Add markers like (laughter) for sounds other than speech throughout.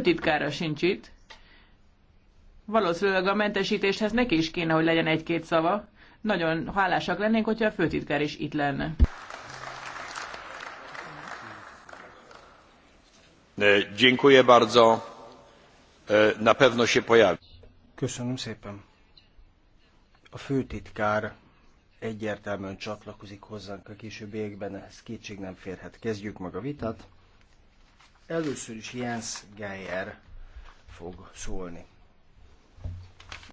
titkára sincs itt. Valószínűleg a mentesítéshez neki is kéne, hogy legyen egy-két szava. Nagyon hálásak lennénk, hogyha a főtitkár is itt lenne. E, dziękuję bardzo. E, na pewno się pojawi. Köszönöm szépen. A főtitkár egyértelműen csatlakozik hozzánk a későbbiekben, ez kétség nem férhet. Kezdjük meg a vitát. Először is Jens Geier fog szólni.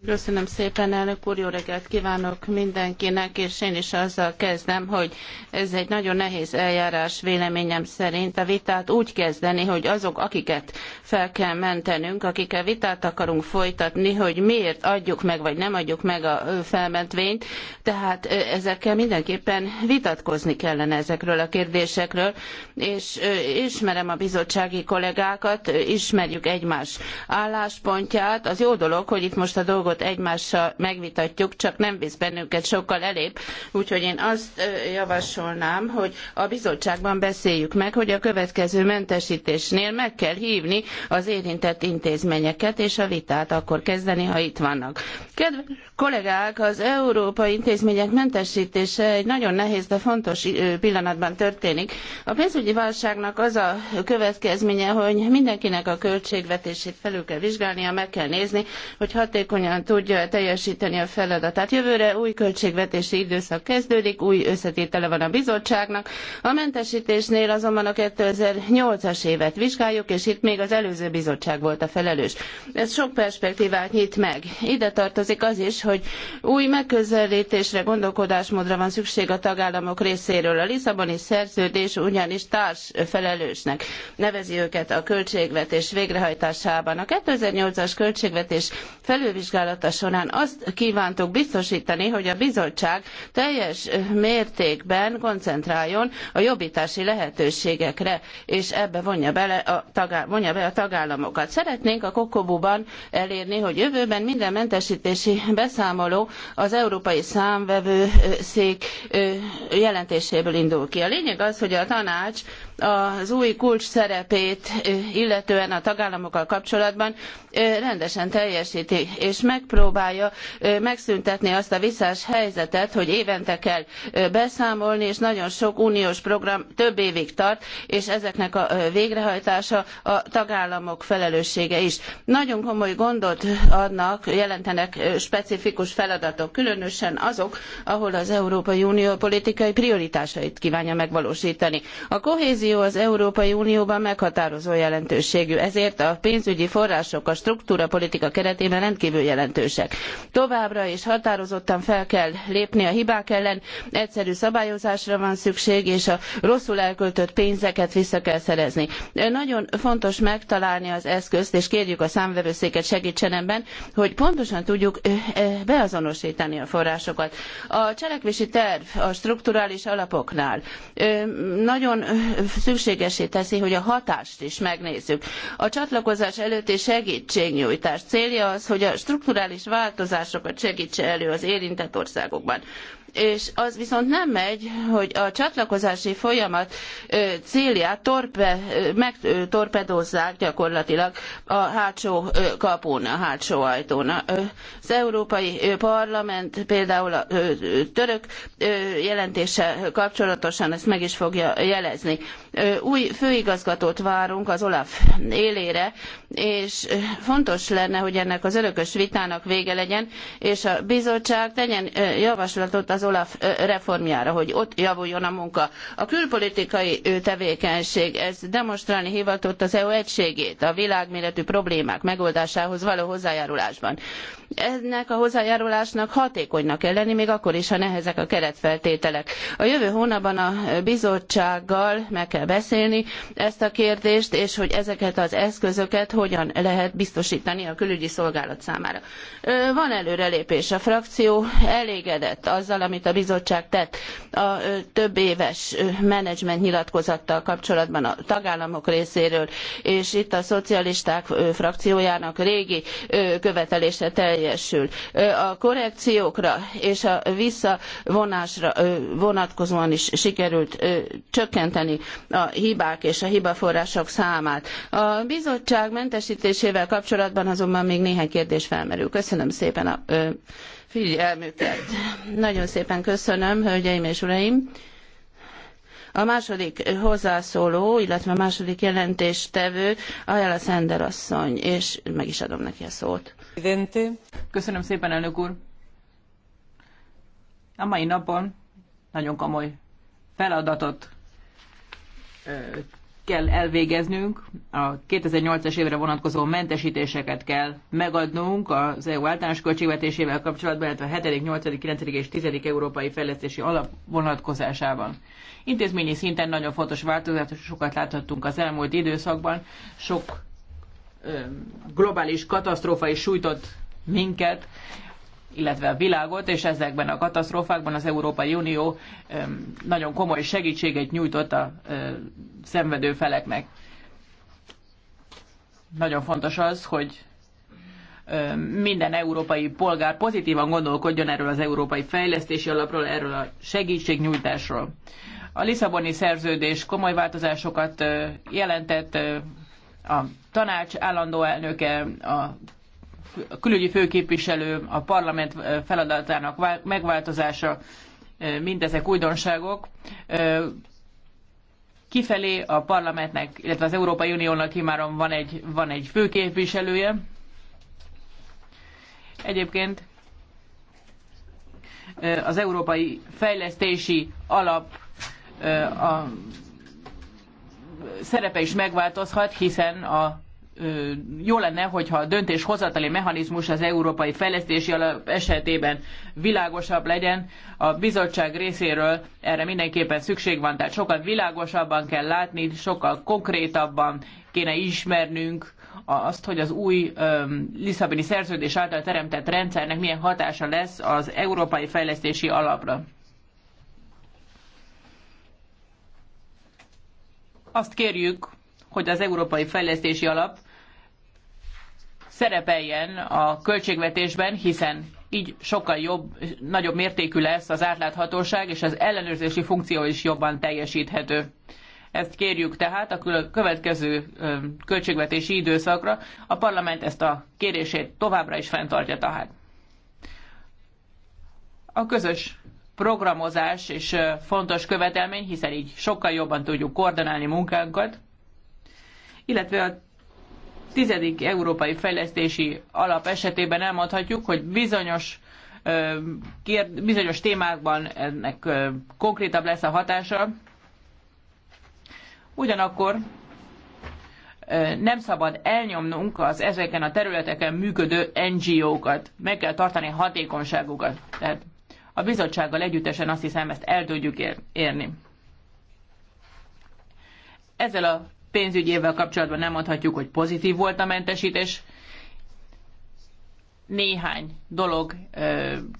Köszönöm szépen, elnök úr, jó reggelt kívánok mindenkinek, és én is azzal kezdem, hogy ez egy nagyon nehéz eljárás véleményem szerint a vitát úgy kezdeni, hogy azok, akiket fel kell mentenünk, akikkel vitát akarunk folytatni, hogy miért adjuk meg, vagy nem adjuk meg a felmentvényt, tehát ezekkel mindenképpen vitatkozni kellene ezekről a kérdésekről, és ismerem a bizottsági kollégákat, ismerjük egymás álláspontját, az jó dolog, hogy itt most a dolgok dolgot egymással megvitatjuk, csak nem visz bennünket sokkal elébb. Úgyhogy én azt javasolnám, hogy a bizottságban beszéljük meg, hogy a következő mentesítésnél meg kell hívni az érintett intézményeket, és a vitát akkor kezdeni, ha itt vannak. Kedves kollégák, az európai intézmények mentesítése egy nagyon nehéz, de fontos pillanatban történik. A pénzügyi válságnak az a következménye, hogy mindenkinek a költségvetését felül kell vizsgálnia, meg kell nézni, hogy hatékonyan hatékonyan tudja teljesíteni a feladatát. Jövőre új költségvetési időszak kezdődik, új összetétele van a bizottságnak. A mentesítésnél azonban a 2008-as évet vizsgáljuk, és itt még az előző bizottság volt a felelős. Ez sok perspektívát nyit meg. Ide tartozik az is, hogy új megközelítésre, gondolkodásmódra van szükség a tagállamok részéről. A Lisszaboni szerződés ugyanis társ felelősnek nevezi őket a költségvetés végrehajtásában. A 2008-as költségvetés felülvizsgálat vizsgálata során azt kívántuk biztosítani, hogy a bizottság teljes mértékben koncentráljon a jobbítási lehetőségekre, és ebbe vonja, bele a tagá- vonja be a tagállamokat. Szeretnénk a Kokobuban elérni, hogy jövőben minden mentesítési beszámoló az Európai Számvevő szék jelentéséből indul ki. A lényeg az, hogy a tanács az új kulcs szerepét, illetően a tagállamokkal kapcsolatban rendesen teljesíti, és megpróbálja megszüntetni azt a visszás helyzetet, hogy évente kell beszámolni, és nagyon sok uniós program több évig tart, és ezeknek a végrehajtása a tagállamok felelőssége is. Nagyon komoly gondot adnak, jelentenek specifikus feladatok, különösen azok, ahol az Európai Unió politikai prioritásait kívánja megvalósítani. A kohézió kohézió az Európai Unióban meghatározó jelentőségű, ezért a pénzügyi források a struktúrapolitika keretében rendkívül jelentősek. Továbbra is határozottan fel kell lépni a hibák ellen, egyszerű szabályozásra van szükség, és a rosszul elköltött pénzeket vissza kell szerezni. Nagyon fontos megtalálni az eszközt, és kérjük a számvevőszéket segítsen ebben, hogy pontosan tudjuk beazonosítani a forrásokat. A cselekvési terv a strukturális alapoknál nagyon szükségesé teszi, hogy a hatást is megnézzük. A csatlakozás előtti segítségnyújtás célja az, hogy a strukturális változásokat segítse elő az érintett országokban és az viszont nem megy, hogy a csatlakozási folyamat célját torpe, megtorpedozzák gyakorlatilag a hátsó kapun, a hátsó ajtón. Az Európai Parlament például a török jelentéssel kapcsolatosan ezt meg is fogja jelezni. Új főigazgatót várunk az Olaf élére, és fontos lenne, hogy ennek az örökös vitának vége legyen, és a bizottság tegyen javaslatot a az Olaf reformjára, hogy ott javuljon a munka. A külpolitikai tevékenység, ez demonstrálni hivatott az EU egységét a világméretű problémák megoldásához való hozzájárulásban ennek a hozzájárulásnak hatékonynak kell lenni, még akkor is, ha nehezek a keretfeltételek. A jövő hónapban a bizottsággal meg kell beszélni ezt a kérdést, és hogy ezeket az eszközöket hogyan lehet biztosítani a külügyi szolgálat számára. Van előrelépés, a frakció elégedett azzal, amit a bizottság tett a több éves menedzsment nyilatkozattal kapcsolatban a tagállamok részéről, és itt a szocialisták frakciójának régi követelése teljesül. A korrekciókra és a visszavonásra vonatkozóan is sikerült csökkenteni a hibák és a hibaforrások számát. A bizottság mentesítésével kapcsolatban azonban még néhány kérdés felmerül. Köszönöm szépen a figyelmüket. Nagyon szépen köszönöm, hölgyeim és uraim. A második hozzászóló, illetve a második jelentéstevő Ajala Szender asszony, és meg is adom neki a szót. Köszönöm szépen, elnök úr. A mai napon nagyon komoly feladatot kell elvégeznünk, a 2008 es évre vonatkozó mentesítéseket kell megadnunk az EU általános költségvetésével kapcsolatban, illetve a 7., 8., 9. és 10. európai fejlesztési alap vonatkozásában. Intézményi szinten nagyon fontos változásokat láthattunk az elmúlt időszakban, sok globális katasztrófa is sújtott minket, illetve a világot, és ezekben a katasztrófákban az Európai Unió nagyon komoly segítséget nyújtott a szenvedő feleknek. Nagyon fontos az, hogy minden európai polgár pozitívan gondolkodjon erről az európai fejlesztési alapról, erről a segítségnyújtásról. A Lisszaboni szerződés komoly változásokat jelentett, a tanács állandó elnöke, a külügyi főképviselő, a parlament feladatának megváltozása, mindezek újdonságok. Kifelé a parlamentnek, illetve az Európai Uniónak imáron van egy, van egy főképviselője. Egyébként az Európai Fejlesztési Alap a szerepe is megváltozhat, hiszen a jó lenne, hogyha a döntéshozatali mechanizmus az európai fejlesztési alap esetében világosabb legyen. A bizottság részéről erre mindenképpen szükség van, tehát sokkal világosabban kell látni, sokkal konkrétabban kéne ismernünk azt, hogy az új um, Lisszaboni szerződés által teremtett rendszernek milyen hatása lesz az európai fejlesztési alapra. Azt kérjük, hogy az Európai Fejlesztési Alap szerepeljen a költségvetésben, hiszen így sokkal jobb, nagyobb mértékű lesz az átláthatóság, és az ellenőrzési funkció is jobban teljesíthető. Ezt kérjük tehát a következő költségvetési időszakra. A parlament ezt a kérését továbbra is fenntartja tehát. A közös programozás és fontos követelmény, hiszen így sokkal jobban tudjuk koordinálni munkánkat, illetve a tizedik európai fejlesztési alap esetében elmondhatjuk, hogy bizonyos bizonyos témákban ennek konkrétabb lesz a hatása. Ugyanakkor nem szabad elnyomnunk az ezeken a területeken működő NGO-kat. Meg kell tartani hatékonyságukat. Tehát a bizottsággal együttesen azt hiszem ezt el tudjuk érni. Ezzel a pénzügyi évvel kapcsolatban nem mondhatjuk, hogy pozitív volt a mentesítés. Néhány dolog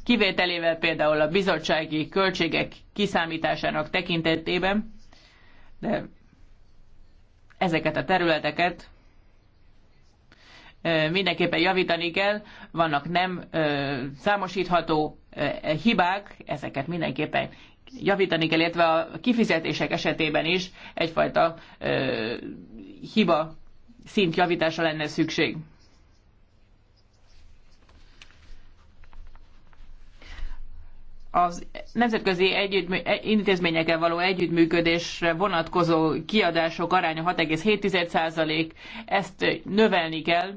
kivételével például a bizottsági költségek kiszámításának tekintetében, de ezeket a területeket mindenképpen javítani kell, vannak nem számosítható hibák, ezeket mindenképpen javítani kell, illetve a kifizetések esetében is egyfajta hiba szint javítása lenne szükség. az nemzetközi együttmű, e- intézményekkel való együttműködésre vonatkozó kiadások aránya 6,7%, ezt növelni kell,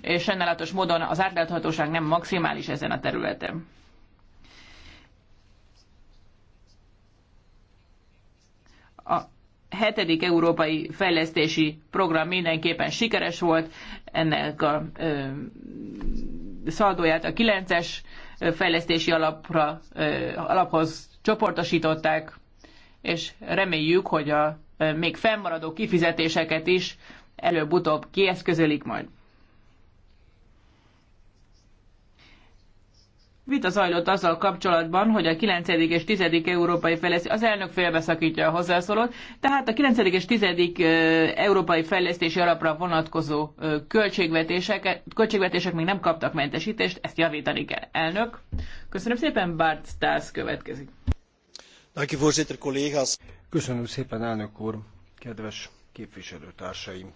és sajnálatos módon az átláthatóság nem maximális ezen a területen. A hetedik európai fejlesztési program mindenképpen sikeres volt, ennek a ö, szaldóját a 9-es fejlesztési alapra, alaphoz csoportosították, és reméljük, hogy a még fennmaradó kifizetéseket is előbb-utóbb kieszközölik majd. Vita zajlott azzal kapcsolatban, hogy a 9. és 10. európai fejlesztés, az elnök félbeszakítja a hozzászólót, tehát a 9. és 10. európai fejlesztési alapra vonatkozó költségvetések, költségvetések még nem kaptak mentesítést, ezt javítani kell. Elnök, köszönöm szépen, Bart Stász következik. Köszönöm szépen, elnök úr, kedves képviselőtársaim.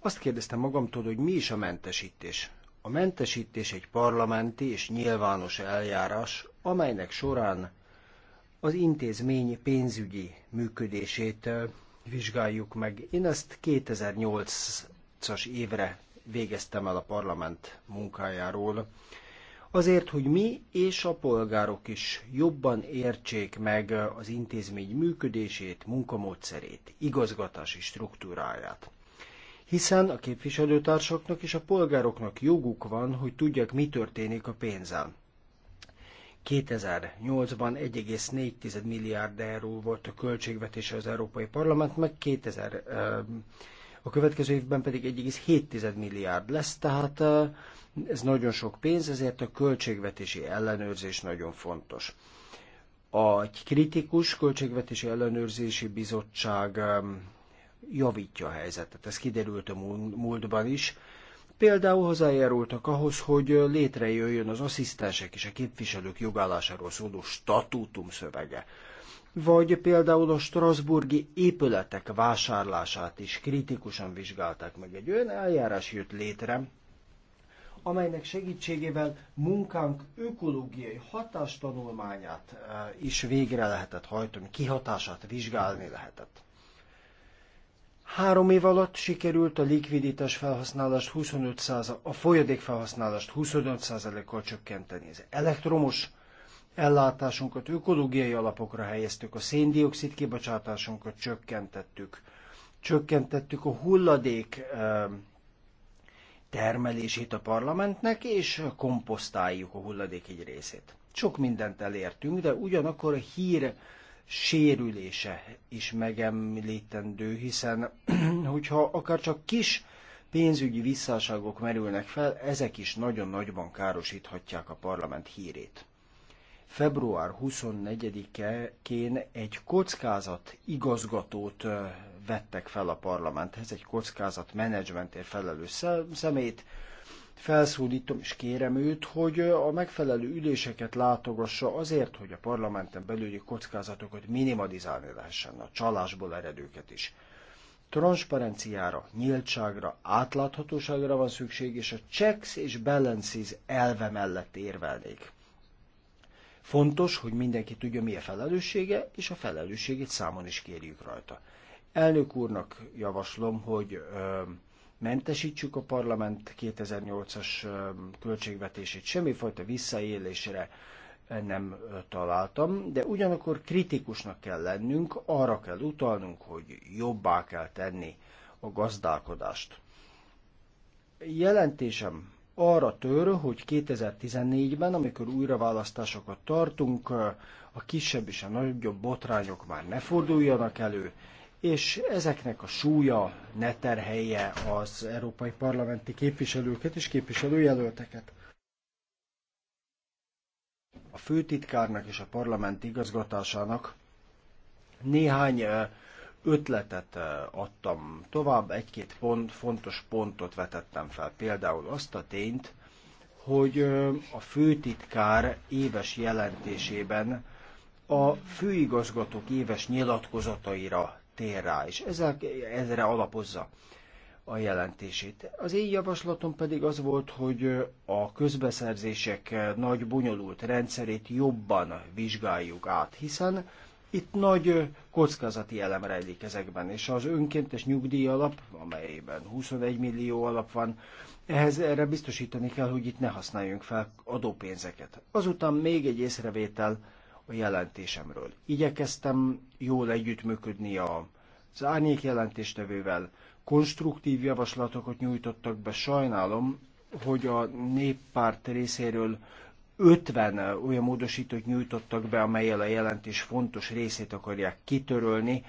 Azt kérdeztem magamtól, hogy mi is a mentesítés. A mentesítés egy parlamenti és nyilvános eljárás, amelynek során az intézmény pénzügyi működését vizsgáljuk meg. Én ezt 2008-as évre végeztem el a parlament munkájáról, azért, hogy mi és a polgárok is jobban értsék meg az intézmény működését, munkamódszerét, igazgatási struktúráját hiszen a képviselőtársaknak és a polgároknak joguk van, hogy tudják, mi történik a pénzzel. 2008-ban 1,4 milliárd euró volt a költségvetése az Európai Parlament, meg 2000, a következő évben pedig 1,7 milliárd lesz, tehát ez nagyon sok pénz, ezért a költségvetési ellenőrzés nagyon fontos. A kritikus költségvetési ellenőrzési bizottság javítja a helyzetet. Ez kiderült a múltban is. Például hozzájárultak ahhoz, hogy létrejöjjön az asszisztensek és a képviselők jogállásáról szóló statútum szövege. Vagy például a strasburgi épületek vásárlását is kritikusan vizsgálták meg. Egy olyan eljárás jött létre, amelynek segítségével munkánk ökológiai hatástanulmányát eh, is végre lehetett hajtani, kihatását vizsgálni lehetett. Három év alatt sikerült a likviditás felhasználást 25%, a folyadék felhasználást 25%-kal csökkenteni. Az elektromos ellátásunkat ökológiai alapokra helyeztük, a széndiokszid kibocsátásunkat csökkentettük. Csökkentettük a hulladék termelését a parlamentnek, és komposztáljuk a hulladék egy részét. Sok mindent elértünk, de ugyanakkor a hír sérülése is megemlítendő, hiszen (clears throat) hogyha akár csak kis pénzügyi visszaságok merülnek fel, ezek is nagyon nagyban károsíthatják a parlament hírét. Február 24-én egy kockázat igazgatót vettek fel a parlamenthez, egy kockázat menedzsmentért felelős szemét, felszólítom és kérem őt, hogy a megfelelő üléseket látogassa azért, hogy a parlamenten belüli kockázatokat minimalizálni lehessen, a csalásból eredőket is. Transparenciára, nyíltságra, átláthatóságra van szükség, és a checks és balances elve mellett érvelnék. Fontos, hogy mindenki tudja, mi a felelőssége, és a felelősségét számon is kérjük rajta. Elnök úrnak javaslom, hogy ö, mentesítsük a parlament 2008-as költségvetését, semmifajta visszaélésre nem találtam, de ugyanakkor kritikusnak kell lennünk, arra kell utalnunk, hogy jobbá kell tenni a gazdálkodást. Jelentésem arra tör, hogy 2014-ben, amikor újra választásokat tartunk, a kisebb és a nagyobb botrányok már ne forduljanak elő, és ezeknek a súlya ne terhelje az európai parlamenti képviselőket és képviselőjelölteket. A főtitkárnak és a parlament igazgatásának néhány ötletet adtam tovább, egy-két pont, fontos pontot vetettem fel, például azt a tényt, hogy a főtitkár éves jelentésében a főigazgatók éves nyilatkozataira tér rá, és ezzel, ezre alapozza a jelentését. Az én javaslatom pedig az volt, hogy a közbeszerzések nagy bonyolult rendszerét jobban vizsgáljuk át, hiszen itt nagy kockázati elem rejlik ezekben, és az önkéntes nyugdíj alap, amelyben 21 millió alap van, ehhez erre biztosítani kell, hogy itt ne használjunk fel adópénzeket. Azután még egy észrevétel a jelentésemről. Igyekeztem jól együttműködni a az árnyék jelentéstevővel konstruktív javaslatokat nyújtottak be. Sajnálom, hogy a néppárt részéről 50 olyan módosítót nyújtottak be, amelyel a jelentés fontos részét akarják kitörölni,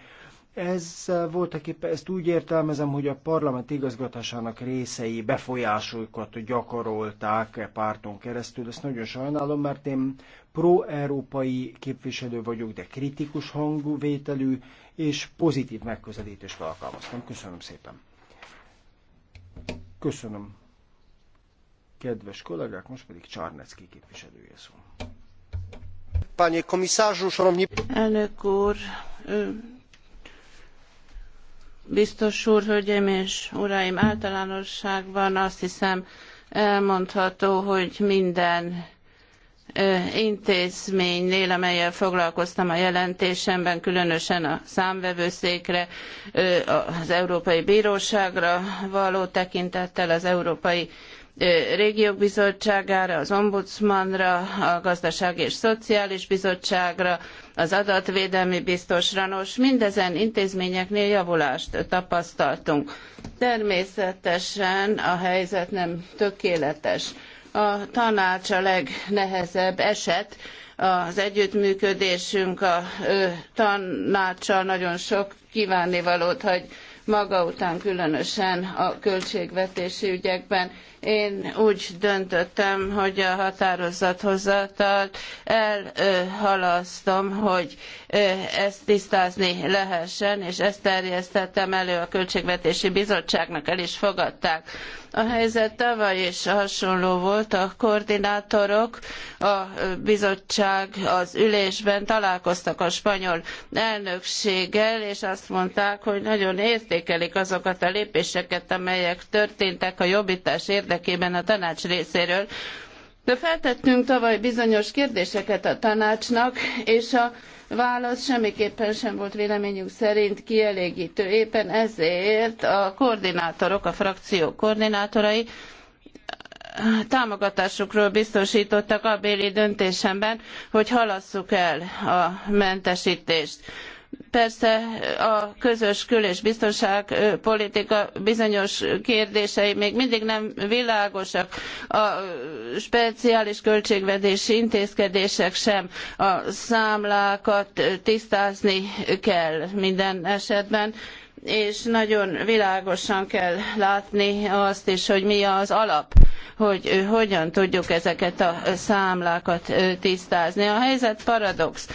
ez voltak éppen, ezt úgy értelmezem, hogy a parlament igazgatásának részei befolyásokat gyakorolták e párton keresztül. Ezt nagyon sajnálom, mert én pro-európai képviselő vagyok, de kritikus hangú vételű és pozitív megközelítést alkalmaztam. Köszönöm szépen. Köszönöm. Kedves kollégák, most pedig Csarnecki képviselője szó. Panie komisarzu, szanowni... Elnök úr, Biztos úr, hölgyeim és uraim, általánosságban azt hiszem elmondható, hogy minden intézménynél, amelyel foglalkoztam a jelentésemben, különösen a számvevőszékre, az Európai Bíróságra való tekintettel, az Európai régiók bizottságára, az ombudsmanra, a gazdasági és szociális bizottságra, az adatvédelmi biztosra. Nos, mindezen intézményeknél javulást tapasztaltunk. Természetesen a helyzet nem tökéletes. A tanács a legnehezebb eset, az együttműködésünk a tanácssal nagyon sok kívánnivalót hagy maga után, különösen a költségvetési ügyekben én úgy döntöttem, hogy a határozathozatat elhalasztom, hogy ezt tisztázni lehessen, és ezt terjesztettem elő a Költségvetési Bizottságnak, el is fogadták. A helyzet tavaly is hasonló volt, a koordinátorok, a bizottság az ülésben találkoztak a spanyol elnökséggel, és azt mondták, hogy nagyon értékelik azokat a lépéseket, amelyek történtek a jobbítás érdekében, érdekében a tanács részéről. De feltettünk tavaly bizonyos kérdéseket a tanácsnak, és a válasz semmiképpen sem volt véleményünk szerint kielégítő. Éppen ezért a koordinátorok, a frakciók koordinátorai támogatásukról biztosítottak a béli döntésemben, hogy halasszuk el a mentesítést Persze a közös kül- és biztonságpolitika bizonyos kérdései még mindig nem világosak, a speciális költségvetési intézkedések sem, a számlákat tisztázni kell minden esetben és nagyon világosan kell látni azt is, hogy mi az alap, hogy hogyan tudjuk ezeket a számlákat tisztázni. A helyzet paradox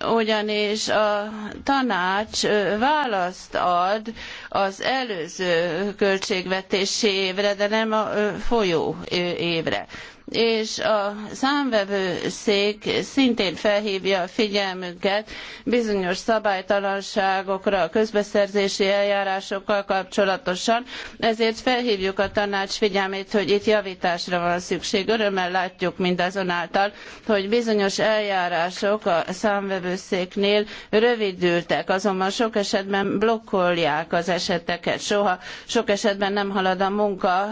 ugyanis a tanács választ ad az előző költségvetési évre, de nem a folyó évre és a számvevőszék szintén felhívja a figyelmünket bizonyos szabálytalanságokra a közbeszerzési eljárásokkal kapcsolatosan, ezért felhívjuk a tanács figyelmét, hogy itt javításra van szükség. Örömmel látjuk mindazonáltal, hogy bizonyos eljárások a számvevőszéknél rövidültek, azonban sok esetben blokkolják az eseteket, soha sok esetben nem halad a munka.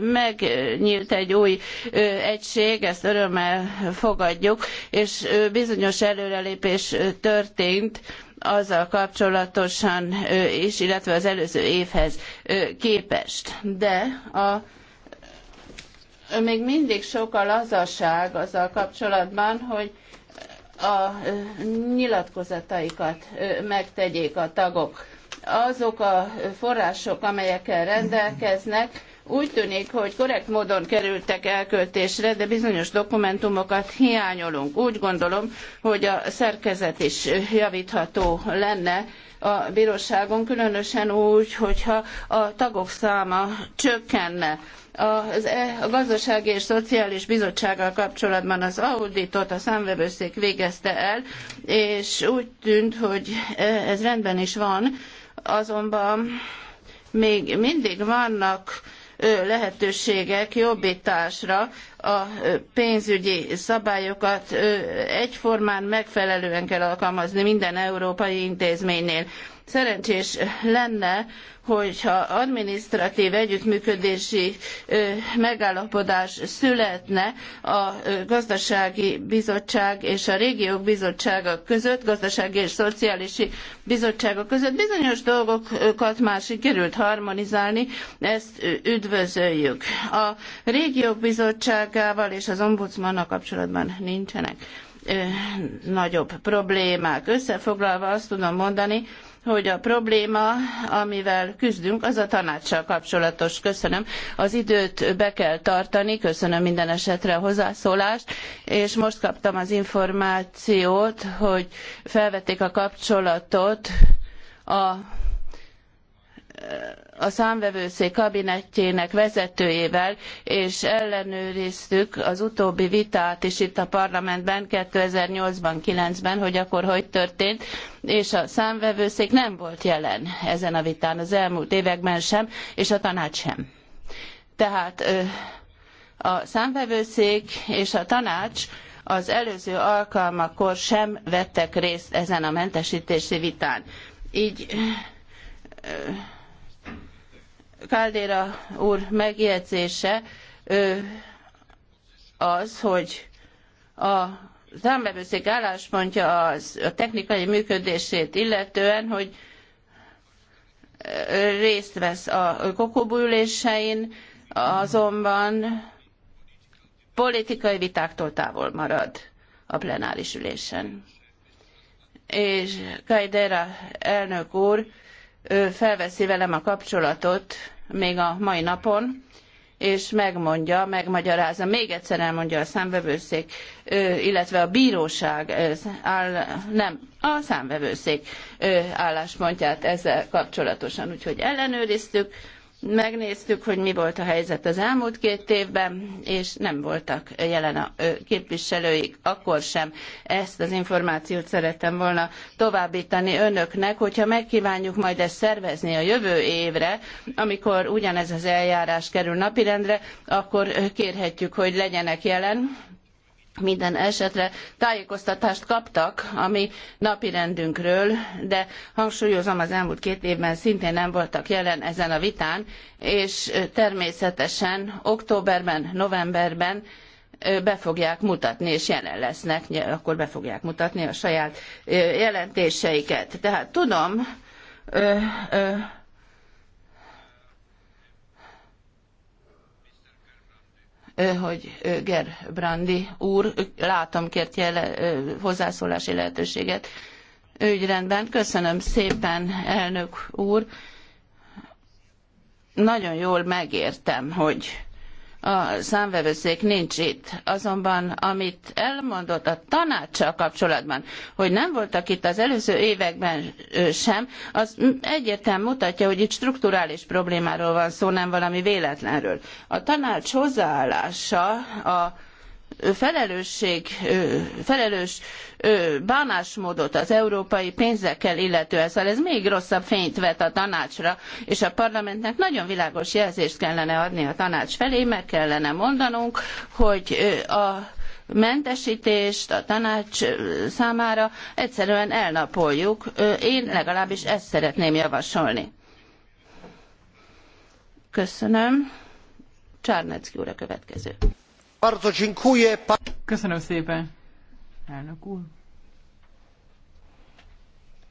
Megnyílt egy új egység, ezt örömmel fogadjuk, és bizonyos előrelépés történt azzal kapcsolatosan is, illetve az előző évhez képest. De a még mindig sok a lazaság azzal kapcsolatban, hogy a nyilatkozataikat megtegyék a tagok. Azok a források, amelyekkel rendelkeznek, úgy tűnik, hogy korrekt módon kerültek elköltésre, de bizonyos dokumentumokat hiányolunk. Úgy gondolom, hogy a szerkezet is javítható lenne a bíróságon, különösen úgy, hogyha a tagok száma csökkenne e, a gazdasági és szociális bizottsággal kapcsolatban az auditot a számvevőszék végezte el, és úgy tűnt, hogy ez rendben is van, azonban még mindig vannak lehetőségek jobbításra a pénzügyi szabályokat egyformán megfelelően kell alkalmazni minden európai intézménynél. Szerencsés lenne, hogyha adminisztratív együttműködési megállapodás születne a gazdasági bizottság és a régiók bizottsága között, gazdasági és szociális bizottsága között bizonyos dolgokat már sikerült harmonizálni, ezt üdvözöljük. A régiók bizottság Afrikával és az ombudsmannal kapcsolatban nincsenek nagyobb problémák. Összefoglalva azt tudom mondani, hogy a probléma, amivel küzdünk, az a tanácssal kapcsolatos. Köszönöm. Az időt be kell tartani, köszönöm minden esetre a hozzászólást, és most kaptam az információt, hogy felvették a kapcsolatot a a számvevőszék kabinettjének vezetőjével, és ellenőriztük az utóbbi vitát is itt a parlamentben 2008-ban, 9-ben, hogy akkor hogy történt, és a számvevőszék nem volt jelen ezen a vitán az elmúlt években sem, és a tanács sem. Tehát a számvevőszék és a tanács az előző alkalmakkor sem vettek részt ezen a mentesítési vitán. Így Káldéra úr megjegyzése az, hogy a számbevőszék álláspontja az, a technikai működését illetően, hogy részt vesz a kokóbülésein, azonban politikai vitáktól távol marad a plenáris ülésen. És Kajdera elnök úr felveszi velem a kapcsolatot még a mai napon, és megmondja, megmagyarázza, még egyszer elmondja a számvevőszék, illetve a bíróság, áll, nem, a számvevőszék álláspontját ezzel kapcsolatosan. Úgyhogy ellenőriztük, Megnéztük, hogy mi volt a helyzet az elmúlt két évben, és nem voltak jelen a képviselőik akkor sem. Ezt az információt szerettem volna továbbítani önöknek, hogyha megkívánjuk majd ezt szervezni a jövő évre, amikor ugyanez az eljárás kerül napirendre, akkor kérhetjük, hogy legyenek jelen minden esetre tájékoztatást kaptak a mi napirendünkről, de hangsúlyozom, az elmúlt két évben szintén nem voltak jelen ezen a vitán, és természetesen októberben, novemberben be fogják mutatni, és jelen lesznek, akkor be fogják mutatni a saját jelentéseiket. Tehát tudom, hogy Gerbrandi úr, látom kért jele, hozzászólási lehetőséget. Ügyrendben, köszönöm szépen, elnök úr. Nagyon jól megértem, hogy a számvevőszék nincs itt. Azonban, amit elmondott a tanácssal kapcsolatban, hogy nem voltak itt az előző években sem, az egyértelműen mutatja, hogy itt strukturális problémáról van szó, nem valami véletlenről. A tanács hozzáállása a felelősség, felelős bánásmódot az európai pénzekkel illetően, szóval ez még rosszabb fényt vet a tanácsra, és a parlamentnek nagyon világos jelzést kellene adni a tanács felé, meg kellene mondanunk, hogy a mentesítést a tanács számára egyszerűen elnapoljuk. Én legalábbis ezt szeretném javasolni. Köszönöm. Csárnecki úr a következő. Köszönöm szépen, elnök úr.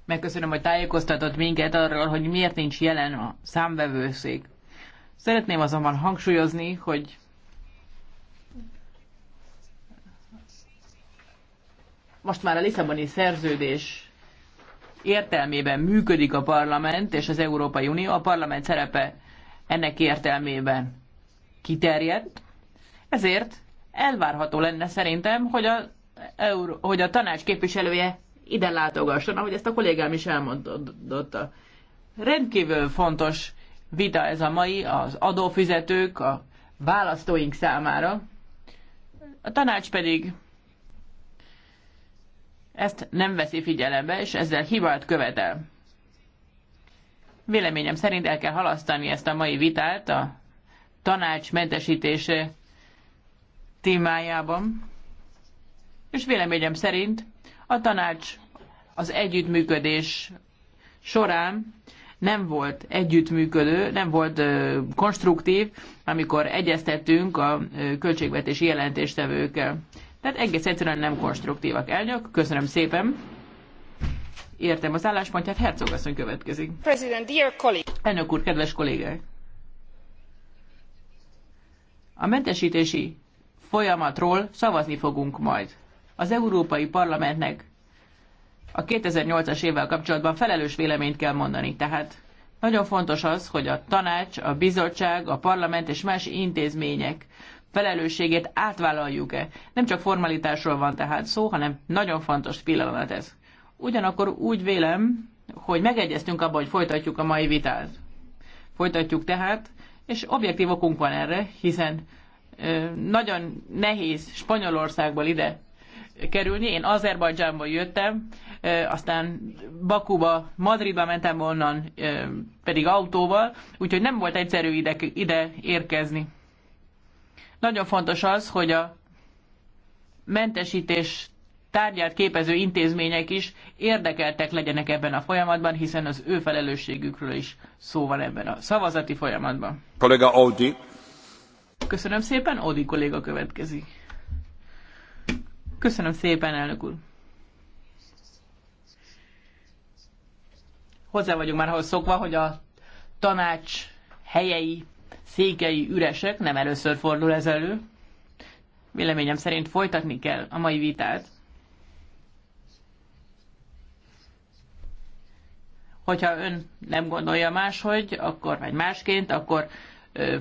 Megköszönöm, hogy tájékoztatott minket arról, hogy miért nincs jelen a számvevőszék. Szeretném azonban hangsúlyozni, hogy most már a Lisszaboni szerződés értelmében működik a parlament és az Európai Unió. A parlament szerepe ennek értelmében kiterjedt, ezért elvárható lenne szerintem, hogy a, Euró, hogy a tanács képviselője ide látogasson, ahogy ezt a kollégám is elmondott. Rendkívül fontos vita ez a mai az adófizetők, a választóink számára. A tanács pedig ezt nem veszi figyelembe, és ezzel hibát követel. Véleményem szerint el kell halasztani ezt a mai vitát, a tanács mentesítése témájában, és véleményem szerint a tanács az együttműködés során nem volt együttműködő, nem volt ö, konstruktív, amikor egyeztettünk a ö, költségvetési jelentéstevőkkel. Tehát egész egyszerűen nem konstruktívak. Elnök, köszönöm szépen. Értem az álláspontját, asszony következik. President, dear Elnök úr, kedves kollégák! A mentesítési folyamatról szavazni fogunk majd. Az Európai Parlamentnek a 2008-as évvel kapcsolatban felelős véleményt kell mondani, tehát nagyon fontos az, hogy a tanács, a bizottság, a parlament és más intézmények felelősségét átvállaljuk-e. Nem csak formalitásról van tehát szó, hanem nagyon fontos pillanat ez. Ugyanakkor úgy vélem, hogy megegyeztünk abban, hogy folytatjuk a mai vitát. Folytatjuk tehát, és objektív okunk van erre, hiszen nagyon nehéz Spanyolországból ide kerülni. Én Azerbajdzsánból jöttem, aztán Bakuba, Madridba mentem onnan pedig autóval, úgyhogy nem volt egyszerű ide, ide érkezni. Nagyon fontos az, hogy a mentesítés tárgyát képező intézmények is érdekeltek legyenek ebben a folyamatban, hiszen az ő felelősségükről is szó van ebben a szavazati folyamatban. Kollega Audi. Köszönöm szépen, Odi kolléga következik. Köszönöm szépen, elnök úr. Hozzá vagyunk már ahhoz szokva, hogy a tanács helyei, székei üresek, nem először fordul ez elő. Véleményem szerint folytatni kell a mai vitát. Hogyha ön nem gondolja máshogy, akkor, vagy másként, akkor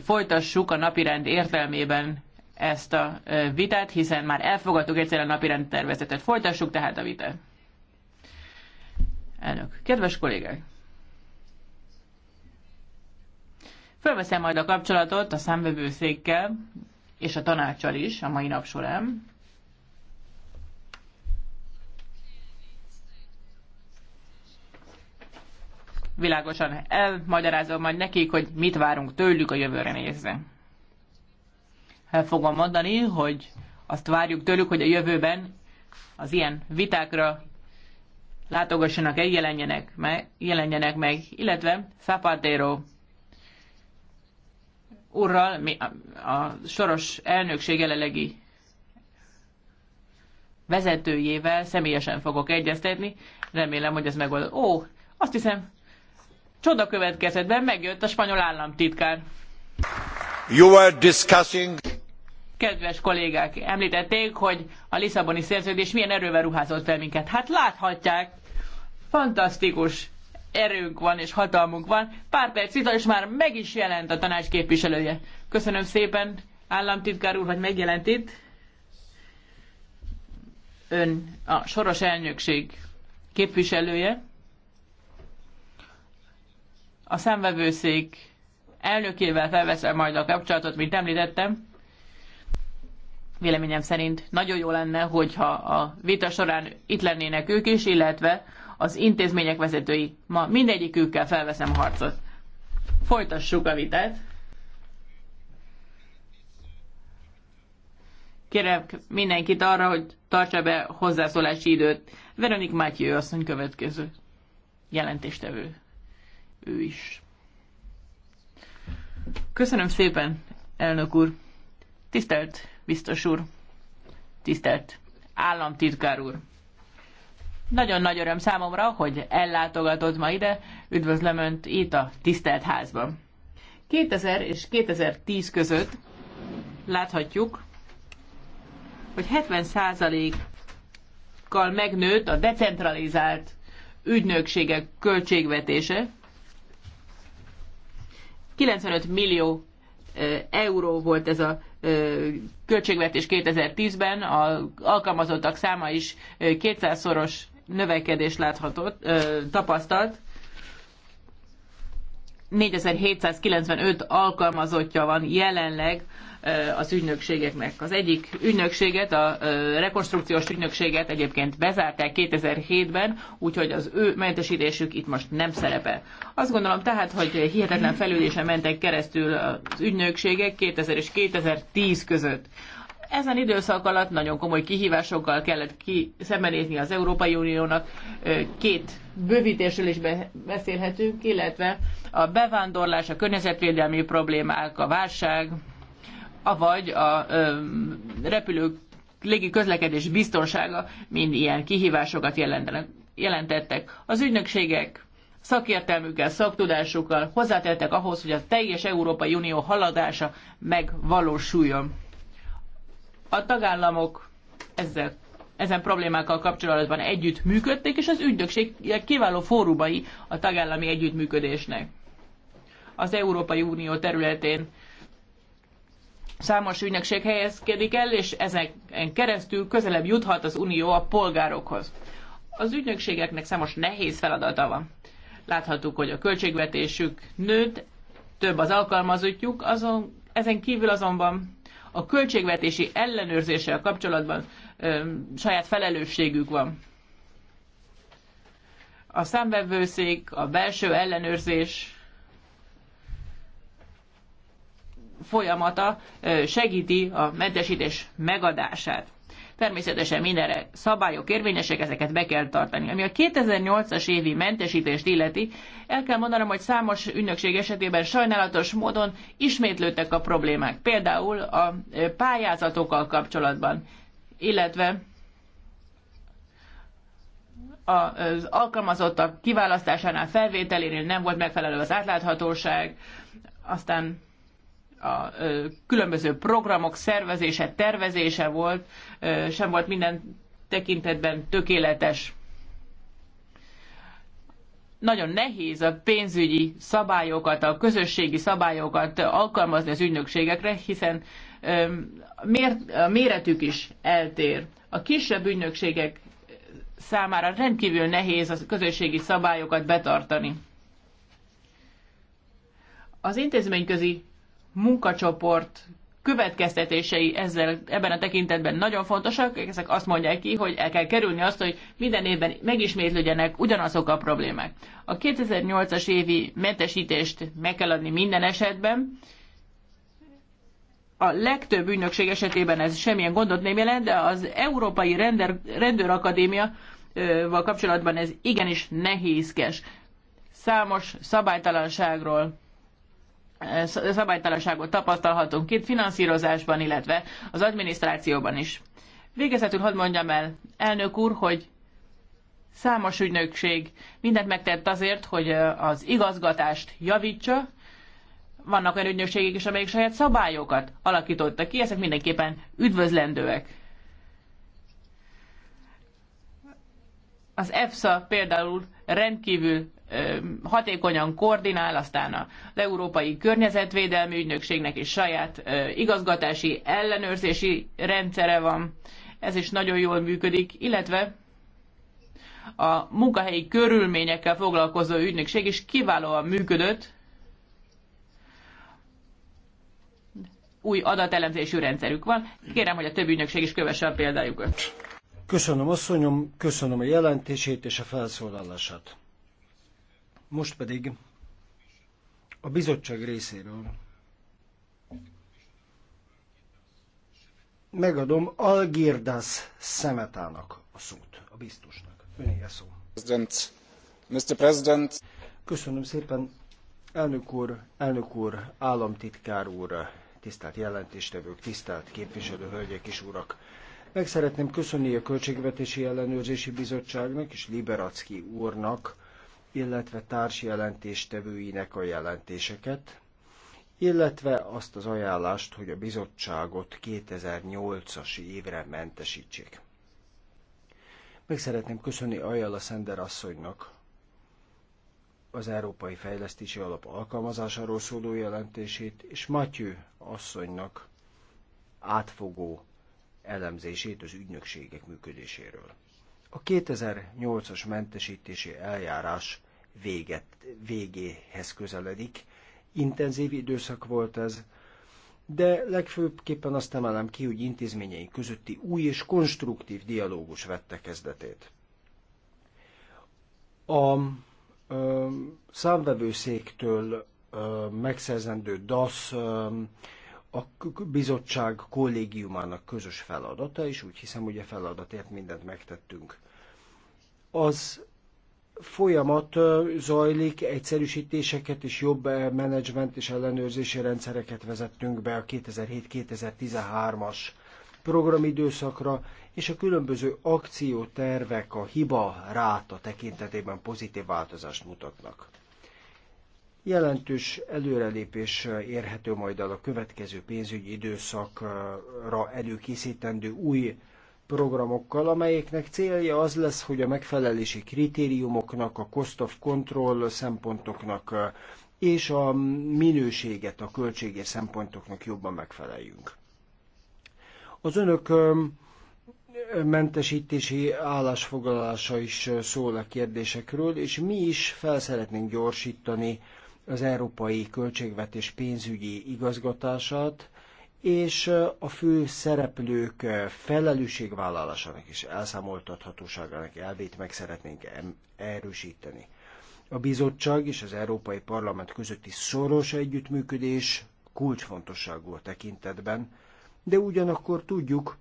folytassuk a napirend értelmében ezt a vitát, hiszen már elfogadtuk egyszer a napirend tervezetet. Folytassuk tehát a vitát. Elnök, kedves kollégák! Fölveszem majd a kapcsolatot a számvevőszékkel és a tanácssal is a mai nap során. világosan elmagyarázom majd nekik, hogy mit várunk tőlük a jövőre nézve. El fogom mondani, hogy azt várjuk tőlük, hogy a jövőben az ilyen vitákra látogassanak el, jelenjenek meg, jelenjenek meg illetve Zapatero urral, mi, a, a soros elnökség jelenlegi vezetőjével személyesen fogok egyeztetni. Remélem, hogy ez megold. Ó, azt hiszem, Csoda következetben megjött a spanyol államtitkár. You were discussing... Kedves kollégák, említették, hogy a Lisszaboni szerződés milyen erővel ruházott fel minket. Hát láthatják, fantasztikus erőnk van és hatalmunk van. Pár perc itt, és már meg is jelent a tanács képviselője. Köszönöm szépen, államtitkár úr, hogy megjelent itt. Ön a soros elnökség képviselője a szemvevőszék elnökével felveszem majd a kapcsolatot, mint említettem. Véleményem szerint nagyon jó lenne, hogyha a vita során itt lennének ők is, illetve az intézmények vezetői. Ma mindegyikükkel felveszem a harcot. Folytassuk a vitát. Kérem mindenkit arra, hogy tartsa be hozzászólási időt. Veronik Mátyő asszony következő jelentéstevő ő is. Köszönöm szépen, elnök úr. Tisztelt biztos úr. Tisztelt államtitkár úr. Nagyon nagy öröm számomra, hogy ellátogatod ma ide. Üdvözlöm Önt itt a tisztelt házban. 2000 és 2010 között láthatjuk, hogy 70%-kal megnőtt a decentralizált ügynökségek költségvetése, 95 millió euró volt ez a költségvetés 2010-ben, a alkalmazottak száma is 200-szoros növekedés láthatott, tapasztalt. 4795 alkalmazottja van jelenleg az ügynökségeknek. Az egyik ügynökséget, a rekonstrukciós ügynökséget egyébként bezárták 2007-ben, úgyhogy az ő mentesítésük itt most nem szerepel. Azt gondolom tehát, hogy hihetetlen felülésen mentek keresztül az ügynökségek 2000 és 2010 között. Ezen időszak alatt nagyon komoly kihívásokkal kellett ki szembenézni az Európai Uniónak. Két bővítésről is beszélhetünk, illetve a bevándorlás, a környezetvédelmi problémák, a válság, avagy a repülők légi közlekedés biztonsága mind ilyen kihívásokat jelentettek. Az ügynökségek szakértelmükkel, szaktudásukkal hozzátettek ahhoz, hogy a teljes Európai Unió haladása megvalósuljon. A tagállamok ezzel, ezen problémákkal kapcsolatban együtt működtek, és az ügynökség kiváló fórumai a tagállami együttműködésnek. Az Európai Unió területén számos ügynökség helyezkedik el, és ezen keresztül közelebb juthat az Unió a polgárokhoz. Az ügynökségeknek számos nehéz feladata van. Láthattuk, hogy a költségvetésük nőtt, több az alkalmazottjuk, azon, ezen kívül azonban a költségvetési ellenőrzéssel kapcsolatban ö, saját felelősségük van. A számvevőszék, a belső ellenőrzés folyamata segíti a mentesítés megadását. Természetesen mindenre szabályok érvényesek, ezeket be kell tartani. Ami a 2008-as évi mentesítést illeti, el kell mondanom, hogy számos ünnökség esetében sajnálatos módon ismétlődtek a problémák. Például a pályázatokkal kapcsolatban, illetve az alkalmazottak kiválasztásánál, felvételénél nem volt megfelelő az átláthatóság, aztán a különböző programok szervezése, tervezése volt, sem volt minden tekintetben tökéletes. Nagyon nehéz a pénzügyi szabályokat, a közösségi szabályokat alkalmazni az ügynökségekre, hiszen a méretük is eltér. A kisebb ügynökségek számára rendkívül nehéz a közösségi szabályokat betartani. Az intézményközi munkacsoport következtetései ezzel, ebben a tekintetben nagyon fontosak. Ezek azt mondják ki, hogy el kell kerülni azt, hogy minden évben megismétlődjenek ugyanazok a problémák. A 2008-as évi mentesítést meg kell adni minden esetben. A legtöbb ügynökség esetében ez semmilyen gondot nem jelent, de az Európai Rendőr, Rendőrakadémia val kapcsolatban ez igenis nehézkes. Számos szabálytalanságról szabálytalanságot tapasztalhatunk itt finanszírozásban, illetve az adminisztrációban is. Végezetül hadd mondjam el, elnök úr, hogy számos ügynökség mindent megtett azért, hogy az igazgatást javítsa, vannak olyan ügynökségek is, amelyek saját szabályokat alakítottak ki, ezek mindenképpen üdvözlendőek. Az EFSA például rendkívül hatékonyan koordinál, aztán az Európai Környezetvédelmi Ügynökségnek is saját igazgatási, ellenőrzési rendszere van, ez is nagyon jól működik, illetve a munkahelyi körülményekkel foglalkozó ügynökség is kiválóan működött, új adatelemzésű rendszerük van. Kérem, hogy a többi ügynökség is kövesse a példájukat. Köszönöm asszonyom, köszönöm a jelentését és a felszólalását. Most pedig a bizottság részéről megadom Algirdas Szemetának a szót, a biztosnak. Öné a szó. President. Mr. President. Köszönöm szépen, elnök úr, elnök úr, államtitkár úr, tisztelt jelentéstevők, tisztelt képviselő hölgyek és urak. Meg szeretném köszönni a Költségvetési Ellenőrzési Bizottságnak és Liberacki úrnak, illetve jelentéstevőinek a jelentéseket, illetve azt az ajánlást, hogy a bizottságot 2008-as évre mentesítsék. Meg szeretném köszönni Ajala Szender asszonynak az Európai Fejlesztési Alap alkalmazásáról szóló jelentését, és Matyő asszonynak átfogó elemzését az ügynökségek működéséről. A 2008-as mentesítési eljárás véget, végéhez közeledik. Intenzív időszak volt ez, de legfőbbképpen azt emelem ki, hogy intézményei közötti új és konstruktív dialógus vette kezdetét. A ö, számvevőszéktől ö, megszerzendő DASZ ö, a bizottság kollégiumának közös feladata, és úgy hiszem, hogy a feladatért mindent megtettünk. Az folyamat zajlik, egyszerűsítéseket és jobb menedzsment és ellenőrzési rendszereket vezettünk be a 2007-2013-as programidőszakra, és a különböző akciótervek a hiba ráta tekintetében pozitív változást mutatnak. Jelentős előrelépés érhető majd el a következő pénzügyi időszakra előkészítendő új programokkal, amelyeknek célja az lesz, hogy a megfelelési kritériumoknak, a cost of control szempontoknak és a minőséget, a költsége szempontoknak jobban megfeleljünk. Az önök mentesítési állásfoglalása is szól a kérdésekről, és mi is fel szeretnénk gyorsítani az európai költségvetés pénzügyi igazgatását, és a fő szereplők felelősségvállalásának és elszámoltathatóságának elvét meg szeretnénk erősíteni. A bizottság és az Európai Parlament közötti szoros együttműködés kulcsfontosságú a tekintetben, de ugyanakkor tudjuk,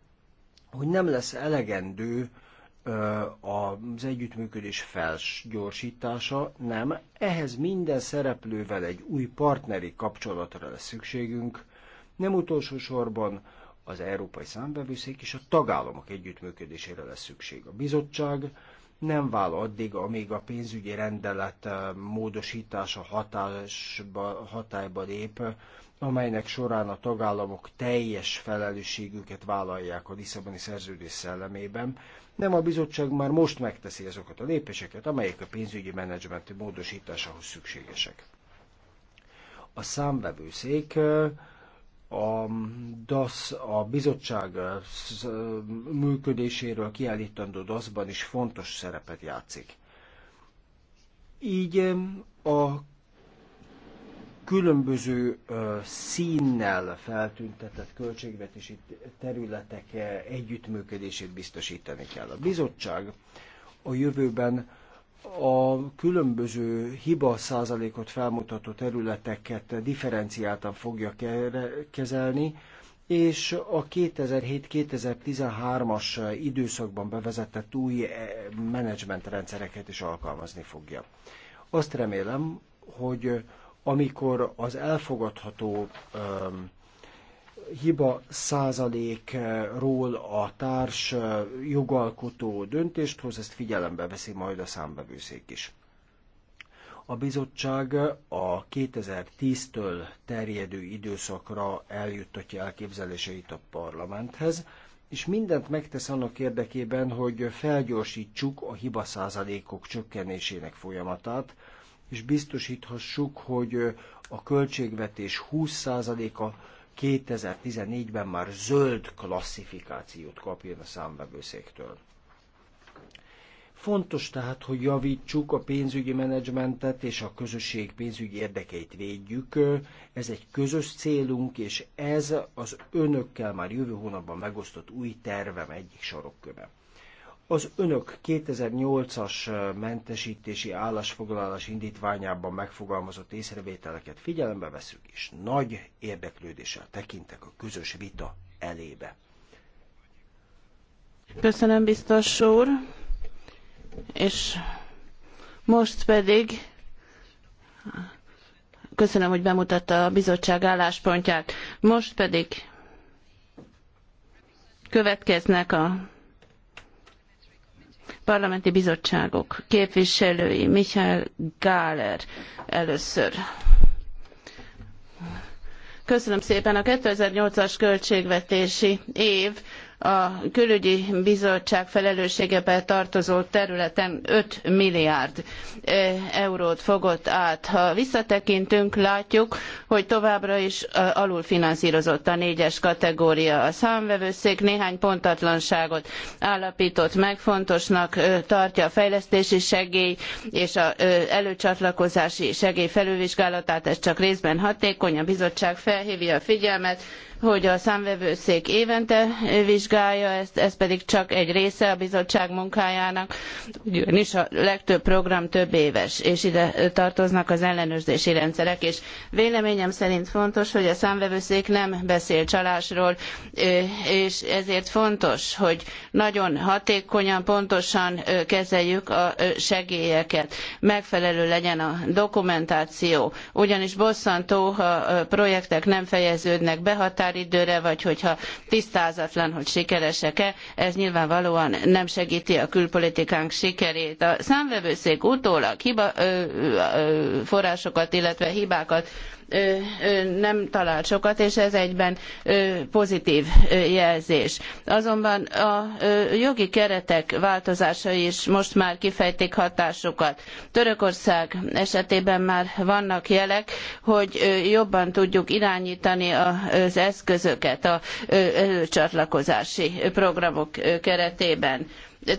hogy nem lesz elegendő az együttműködés felsgyorsítása, nem, ehhez minden szereplővel egy új partneri kapcsolatra lesz szükségünk, nem utolsó sorban az Európai Számbevőszék és a tagállamok együttműködésére lesz szükség. A bizottság nem vál addig, amíg a pénzügyi rendelet eh, módosítása hatásba, hatályba lép, amelynek során a tagállamok teljes felelősségüket vállalják a Lisszaboni szerződés szellemében, nem a bizottság már most megteszi azokat a lépéseket, amelyek a pénzügyi menedzsment módosításához szükségesek. A számvevőszék eh, a DASZ, a bizottság működéséről kiállítandó DASZ-ban is fontos szerepet játszik. Így a különböző színnel feltüntetett költségvetési területek együttműködését biztosítani kell. A bizottság a jövőben a különböző hiba százalékot felmutató területeket differenciáltan fogja kezelni, és a 2007-2013-as időszakban bevezetett új e, rendszereket is alkalmazni fogja. Azt remélem, hogy amikor az elfogadható um, hiba százalékról a társ jogalkotó döntést hoz, ezt figyelembe veszi majd a számbevőszék is. A bizottság a 2010-től terjedő időszakra eljuttatja elképzeléseit a parlamenthez, és mindent megtesz annak érdekében, hogy felgyorsítsuk a hiba százalékok csökkenésének folyamatát, és biztosíthassuk, hogy a költségvetés 20%-a 2014-ben már zöld klasszifikációt kapjon a számbevőszéktől. Fontos tehát, hogy javítsuk a pénzügyi menedzsmentet és a közösség pénzügyi érdekeit védjük. Ez egy közös célunk, és ez az önökkel már jövő hónapban megosztott új tervem egyik sarokköve az önök 2008-as mentesítési állásfoglalás indítványában megfogalmazott észrevételeket figyelembe veszük, és nagy érdeklődéssel tekintek a közös vita elébe. Köszönöm, biztos úr. És most pedig köszönöm, hogy bemutatta a bizottság álláspontját. Most pedig következnek a parlamenti bizottságok képviselői, Michael Gáler először. Köszönöm szépen. A 2008-as költségvetési év a külügyi bizottság felelősségebe tartozó területen 5 milliárd eh, eurót fogott át. Ha visszatekintünk, látjuk, hogy továbbra is eh, alulfinanszírozott a négyes kategória. A számvevőszék néhány pontatlanságot állapított meg, fontosnak eh, tartja a fejlesztési segély és a előcsatlakozási segély felülvizsgálatát, ez csak részben hatékony, a bizottság felhívja a figyelmet hogy a számvevőszék évente vizsgálja ezt, ez pedig csak egy része a bizottság munkájának, ugyanis a legtöbb program több éves, és ide tartoznak az ellenőrzési rendszerek, és véleményem szerint fontos, hogy a számvevőszék nem beszél csalásról, és ezért fontos, hogy nagyon hatékonyan, pontosan kezeljük a segélyeket, megfelelő legyen a dokumentáció, ugyanis bosszantó, ha projektek nem fejeződnek be, határidőre, vagy hogyha tisztázatlan, hogy sikeresek-e, ez nyilvánvalóan nem segíti a külpolitikánk sikerét. A számvevőszék utólag hiba, ö, ö, forrásokat, illetve hibákat nem talál sokat, és ez egyben pozitív jelzés. Azonban a jogi keretek változásai is most már kifejtik hatásukat. Törökország esetében már vannak jelek, hogy jobban tudjuk irányítani az eszközöket a előcsatlakozási programok keretében.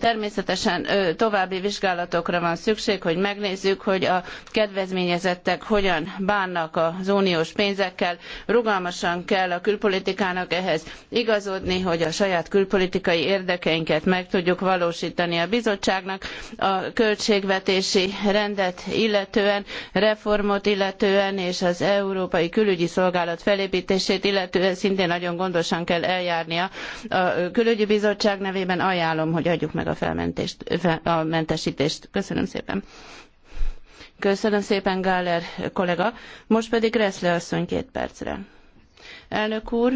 Természetesen további vizsgálatokra van szükség, hogy megnézzük, hogy a kedvezményezettek hogyan bánnak az uniós pénzekkel. Rugalmasan kell a külpolitikának ehhez igazodni, hogy a saját külpolitikai érdekeinket meg tudjuk valósítani a bizottságnak. A költségvetési rendet illetően, reformot illetően és az Európai Külügyi Szolgálat felépítését illetően szintén nagyon gondosan kell eljárnia. A külügyi bizottság nevében ajánlom, hogy adjuk meg a, felmentést, a mentesítést. Köszönöm szépen. Köszönöm szépen, Gáler kollega. Most pedig Reszle asszony két percre. Elnök úr,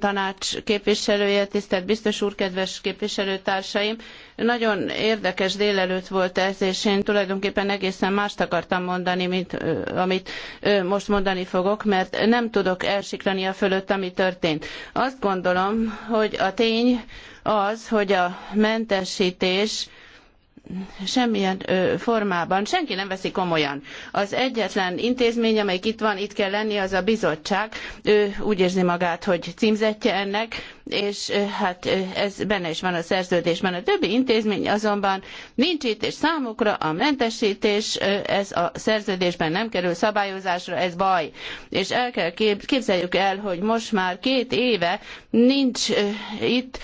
tanács képviselője, tisztelt biztos úr, kedves képviselőtársaim! Nagyon érdekes délelőtt volt ez, és én tulajdonképpen egészen mást akartam mondani, mint amit most mondani fogok, mert nem tudok elsiklani a fölött, ami történt. Azt gondolom, hogy a tény, az, hogy a mentesítés semmilyen formában senki nem veszi komolyan. Az egyetlen intézmény, amelyik itt van, itt kell lenni, az a bizottság. Ő úgy érzi magát, hogy címzettje ennek, és hát ez benne is van a szerződésben. A többi intézmény azonban nincs itt, és számukra a mentesítés ez a szerződésben nem kerül szabályozásra, ez baj. És el kell kép, képzeljük el, hogy most már két éve nincs itt,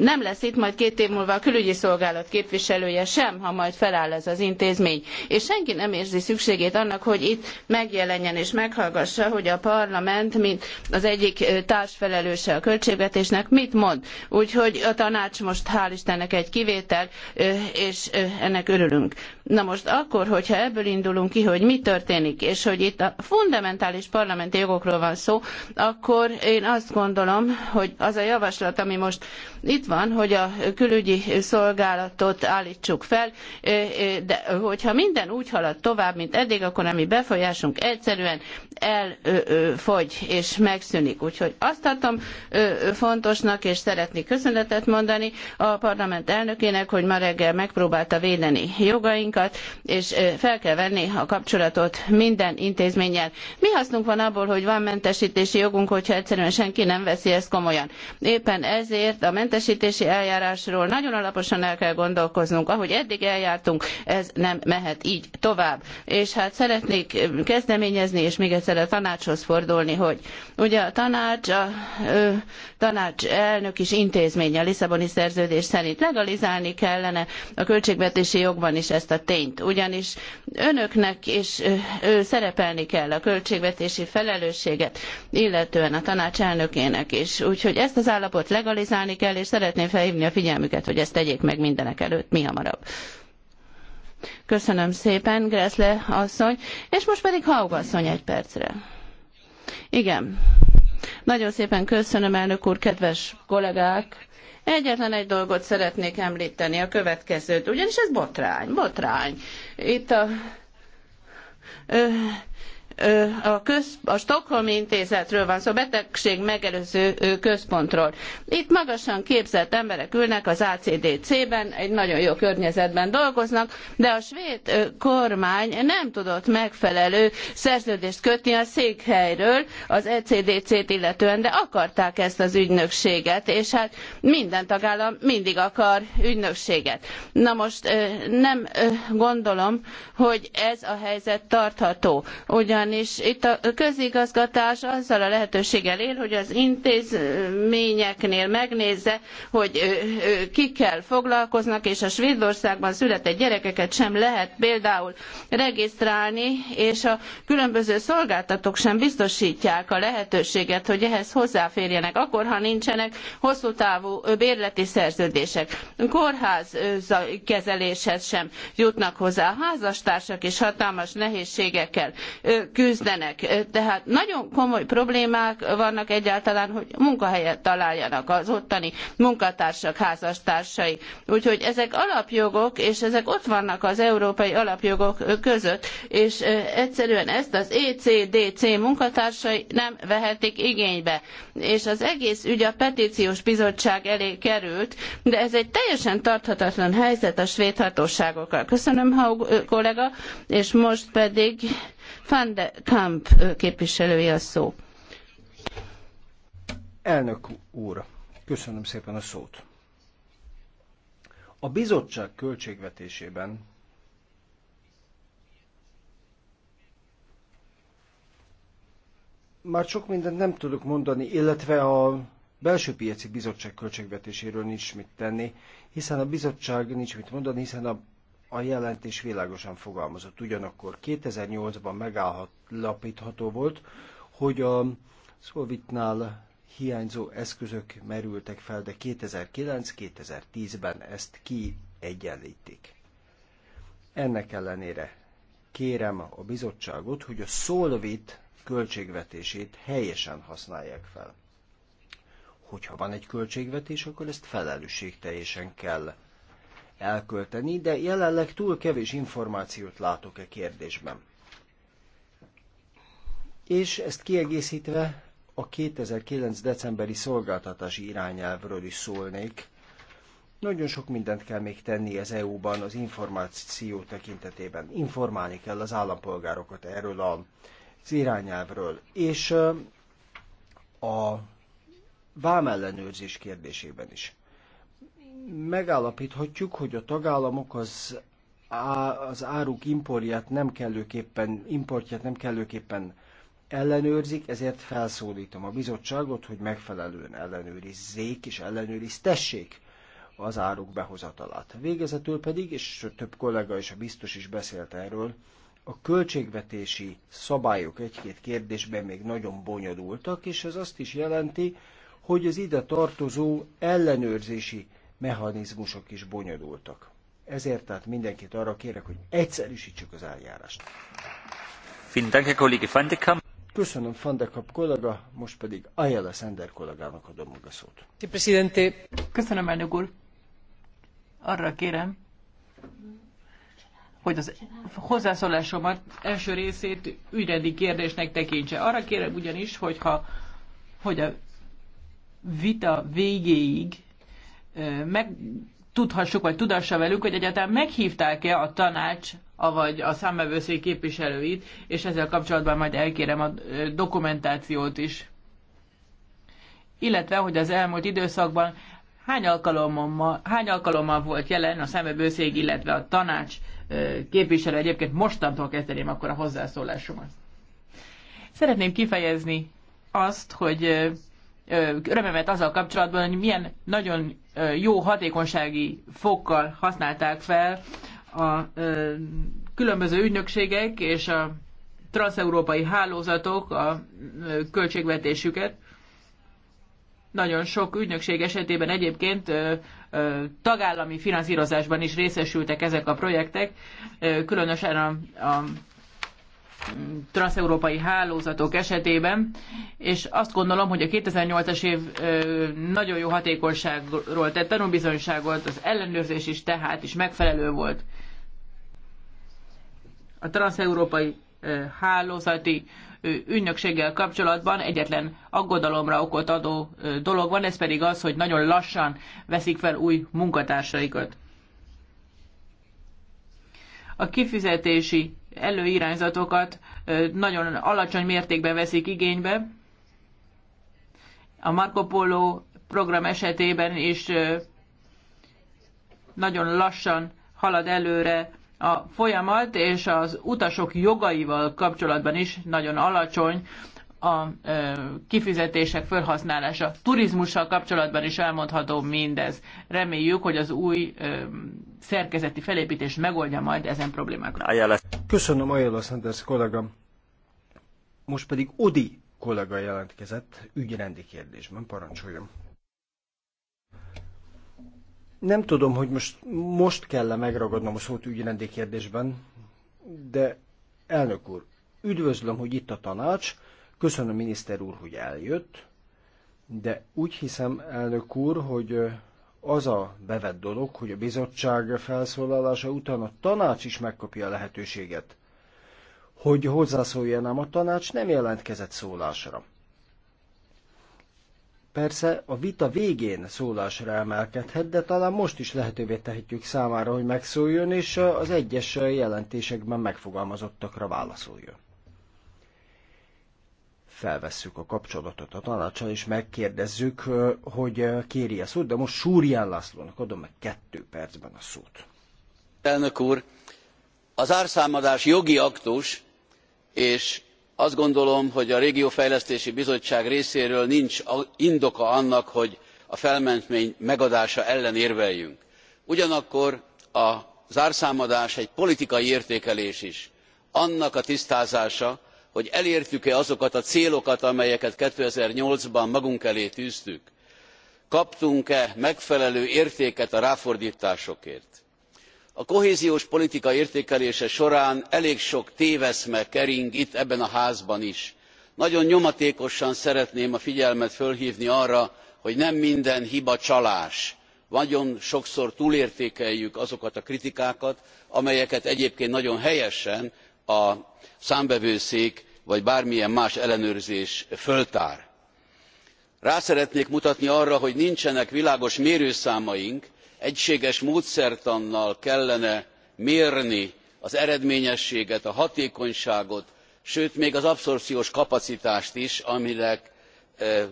nem lesz itt majd két év múlva a külügyi szolgálat képviselője sem, ha majd feláll ez az intézmény. És senki nem érzi szükségét annak, hogy itt megjelenjen és meghallgassa, hogy a parlament, mint az egyik társfelelőse költségvetésnek mit mond. Úgyhogy a tanács most hál' Istennek egy kivétel, és ennek örülünk. Na most akkor, hogyha ebből indulunk ki, hogy mi történik, és hogy itt a fundamentális parlamenti jogokról van szó, akkor én azt gondolom, hogy az a javaslat, ami most itt van, hogy a külügyi szolgálatot állítsuk fel, de hogyha minden úgy halad tovább, mint eddig, akkor a mi befolyásunk egyszerűen elfogy és megszűnik. Úgyhogy azt tartom fontosnak, és szeretnék köszönetet mondani a parlament elnökének, hogy ma reggel megpróbálta védeni jogainkat, és fel kell venni a kapcsolatot minden intézménnyel. Mi hasznunk van abból, hogy van mentesítési jogunk, hogyha egyszerűen senki nem veszi ezt komolyan. Éppen ezért a mentesítési eljárásról nagyon alaposan el kell gondolkoznunk. Ahogy eddig eljártunk, ez nem mehet így tovább. És hát szeretnék kezdeményezni, és még egyszer a tanácshoz fordulni, hogy ugye a tanács a tanács elnök is intézménye a Lisszaboni szerződés szerint. Legalizálni kellene a költségvetési jogban is ezt a tényt, ugyanis önöknek is ő szerepelni kell a költségvetési felelősséget, illetően a tanács elnökének is. Úgyhogy ezt az állapot legalizálni kell, és szeretném felhívni a figyelmüket, hogy ezt tegyék meg mindenek előtt, mi hamarabb. Köszönöm szépen, Greszle asszony, és most pedig Haug asszony egy percre. Igen. Nagyon szépen köszönöm, elnök úr, kedves kollégák! Egyetlen egy dolgot szeretnék említeni, a következőt, ugyanis ez botrány, botrány. Itt a... Ö, a, köz, a Stockholm intézetről van szó, szóval betegség megelőző központról. Itt magasan képzett emberek ülnek az ACDC-ben, egy nagyon jó környezetben dolgoznak, de a svéd kormány nem tudott megfelelő szerződést kötni a székhelyről az ECDC-t illetően, de akarták ezt az ügynökséget, és hát minden tagállam mindig akar ügynökséget. Na most nem gondolom, hogy ez a helyzet tartható. Ugyan ugyanis itt a közigazgatás azzal a lehetőséggel él, hogy az intézményeknél megnézze, hogy kikkel foglalkoznak, és a Svédországban született gyerekeket sem lehet például regisztrálni, és a különböző szolgáltatók sem biztosítják a lehetőséget, hogy ehhez hozzáférjenek, akkor, ha nincsenek hosszú távú bérleti szerződések. Kórház kezeléshez sem jutnak hozzá. A házastársak is hatalmas nehézségekkel küzdenek. Tehát nagyon komoly problémák vannak egyáltalán, hogy munkahelyet találjanak az ottani munkatársak, házastársai. Úgyhogy ezek alapjogok, és ezek ott vannak az európai alapjogok között, és egyszerűen ezt az ECDC munkatársai nem vehetik igénybe. És az egész ügy a petíciós bizottság elé került, de ez egy teljesen tarthatatlan helyzet a svéd hatóságokkal. Köszönöm, Haug kollega, és most pedig van de Kamp képviselője a szó. Elnök úr, köszönöm szépen a szót. A bizottság költségvetésében már sok mindent nem tudok mondani, illetve a belső piaci bizottság költségvetéséről nincs mit tenni, hiszen a bizottság nincs mit mondani, hiszen a a jelentés világosan fogalmazott. Ugyanakkor 2008-ban megállapítható volt, hogy a Szolvitnál hiányzó eszközök merültek fel, de 2009-2010-ben ezt kiegyenlítik. Ennek ellenére kérem a bizottságot, hogy a Szolvit költségvetését helyesen használják fel. Hogyha van egy költségvetés, akkor ezt felelősségteljesen kell elkölteni, de jelenleg túl kevés információt látok e kérdésben. És ezt kiegészítve a 2009. decemberi szolgáltatási irányelvről is szólnék. Nagyon sok mindent kell még tenni az EU-ban az információ tekintetében. Informálni kell az állampolgárokat erről az irányelvről. És a vámellenőrzés kérdésében is megállapíthatjuk, hogy a tagállamok az, az áruk importját nem kellőképpen, importját nem kellőképpen ellenőrzik, ezért felszólítom a bizottságot, hogy megfelelően ellenőrizzék és ellenőriztessék az áruk behozatalát. Végezetül pedig, és több kollega és a biztos is beszélt erről, a költségvetési szabályok egy-két kérdésben még nagyon bonyolultak, és ez azt is jelenti, hogy az ide tartozó ellenőrzési mechanizmusok is bonyolultak. Ezért tehát mindenkit arra kérek, hogy egyszerűsítsük az eljárást. Köszönöm, Fandekap kollega, most pedig Ayala Sender kollégának adom meg a szót. Köszönöm, elnök úr. Arra kérem, hogy az hozzászólásomat első részét ügyrendi kérdésnek tekintse. Arra kérem ugyanis, hogyha, hogy a vita végéig meg tudhassuk, vagy tudassa velük, hogy egyáltalán meghívták-e a tanács, vagy a számbevőszék képviselőit, és ezzel kapcsolatban majd elkérem a dokumentációt is. Illetve, hogy az elmúlt időszakban hány alkalommal, hány alkalommal volt jelen a számbevőszék, illetve a tanács képviselő. Egyébként mostantól kezdeném akkor a hozzászólásomat. Szeretném kifejezni azt, hogy örömemet azzal kapcsolatban, hogy milyen nagyon jó hatékonysági fokkal használták fel a különböző ügynökségek és a transeurópai hálózatok a költségvetésüket. Nagyon sok ügynökség esetében egyébként tagállami finanszírozásban is részesültek ezek a projektek, különösen a, a transeurópai hálózatok esetében, és azt gondolom, hogy a 2008-as év nagyon jó hatékonyságról tett tanúbizonyságot, az ellenőrzés is tehát is megfelelő volt. A transeurópai hálózati ügynökséggel kapcsolatban egyetlen aggodalomra okot adó dolog van, ez pedig az, hogy nagyon lassan veszik fel új munkatársaikat. A kifizetési előirányzatokat nagyon alacsony mértékben veszik igénybe. A Marco Polo program esetében is nagyon lassan halad előre a folyamat, és az utasok jogaival kapcsolatban is nagyon alacsony a kifizetések felhasználása. Turizmussal kapcsolatban is elmondható mindez. Reméljük, hogy az új szerkezeti felépítés megoldja majd ezen problémákat. Köszönöm, Ajala Sanders kollega. Most pedig Odi kollega jelentkezett ügyrendi kérdésben. Parancsoljon. Nem tudom, hogy most, most kell-e megragadnom a szót ügyrendi kérdésben, de elnök úr, üdvözlöm, hogy itt a tanács, Köszönöm miniszter úr, hogy eljött, de úgy hiszem, elnök úr, hogy az a bevett dolog, hogy a bizottság felszólalása után a tanács is megkapja a lehetőséget, hogy hozzászóljon, a tanács nem jelentkezett szólásra. Persze a vita végén szólásra emelkedhet, de talán most is lehetővé tehetjük számára, hogy megszóljon, és az egyes jelentésekben megfogalmazottakra válaszoljon felvesszük a kapcsolatot a tanácsal, és megkérdezzük, hogy kéri a szót, de most Súrián Lászlónak adom meg kettő percben a szót. Elnök úr, az árszámadás jogi aktus, és azt gondolom, hogy a Régiófejlesztési Bizottság részéről nincs indoka annak, hogy a felmentmény megadása ellen érveljünk. Ugyanakkor a zárszámadás egy politikai értékelés is, annak a tisztázása, hogy elértük e azokat a célokat amelyeket two thousand and eight ban magunk elé tűztünk kaptunk e megfelelő értéket a ráfordtásokért. a kohéziós politika értékelése során elég sok téveszme kering itt ebben a házban is. nagyon nyomatékosan szeretném a figyelmet fölhvni arra hogy nem minden hiba csalás nagyon sokszor túlértékeljük azokat a kritikákat amelyeket egyébként nagyon helyesen a számvevőszék vagy bármilyen más ellenőrzés föltár. rá szeretnék mutatni arra hogy nincsenek világos mérőszámaink egységes módszertannal kellene mérni az eredményességet a hatékonyságot sőt még az abszorpciós kapacitást is aminek e,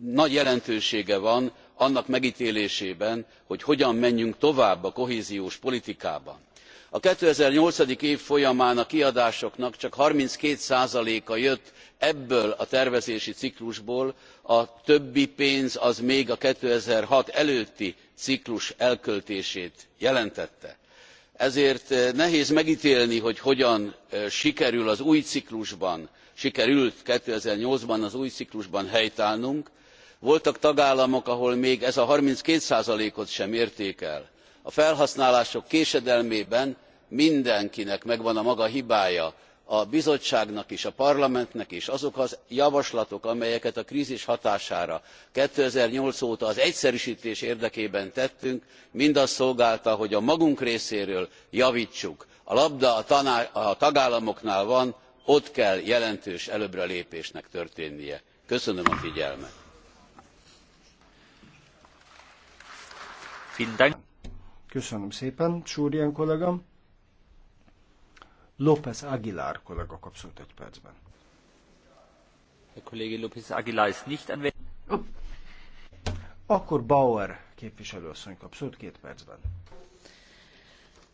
nagy jelentősége van annak megtélésében hogy hogyan menjünk tovább a kohéziós politikában a two thousand and eight év folyamán a kiadásoknak csak thirty two a jött ebből a tervezési ciklusból a többi pénz az még a two thousand and six előtti ciklus elköltését jelentette ezért eh, nehéz megtélni hogy hogyan eh, sikerül az új ciklusban sikerült two thousand and eight ban az új ciklusban helytállnunk. voltak tagállamok ahol még ez a thirty two ot sem érték el a felhasználások késedelmében mindenkinek megvan a maga hibája a bizottságnak is a parlamentnek is. azok a javaslatok amelyeket a krzis hatására two thousand and eight óta az egyszerűstés érdekében tettünk mind azt szolgálta hogy a magunk részéről javtsuk. a labda a tagállamoknál van ott kell jelentős előrelépésnek történnie. köszönöm a figyelmet. Köszönöm szépen, Súrján kollégám. López Aguilar kollega kapcsolt egy percben. A kollégi López Aguilar is nicht anwesend. Akkor Bauer képviselőasszony kap szót két percben.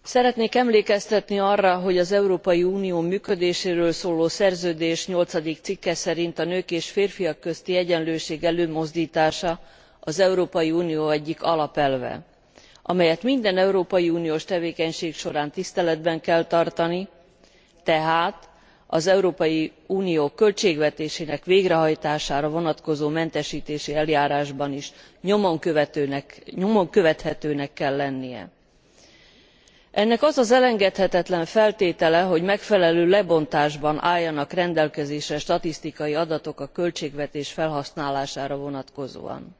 Szeretnék emlékeztetni arra, hogy az Európai Unió működéséről szóló szerződés 8. cikke szerint a nők és férfiak közti egyenlőség előmozdítása az Európai Unió egyik alapelve amelyet minden európai uniós tevékenység során tiszteletben kell tartani tehát az európai unió költségvetésének végrehajtására vonatkozó mentestési eljárásban is nyomon követhetőnek kell lennie. ennek az az elengedhetetlen feltétele hogy megfelelő lebontásban álljanak rendelkezésre statisztikai adatok a költségvetés felhasználására vonatkozóan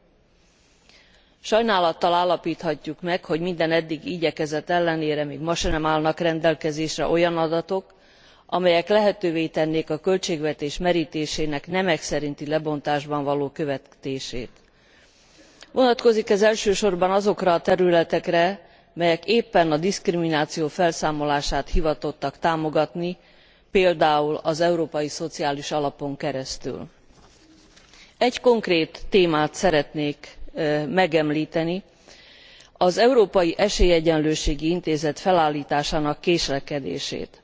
sajnálattal állapthatjuk meg hogy minden eddigi igyekezet ellenére még ma sem állnak rendelkezésre olyan adatok amelyek lehetővé tennék a költségvetés mertésének nemek szerinti lebontásban való követését. vonatkozik ez elsősorban azokra a területekre melyek éppen a diszkrimináció felszámolását hivatottak támogatni például az európai szociális alapon keresztül. egy konkrét témát szeretnék megemlteni az európai esélyegyenlőségi intézet felálltásának késlekedését.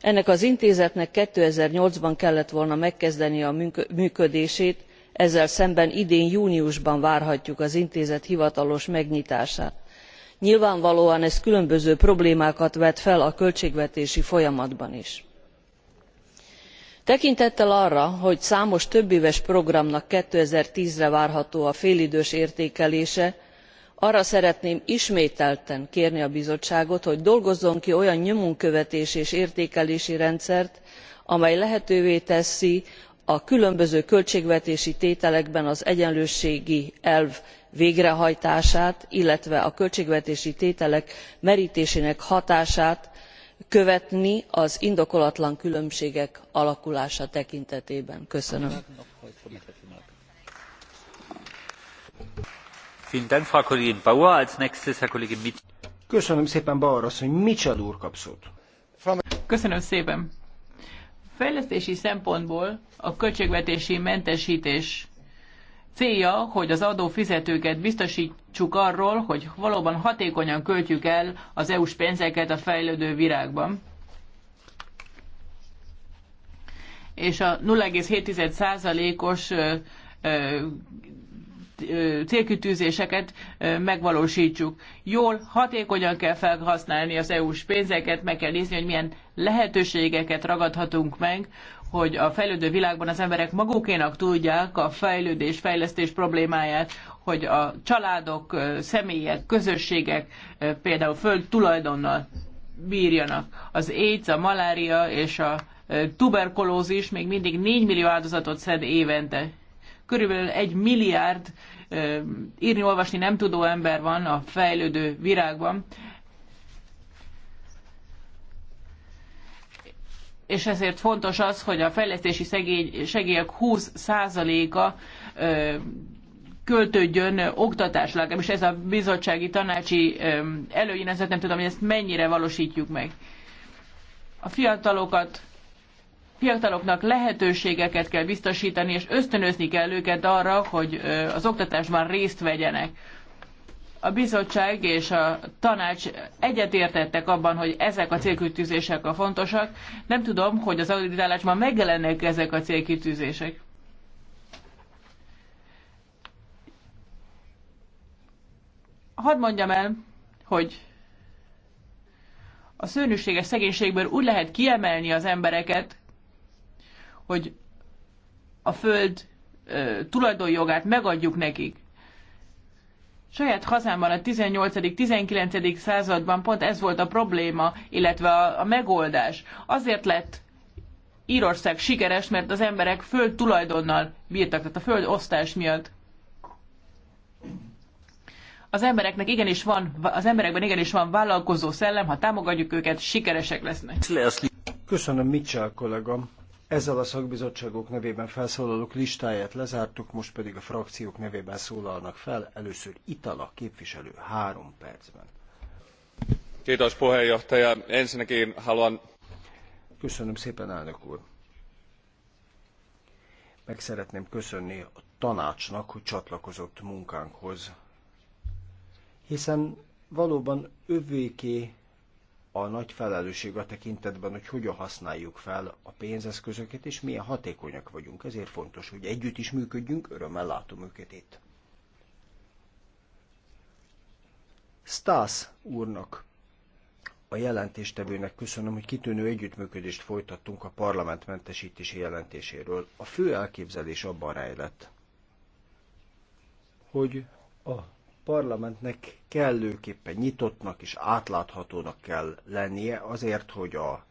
ennek az intézetnek two thousand and eight ban kellett volna megkezdenie a működését ezzel szemben idén júniusban várhatjuk az intézet hivatalos megnyitását. nyilvánvalóan ez különböző problémákat vet fel a költségvetési folyamatban is tekintettel arra hogy számos többéves programnak two thousand and ten re várható a félidős értékelése arra szeretném ismételten kérni a bizottságot hogy dolgozzon ki olyan nyomonkövetési és értékelési rendszert amely lehetővé teszi a különböző költségvetési tételekben az egyenlőségi elv végrehajtását illetve a költségvetési tételek mertésének hatását követni az indokolatlan különbségek alakulása tekintetében. köszönöm. köszönöm szépen köszönöm szépen. fejlesztési szempontból a költségvetési mentesítés célja, hogy az adófizetőket biztosítsuk arról, hogy valóban hatékonyan költjük el az EU-s pénzeket a fejlődő virágban. És a 0,7%-os célkütűzéseket megvalósítsuk. Jól, hatékonyan kell felhasználni az EU-s pénzeket, meg kell nézni, hogy milyen lehetőségeket ragadhatunk meg, hogy a fejlődő világban az emberek magukénak tudják a fejlődés, fejlesztés problémáját, hogy a családok, személyek, közösségek például föld tulajdonnal bírjanak. Az AIDS, a malária és a tuberkulózis még mindig 4 millió áldozatot szed évente. Körülbelül egy milliárd írni-olvasni nem tudó ember van a fejlődő virágban. és ezért fontos az, hogy a fejlesztési segély, segélyek 20%-a költődjön oktatásra, és ez a bizottsági tanácsi előírását nem tudom, hogy ezt mennyire valósítjuk meg. A fiatalokat, fiataloknak lehetőségeket kell biztosítani, és ösztönözni kell őket arra, hogy az oktatásban részt vegyenek a bizottság és a tanács egyetértettek abban, hogy ezek a célkütűzések a fontosak. Nem tudom, hogy az auditálásban megjelennek ezek a célkütűzések. Hadd mondjam el, hogy a szörnyűséges szegénységből úgy lehet kiemelni az embereket, hogy a föld ö, tulajdonjogát megadjuk nekik Saját hazámban a 18.-19. században pont ez volt a probléma, illetve a, a megoldás. Azért lett Írország sikeres, mert az emberek föld tulajdonnal bírtak, tehát a föld osztás miatt. Az embereknek igenis van, az emberekben igenis van vállalkozó szellem, ha támogatjuk őket, sikeresek lesznek. Köszönöm, Mitchell kollégám. Ezzel a szakbizottságok nevében felszólalók listáját lezártuk, most pedig a frakciók nevében szólalnak fel. Először Itala képviselő három percben. Kiitos ensinnek én haluan... Köszönöm szépen, elnök úr. Meg szeretném köszönni a tanácsnak, hogy csatlakozott munkánkhoz, hiszen valóban övéké a nagy felelősség a tekintetben, hogy hogyan használjuk fel a pénzeszközöket, és milyen hatékonyak vagyunk. Ezért fontos, hogy együtt is működjünk, örömmel látom őket itt. Stász úrnak, a jelentéstevőnek köszönöm, hogy kitűnő együttműködést folytattunk a parlament mentesítési jelentéséről. A fő elképzelés abban rejlett, hogy a parlamentnek kellőképpen nyitottnak és átláthatónak kell lennie azért, hogy a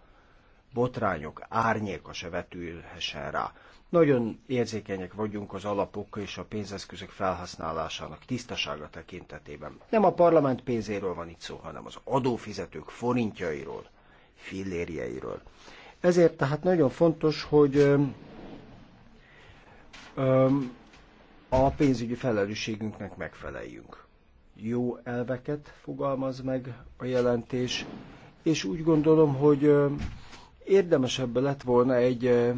botrányok árnyéka se vetülhessen rá. Nagyon érzékenyek vagyunk az alapok és a pénzeszközök felhasználásának tisztasága tekintetében. Nem a parlament pénzéről van itt szó, hanem az adófizetők forintjairól, fillérjeiről. Ezért tehát nagyon fontos, hogy a pénzügyi felelősségünknek megfeleljünk jó elveket fogalmaz meg a jelentés, és úgy gondolom, hogy érdemesebb lett volna egy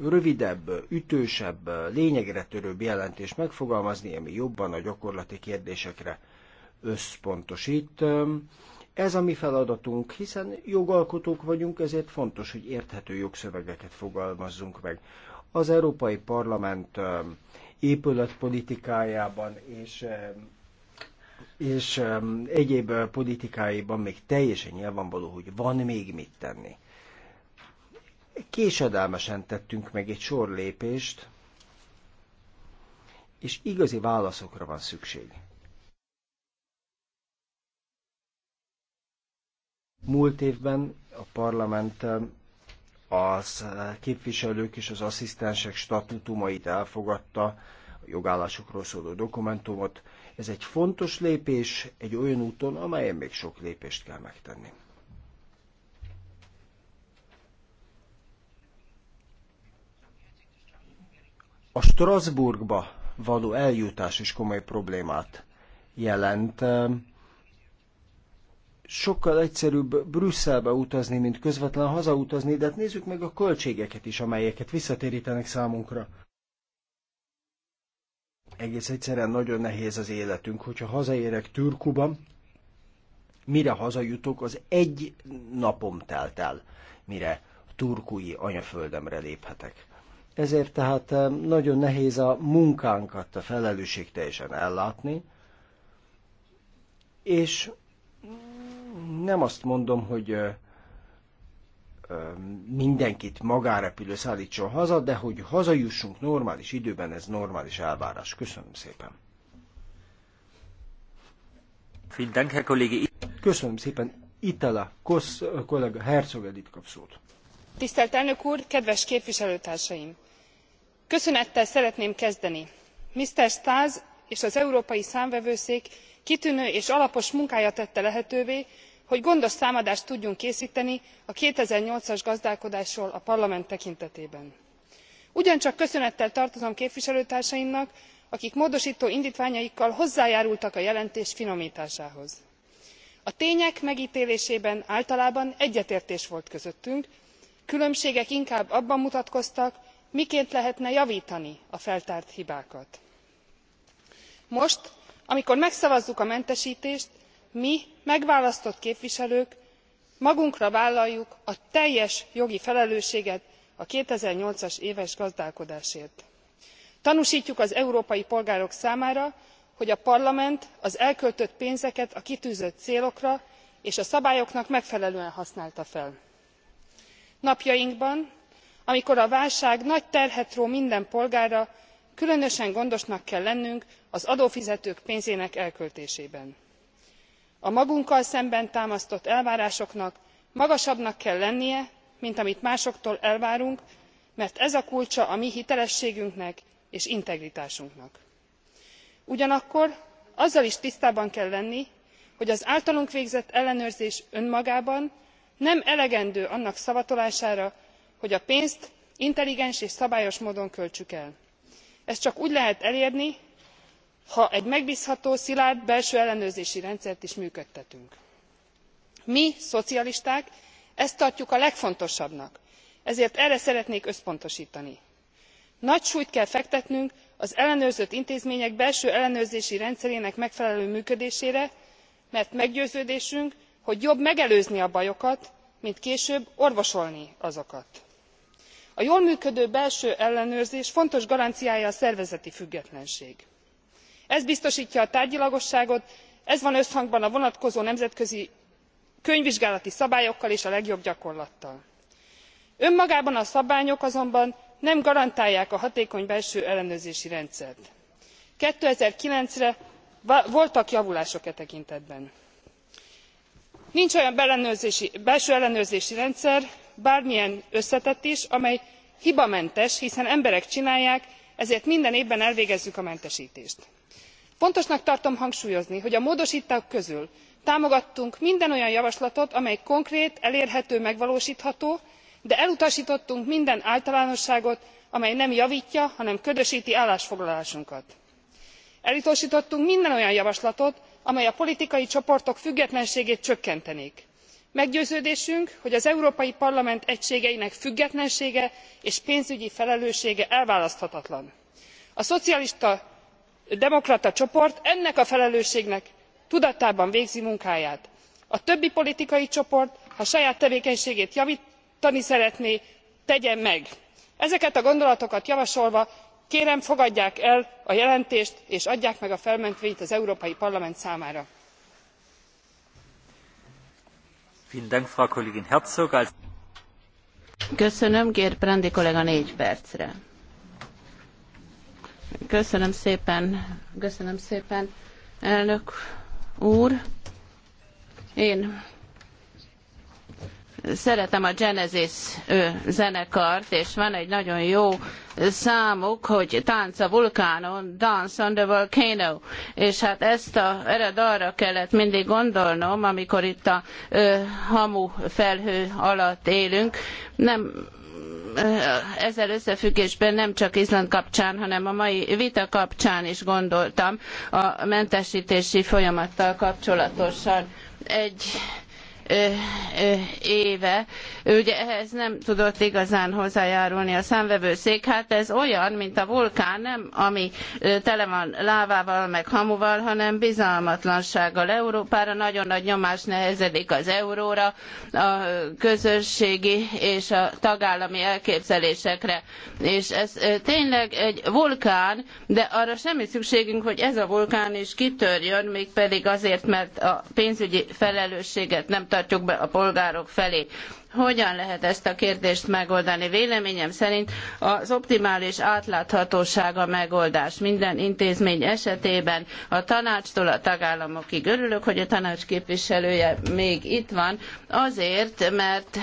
rövidebb, ütősebb, lényegre törőbb jelentés megfogalmazni, ami jobban a gyakorlati kérdésekre összpontosít. Ez a mi feladatunk, hiszen jogalkotók vagyunk, ezért fontos, hogy érthető jogszövegeket fogalmazzunk meg. Az Európai Parlament épületpolitikájában és és egyéb eh, politikáiban még teljesen nyilvánvaló, hogy van még mit tenni. Késedelmesen tettünk meg egy sor lépést, és igazi válaszokra van szükség. Múlt évben a parlament az eh, képviselők és az asszisztensek statutumait elfogadta, a jogállásokról szóló dokumentumot, ez egy fontos lépés egy olyan úton, amelyen még sok lépést kell megtenni. A Strasbourgba való eljutás is komoly problémát jelent. Sokkal egyszerűbb Brüsszelbe utazni, mint közvetlen hazautazni, de hát nézzük meg a költségeket is, amelyeket visszatérítenek számunkra. Egész egyszerűen nagyon nehéz az életünk. Hogyha hazaérek Türkuba, mire hazajutok, az egy napom telt el, mire turkui anyaföldemre léphetek. Ezért tehát eh, nagyon nehéz a munkánkat a felelősség teljesen ellátni, és nem azt mondom, hogy eh, mindenkit magárepülő szállítson haza, de hogy hazajussunk normális időben, ez normális elvárás. Köszönöm szépen. Köszönöm szépen. Itala, Kossz eh, kollega, Herzog Edith kap szót. Tisztelt elnök úr, kedves képviselőtársaim! Köszönettel szeretném kezdeni. Mr. Stas és az Európai Számvevőszék kitűnő és alapos munkája tette lehetővé, hogy gondos számadást tudjunk készteni a two thousand and eight as gazdálkodásról a parlament tekintetében. ugyancsak köszönettel tartozom képviselőtársaimnak akik módostó indtványaikkal hozzájárultak a jelentés finomtásához. a tények megtélésében általában egyetértés volt közöttünk különbségek inkább abban mutatkoztak miként lehetne javtani a feltárt hibákat. most amikor megszavazzuk a mentestést mi megválasztott képviselők magunkra vállaljuk a teljes jogi felelősséget a two thousand and eight as éves gazdálkodásért. tanústjuk az európai polgárok számára hogy a parlament az elköltött pénzeket a kitűzött célokra és a szabályoknak megfelelően használta fel. napjainkban amikor a válság nagy terhet ró minden polgárra különösen gondosnak kell lennünk az adófizetők pénzének elköltésében a magunkkal szemben támasztott elvárásoknak magasabbnak kell lennie mint amit másoktól elvárunk mert ez a kulcsa a mi hitelességünknek és integritásunknak. ugyanakkor azzal is tisztában kell lenni hogy az általunk végzett ellenőrzés önmagában nem elegendő annak szavatolására hogy a pénzt intelligens és szabályos módon költsük el. ezt csak úgy lehet elérni ha egy megbzható szilárd belső ellenőrzési rendszert is működtetünk. mi szocialisták ezt tartjuk a legfontosabbnak ezért erre szeretnék összpontostani. nagy súlyt kell fektetnünk az ellenőrzött intézmények belső ellenőrzési rendszerének megfelelő működésére mert meggyőződésünk hogy jobb megelőzni a bajokat mint később orvosolni azokat. a jól működő belső ellenőrzés fontos garanciája a szervezeti függetlenség ez biztostja a tárgyilagosságot ez van összhangban a vonatkozó nemzetközi könyvvizsgálati szabályokkal és a legjobb gyakorlattal. önmagában a szabványok azonban nem garantálják a hatékony belső ellenőrzési rendszert. two thousand and nine re voltak javulások e tekintetben. nincs olyan belső ellenőrzési rendszer bármilyen összetett is amely hibamentes hiszen emberek csinálják ezért minden évben elvégezzük a mentestést fontosnak tartom hangsúlyozni hogy a módostók közül támogattunk minden olyan javaslatot amely konkrét elérhető megvalóstható de elutastottunk minden általánosságot amely nem javtja hanem ködösti állásfoglalásunkat. elutastottunk minden olyan javaslatot amely a politikai csoportok függetlenségét csökkentené. meggyőződésünk hogy az európai parlament egységeinek függetlensége és pénzügyi felelőssége elválaszthatatlan. a szocialista demokrata csoport ennek a felelősségnek tudatában végzi munkáját. a többi politikai csoport ha saját tevékenységét javtani szeretné tegye meg. ezeket a gondolatokat javasolva kérem fogadják el a jelentést és adják meg a felmentvényt az európai parlament számára. köszönöm kollega Köszönöm szépen, köszönöm szépen, elnök úr. Én szeretem a Genesis zenekart, és van egy nagyon jó számuk, hogy tánc a vulkánon, dance on the volcano. És hát ezt a, erre arra kellett mindig gondolnom, amikor itt a ö, hamu felhő alatt élünk. Nem ezzel összefüggésben nem csak Izland kapcsán, hanem a mai vita kapcsán is gondoltam a mentesítési folyamattal kapcsolatosan. Egy éve, ugye ehhez nem tudott igazán hozzájárulni a számvevőszék. Hát ez olyan, mint a vulkán, nem ami tele van lávával, meg hamuval, hanem bizalmatlansággal Európára. Nagyon nagy nyomás nehezedik az euróra, a közösségi és a tagállami elképzelésekre. És ez tényleg egy vulkán, de arra semmi szükségünk, hogy ez a vulkán is kitörjön, mégpedig azért, mert a pénzügyi felelősséget nem juttatjuk be a polgárok felé. Hogyan lehet ezt a kérdést megoldani? Véleményem szerint az optimális átláthatóság a megoldás minden intézmény esetében a tanácstól a tagállamokig. Örülök, hogy a tanács képviselője még itt van, azért, mert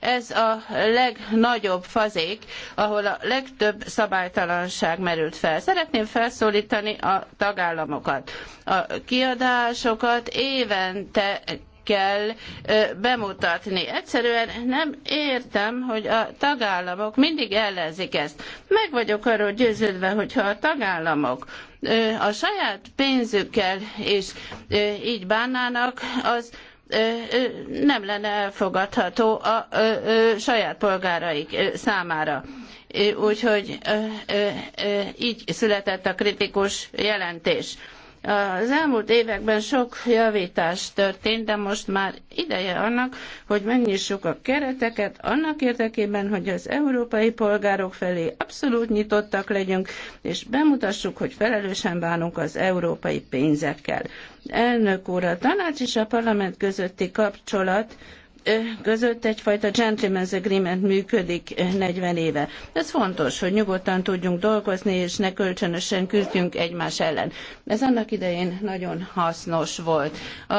ez a legnagyobb fazék, ahol a legtöbb szabálytalanság merült fel. Szeretném felszólítani a tagállamokat. A kiadásokat évente kell bemutatni. Egyszerűen nem értem, hogy a tagállamok mindig ellenzik ezt. Meg vagyok arról győződve, hogyha a tagállamok a saját pénzükkel és így bánnának, az nem lenne elfogadható a saját polgáraik számára. Úgyhogy így született a kritikus jelentés. Az elmúlt években sok javítás történt, de most már ideje annak, hogy megnyissuk a kereteket annak érdekében, hogy az európai polgárok felé abszolút nyitottak legyünk, és bemutassuk, hogy felelősen bánunk az európai pénzekkel. Elnök úr, a tanács és a parlament közötti kapcsolat között egyfajta gentleman's agreement működik 40 éve. Ez fontos, hogy nyugodtan tudjunk dolgozni, és ne kölcsönösen küzdjünk egymás ellen. Ez annak idején nagyon hasznos volt. A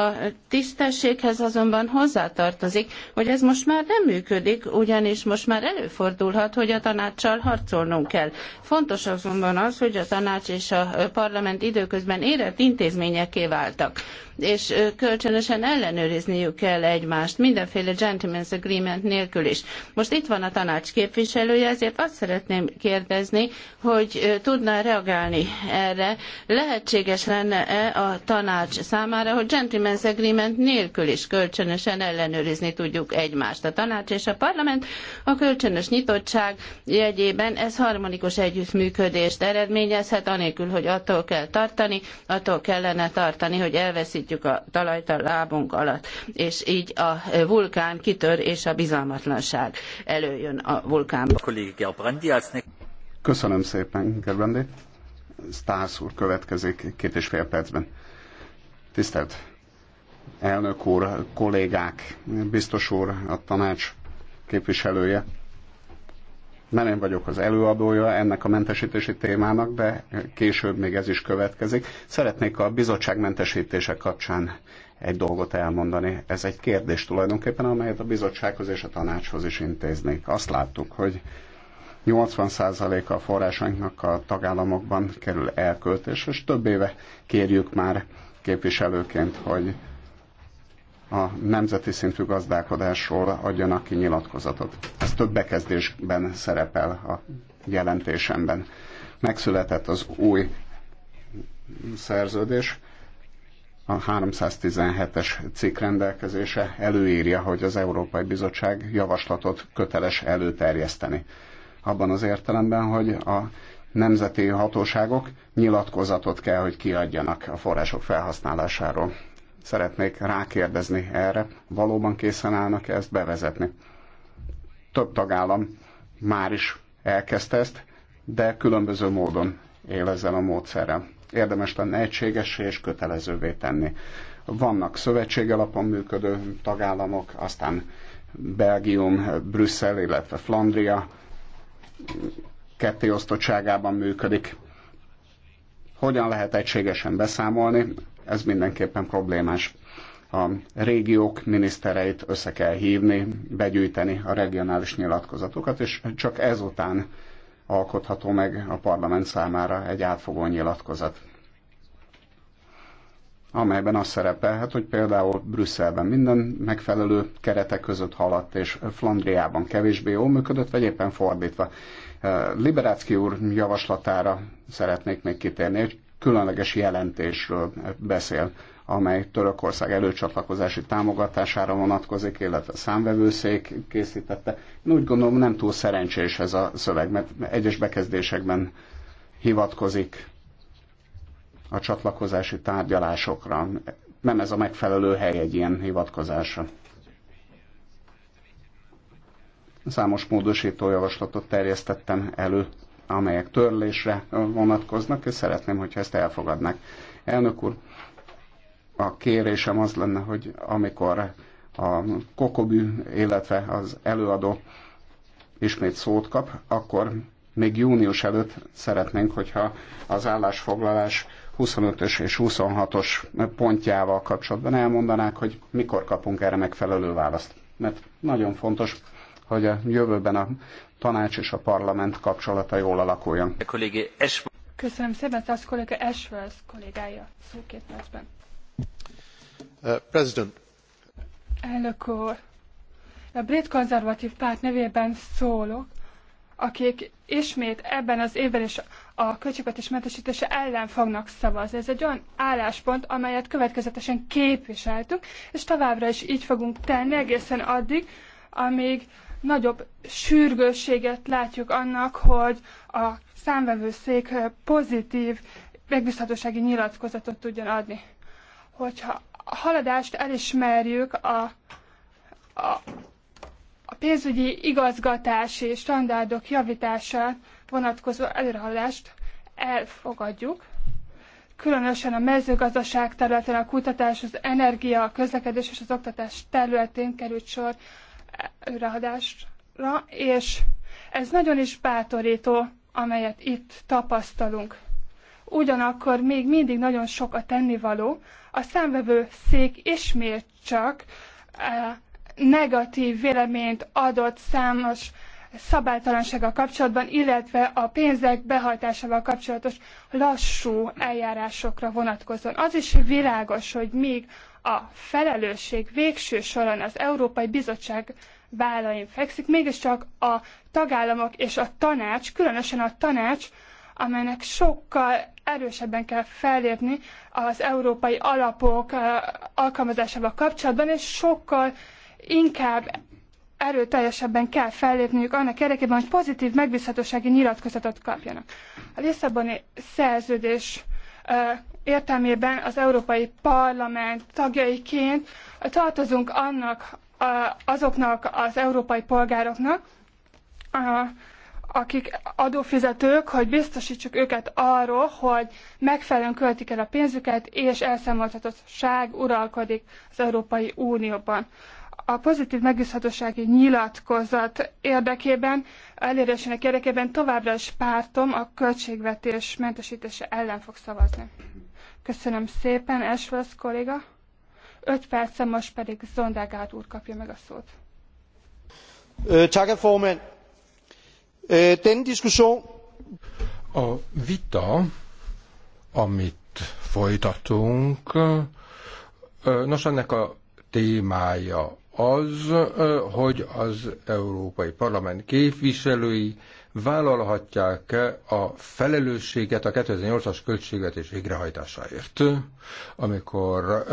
tisztességhez azonban hozzátartozik, hogy ez most már nem működik, ugyanis most már előfordulhat, hogy a tanácssal harcolnunk kell. Fontos azonban az, hogy a tanács és a parlament időközben érett intézményeké váltak, és kölcsönösen ellenőrizniük kell egymást mindenféle mindenféle gentleman's agreement nélkül is. Most itt van a tanács képviselője, ezért azt szeretném kérdezni, hogy tudná reagálni erre. Lehetséges lenne-e a tanács számára, hogy gentleman's agreement nélkül is kölcsönösen ellenőrizni tudjuk egymást. A tanács és a parlament a kölcsönös nyitottság jegyében ez harmonikus együttműködést eredményezhet, anélkül, hogy attól kell tartani, attól kellene tartani, hogy elveszítjük a talajt a lábunk alatt, és így a vulkán kitör, és a bizalmatlanság előjön a vulkánból. Köszönöm szépen, Gerbrandi. Stász úr következik két és fél percben. Tisztelt elnök úr, kollégák, biztos úr, a tanács képviselője. Nem én vagyok az előadója ennek a mentesítési témának, de később még ez is következik. Szeretnék a bizottság mentesítése kapcsán egy dolgot elmondani. Ez egy kérdés tulajdonképpen, amelyet a bizottsághoz és a tanácshoz is intéznék. Azt láttuk, hogy 80% a forrásainknak a tagállamokban kerül elköltés, és több éve kérjük már képviselőként, hogy a nemzeti szintű gazdálkodásról adjanak ki nyilatkozatot. Ez több bekezdésben szerepel a jelentésemben. Megszületett az új szerződés, a 317-es cikk rendelkezése előírja, hogy az Európai Bizottság javaslatot köteles előterjeszteni. Abban az értelemben, hogy a nemzeti hatóságok nyilatkozatot kell, hogy kiadjanak a források felhasználásáról. Szeretnék rákérdezni erre, valóban készen állnak -e ezt bevezetni? Több tagállam már is elkezdte ezt, de különböző módon él ezzel a módszerrel érdemes lenne egységessé és kötelezővé tenni. Vannak szövetség alapon működő tagállamok, aztán Belgium, Brüsszel, illetve Flandria kettéosztottságában működik. Hogyan lehet egységesen beszámolni? Ez mindenképpen problémás a régiók minisztereit össze kell hívni, begyűjteni a regionális nyilatkozatokat, és csak ezután alkotható meg a parlament számára egy átfogó nyilatkozat amelyben az szerepelhet, hogy például Brüsszelben minden megfelelő keretek között haladt, és Flandriában kevésbé jól működött, vagy éppen fordítva. Eh, Liberácki úr javaslatára szeretnék még kitérni, hogy különleges jelentésről beszél amely Törökország előcsatlakozási támogatására vonatkozik, illetve számvevőszék készítette. Én úgy gondolom, nem túl szerencsés ez a szöveg, mert egyes bekezdésekben hivatkozik a csatlakozási tárgyalásokra. Nem ez a megfelelő hely egy ilyen hivatkozásra. Számos módosító javaslatot terjesztettem elő, amelyek törlésre vonatkoznak, és szeretném, hogyha ezt elfogadnák. Elnök úr, a kérésem az lenne, hogy amikor a kokobű, illetve az előadó ismét szót kap, akkor még június előtt szeretnénk, hogyha az állásfoglalás 25-ös és 26-os pontjával kapcsolatban elmondanák, hogy mikor kapunk erre megfelelő választ. Mert nagyon fontos, hogy a jövőben a tanács és a parlament kapcsolata jól alakuljon. Köszönöm szépen, az kolléga Ashworth kollégája szóképpen. Uh, Elnök úr, a brit konzervatv párt nevében szólok, akik ismét ebben az évben is a költségvetés mentesítése ellen fognak szavazni. Ez egy olyan álláspont, amelyet következetesen képviseltünk, és továbbra is így fogunk tenni egészen addig, amíg nagyobb sürgősséget látjuk annak, hogy a számvevőszék pozitív megbzhatósági nyilatkozatot tudjon adni hogyha a haladást elismerjük a, a, a pénzügyi igazgatási standardok javítása vonatkozó előrehaladást elfogadjuk, különösen a mezőgazdaság területén, a kutatás, az energia, a közlekedés és az oktatás területén került sor előrehaladásra, és ez nagyon is bátorító, amelyet itt tapasztalunk ugyanakkor még mindig nagyon sok a tennivaló. A számvevő szék ismét csak eh, negatív véleményt adott számos szabálytalansággal kapcsolatban, illetve a pénzek behajtásával kapcsolatos lassú eljárásokra vonatkozóan. Az is világos, hogy még a felelősség végső soron az Európai Bizottság vállain fekszik, mégiscsak a tagállamok és a tanács, különösen a tanács, amelynek sokkal erősebben kell fellépni az európai alapok alkalmazásával kapcsolatban, és sokkal inkább erőteljesebben kell fellépniük annak érdekében, hogy pozitív megbízhatósági nyilatkozatot kapjanak. A Lisszaboni szerződés értelmében az Európai Parlament tagjaiként tartozunk annak azoknak az európai polgároknak, akik adófizetők, hogy biztosítsuk őket arról, hogy megfelelően költik el a pénzüket, és elszámoltatottság uralkodik az Európai Unióban. A pozitív megbízhatósági nyilatkozat érdekében, elérésének érdekében továbbra is pártom a költségvetés mentesítése ellen fog szavazni. Köszönöm szépen, Ashworth kolléga. Öt percen most pedig Zondágát úr kapja meg a szót. csak a formán. Øh, denne diskussion... A vita, amit folytatunk, nos, ennek a témája az, hogy az Európai Parlament képviselői vállalhatják-e a felelősséget a 2008-as költségvetés végrehajtásáért. Amikor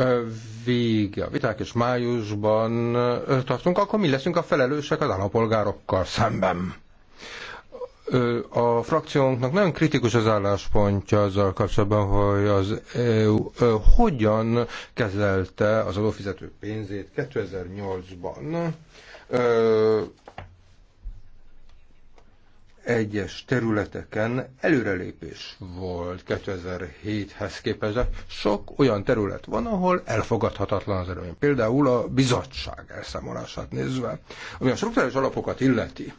vége a viták és májusban tartunk, akkor mi leszünk a felelősek az állampolgárokkal szemben a frakciónknak nagyon kritikus az álláspontja azzal kapcsolatban, hogy az EU hogyan kezelte az adófizetők pénzét 2008-ban. Egyes területeken előrelépés volt 2007-hez képest. Sok olyan terület van, ahol elfogadhatatlan az erőmény. Például a bizottság elszámolását nézve, ami a struktúrális alapokat illeti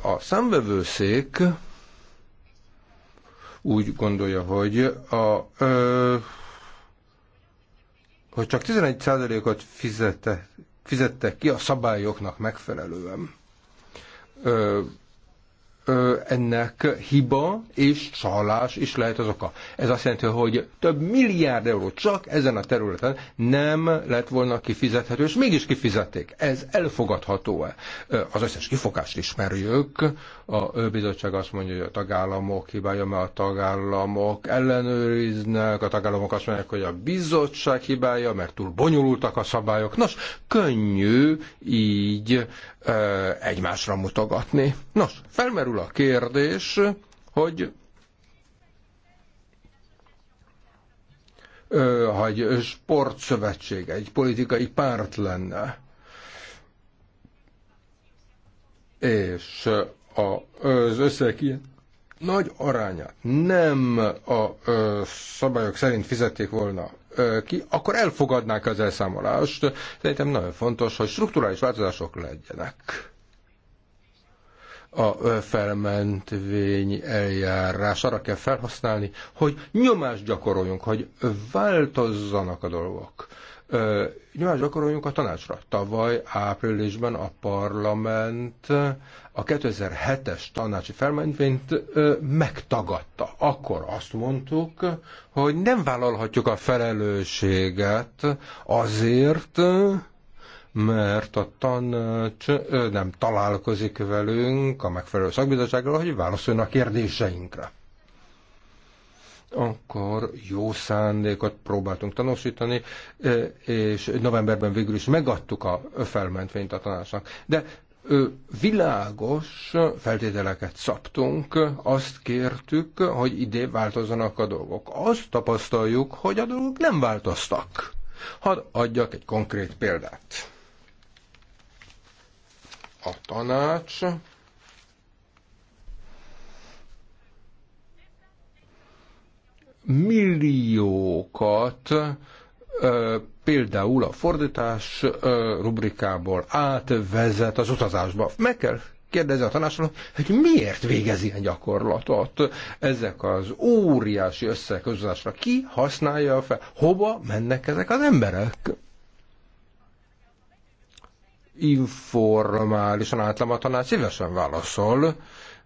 a számvevőszék úgy gondolja, hogy a ö, hogy csak 11%-ot fizette, fizettek ki a szabályoknak megfelelően. Ö, ennek hiba és csalás is lehet az oka. Ez azt jelenti, hogy több milliárd euró csak ezen a területen nem lett volna kifizethető, és mégis kifizették. Ez elfogadható-e? Az összes kifogást ismerjük, a bizottság azt mondja, hogy a tagállamok hibája, mert a tagállamok ellenőriznek, a tagállamok azt mondják, hogy a bizottság hibája, mert túl bonyolultak a szabályok. Nos, könnyű így ö, egymásra mutogatni. Nos, felmerül a kérdés, hogy ha egy sportszövetség, egy politikai párt lenne, és az összeg ilyen nagy arányát nem a szabályok szerint fizették volna ki, akkor elfogadnák az elszámolást. Szerintem nagyon fontos, hogy strukturális változások legyenek a felmentvény eljárás arra kell felhasználni, hogy nyomást gyakoroljunk, hogy változzanak a dolgok. Nyomást gyakoroljunk a tanácsra. Tavaly áprilisban a parlament a 2007-es tanácsi felmentvényt megtagadta. Akkor azt mondtuk, hogy nem vállalhatjuk a felelősséget azért, mert a tanács nem találkozik velünk a megfelelő szakbizottsággal, hogy válaszoljon a kérdéseinkre. Akkor jó szándékot próbáltunk tanúsítani, és novemberben végül is megadtuk a felmentvényt a tanácsnak. De világos feltételeket szabtunk, azt kértük, hogy idén változzanak a dolgok. Azt tapasztaljuk, hogy a dolgok nem változtak. Hadd adjak egy konkrét példát. A tanács milliókat például a fordítás rubrikából átvezet az utazásba. Meg kell kérdezi a tanácsoló, hogy miért végez ilyen gyakorlatot ezek az óriási összeközlásra. Ki használja fel? Hova mennek ezek az emberek? Informálisan általában a tanács szívesen válaszol,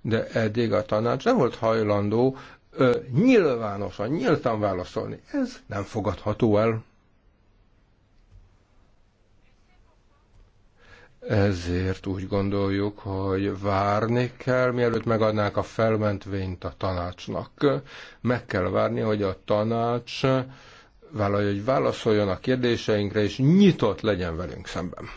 de eddig a tanács nem volt hajlandó ö, nyilvánosan, nyíltan válaszolni. Ez nem fogadható el. Ezért úgy gondoljuk, hogy várni kell, mielőtt megadnák a felmentvényt a tanácsnak. Meg kell várni, hogy a tanács vállalja, hogy válaszoljon a kérdéseinkre, és nyitott legyen velünk szemben.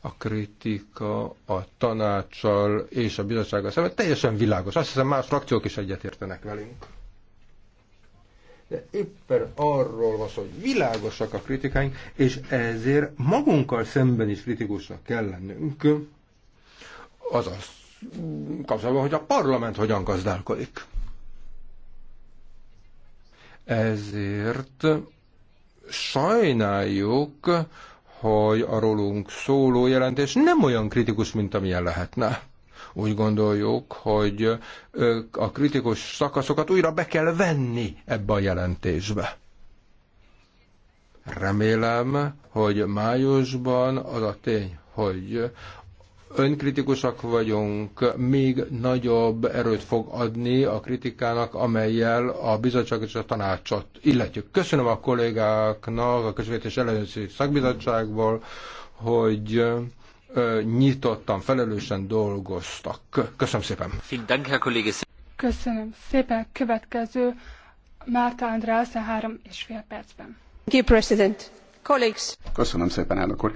A kritika a tanácssal és a bizottsággal szemben teljesen világos. Azt hiszem más frakciók is egyetértenek velünk. De éppen arról van szó, hogy világosak a kritikáink, és ezért magunkkal szemben is kritikusnak kell lennünk. Azaz kapcsolatban, hogy a parlament hogyan gazdálkodik. Ezért sajnáljuk, hogy a rólunk szóló jelentés nem olyan kritikus, mint amilyen lehetne. Úgy gondoljuk, hogy a kritikus szakaszokat újra be kell venni ebbe a jelentésbe. Remélem, hogy májusban az a tény, hogy önkritikusak vagyunk, még nagyobb erőt fog adni a kritikának, amelyel a bizottság és a tanácsot illetjük. Köszönöm a kollégáknak a közvetés előző szakbizottságból, hogy nyitottan, felelősen dolgoztak. Köszönöm szépen. Köszönöm szépen. Következő Márta Andrász, három és fél percben. Köszönöm szépen, elnök úr.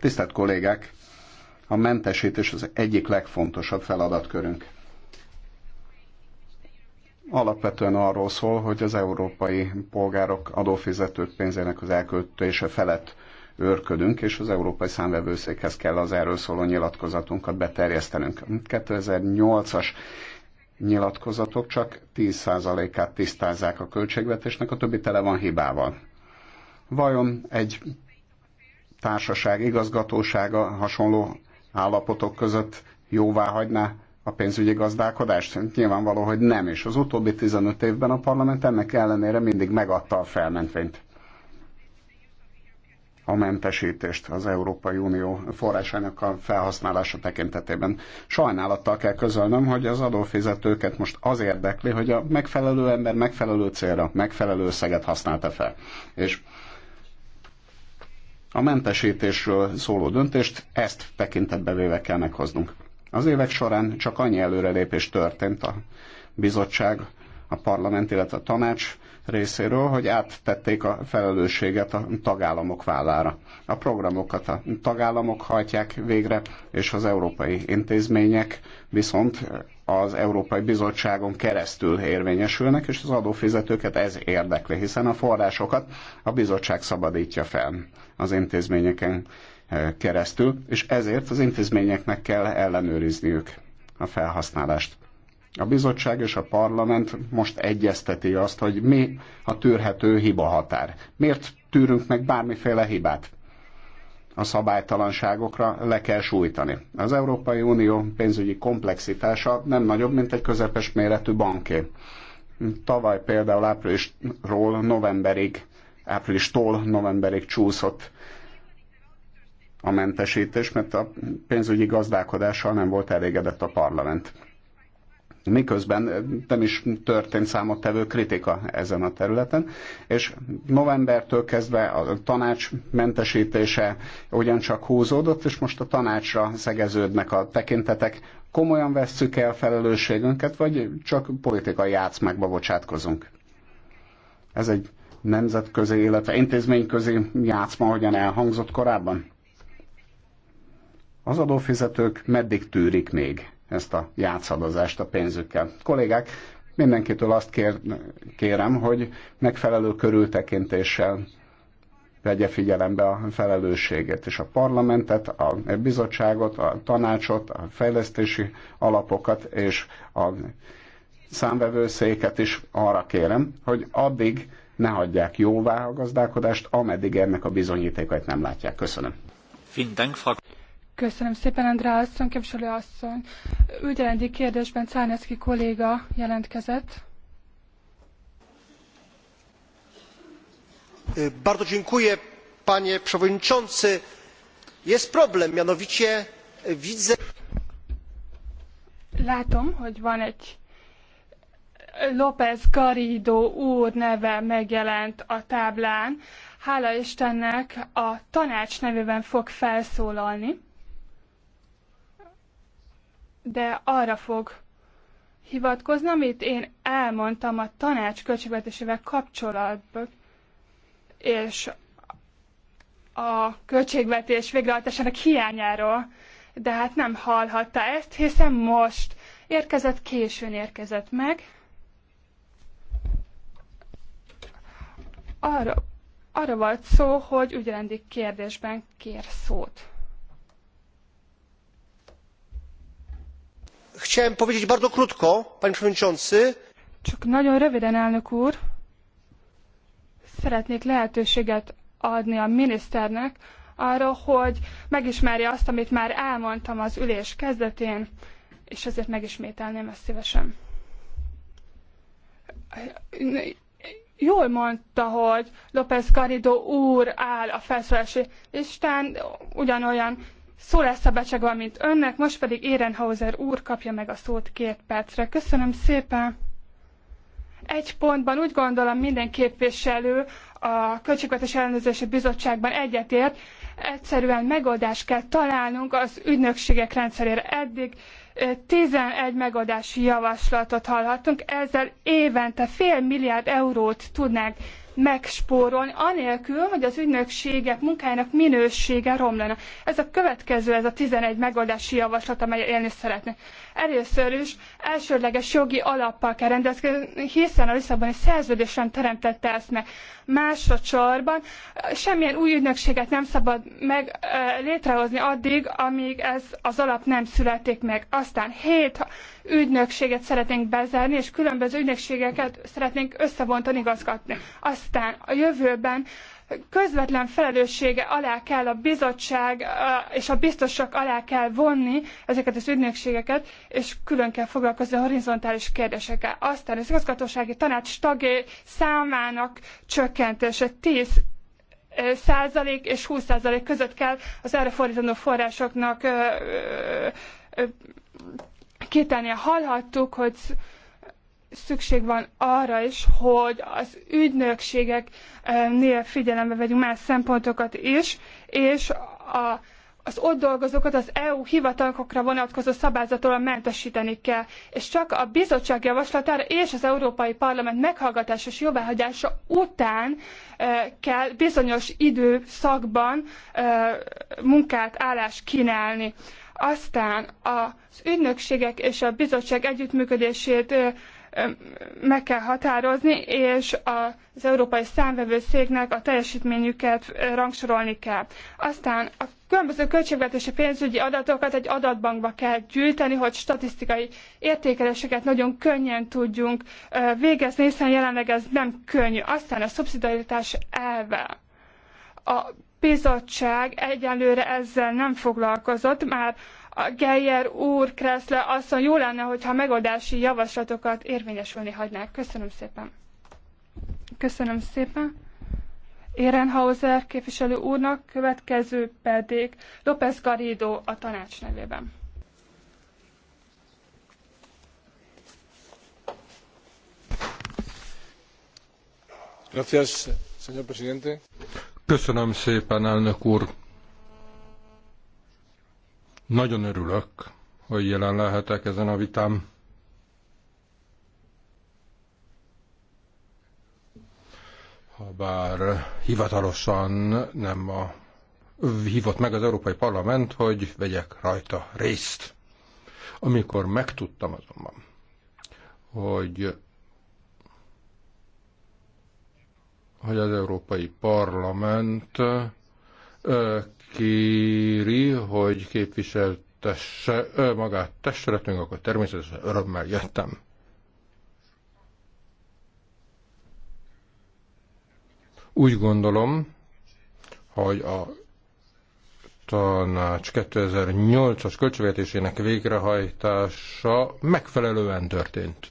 Tisztelt kollégák, a mentesítés az egyik legfontosabb feladatkörünk. Alapvetően arról szól, hogy az európai polgárok adófizetők pénzének az elköltése felett őrködünk, és az Európai Számvevőszékhez kell az erről szóló nyilatkozatunkat beterjesztenünk. 2008-as nyilatkozatok csak 10%-át tisztázzák a költségvetésnek, a többi tele van hibával. Vajon egy társaság igazgatósága hasonló állapotok között jóvá hagyná a pénzügyi gazdálkodást? Nyilvánvaló, hogy nem, és az utóbbi 15 évben a parlament ennek ellenére mindig megadta a felmentvényt a mentesítést az Európai Unió forrásának a felhasználása tekintetében. Sajnálattal kell közölnöm, hogy az adófizetőket most az érdekli, hogy a megfelelő ember megfelelő célra, megfelelő összeget használta fel. És a mentesítésről szóló döntést ezt tekintetbe véve kell meghoznunk. Az évek során csak annyi előrelépés történt a bizottság a parlament, illetve a tanács részéről, hogy áttették a felelősséget a tagállamok vállára. A programokat a tagállamok hajtják végre, és az európai intézmények viszont az Európai Bizottságon keresztül érvényesülnek, és az adófizetőket ez érdekli, hiszen a forrásokat a bizottság szabadítja fel az intézményeken eh, keresztül, és ezért az intézményeknek kell ellenőrizniük a felhasználást. A bizottság és a parlament most egyezteti azt, hogy mi a tűrhető hiba határ. Miért tűrünk meg bármiféle hibát? a szabálytalanságokra le kell sújtani. Az Európai Unió pénzügyi komplexitása nem nagyobb, mint egy közepes méretű banké. Tavaly például áprilisról novemberig, áprilistól novemberig csúszott a mentesítés, mert a pénzügyi gazdálkodással nem volt elégedett a parlament miközben nem is történt számottevő kritika ezen a területen, és novembertől kezdve a tanács mentesítése ugyancsak húzódott, és most a tanácsra szegeződnek a tekintetek. Komolyan vesszük el felelősségünket, vagy csak politikai játszmákba bocsátkozunk? Ez egy nemzetközi, illetve intézményközi játszma, hogyan elhangzott korábban? Az adófizetők meddig tűrik még? ezt a játszadozást a pénzükkel. Kollégák, mindenkitől azt kér, kérem, hogy megfelelő körültekintéssel vegye figyelembe a felelősséget, és a parlamentet, a bizottságot, a tanácsot, a fejlesztési alapokat és a számvevőszéket is arra kérem, hogy addig ne hagyják jóvá a gazdálkodást, ameddig ennek a bizonyítékait nem látják. Köszönöm. Köszönöm szépen, Andrá asszony, képviselő asszony. Ügyelendi kérdésben Czárnyeszki kolléga jelentkezett. Bardzo dziękuję, panie przewodniczący. Jest problem, mianowicie widzę... Látom, hogy van egy e, López Garido úr neve megjelent a táblán. Hála Istennek a tanács nevében fog felszólalni de arra fog hivatkozni, amit én elmondtam a tanács költségvetésével kapcsolatban, és a költségvetés végrehajtásának hiányáról, de hát nem hallhatta ezt, hiszen most érkezett, későn érkezett meg. Arra, arra volt szó, hogy ügyrendi kérdésben kér szót. Chciałem powiedzieć bardzo krótko, panie przewodniczący. Csak nagyon röviden, elnök úr. Szeretnék lehetőséget adni a miniszternek arra, hogy megismerje azt, amit már elmondtam az ülés kezdetén, és ezért megismételném ezt szívesen jól mondta, hogy López Garrido úr áll a felszólalási listán, ugyanolyan szólásszabadság van, mint önnek, most pedig Érenhauser úr kapja meg a szót két percre. Köszönöm szépen! Egy pontban úgy gondolom minden képviselő a Költségvetés Ellenőrzési Bizottságban egyetért, egyszerűen megoldást kell találnunk az ügynökségek rendszerére. Eddig 11 megoldási javaslatot hallhattunk, ezzel évente fél milliárd eurót tudnánk megspórolni, anélkül, hogy az ügynökségek munkájának minősége romlana. Ez a következő, ez a 11 megoldási javaslat, amely élni szeretne. Először is elsődleges jogi alappal kell rendelkezni, hiszen a Lisszaboni szerződésen teremtette ezt meg másodszorban semmilyen új ügynökséget nem szabad meg létrehozni addig, amíg ez az alap nem születik meg. Aztán hét ügynökséget szeretnénk bezárni, és különböző ügynökségeket szeretnénk összevontani, igazgatni. Aztán a jövőben közvetlen felelőssége alá kell a bizottság és a biztosok alá kell vonni ezeket az ügynökségeket, és külön kell foglalkozni a horizontális kérdésekkel. Aztán az igazgatósági tanács tagjai számának csökkentése 10 százalék és 20 százalék között kell az erre fordítandó forrásoknak kitennie. Hallhattuk, hogy szükség van arra is, hogy az ügynökségeknél figyelembe vegyünk más szempontokat is, és a, az ott dolgozókat az EU hivatalokra vonatkozó szabályzatról mentesíteni kell, és csak a bizottság javaslatára és az Európai Parlament meghallgatása és jóváhagyása után e, kell bizonyos időszakban e, munkát, állást kínálni. Aztán az ügynökségek és a bizottság együttműködését e, meg kell határozni, és az Európai Számvevőszéknek a teljesítményüket rangsorolni kell. Aztán a különböző költségvetési pénzügyi adatokat egy adatbankba kell gyűjteni, hogy statisztikai értékeléseket nagyon könnyen tudjunk végezni, hiszen jelenleg ez nem könnyű. Aztán a szubszidaritás elve. A bizottság egyelőre ezzel nem foglalkozott, már a Geyer úr, Kressle asszony, jó lenne, hogyha megoldási javaslatokat érvényesülni hagynák. Köszönöm szépen. Köszönöm szépen. Ehrenhauser képviselő úrnak, következő pedig López Garrido a tanács nevében. Köszönöm szépen, elnök úr! Nagyon örülök, hogy jelen lehetek ezen a vitám. Habár hivatalosan nem a hívott meg az Európai Parlament, hogy vegyek rajta részt. Amikor megtudtam azonban, hogy hogy az Európai Parlament kéri, hogy képviseltesse magát testületünk, akkor természetesen örömmel jöttem. Úgy gondolom, hogy a tanács 2008-as költségvetésének végrehajtása megfelelően történt.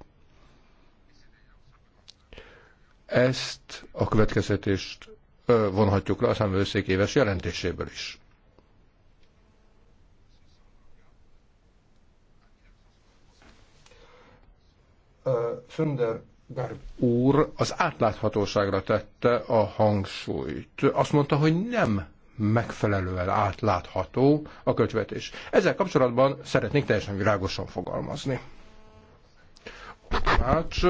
Ezt a következetést vonhatjuk le a számvőszék éves jelentéséből is. Fünder úr az átláthatóságra tette a hangsúlyt. Azt mondta, hogy nem megfelelően átlátható a költségvetés. Ezzel kapcsolatban szeretnék teljesen világosan fogalmazni. Mács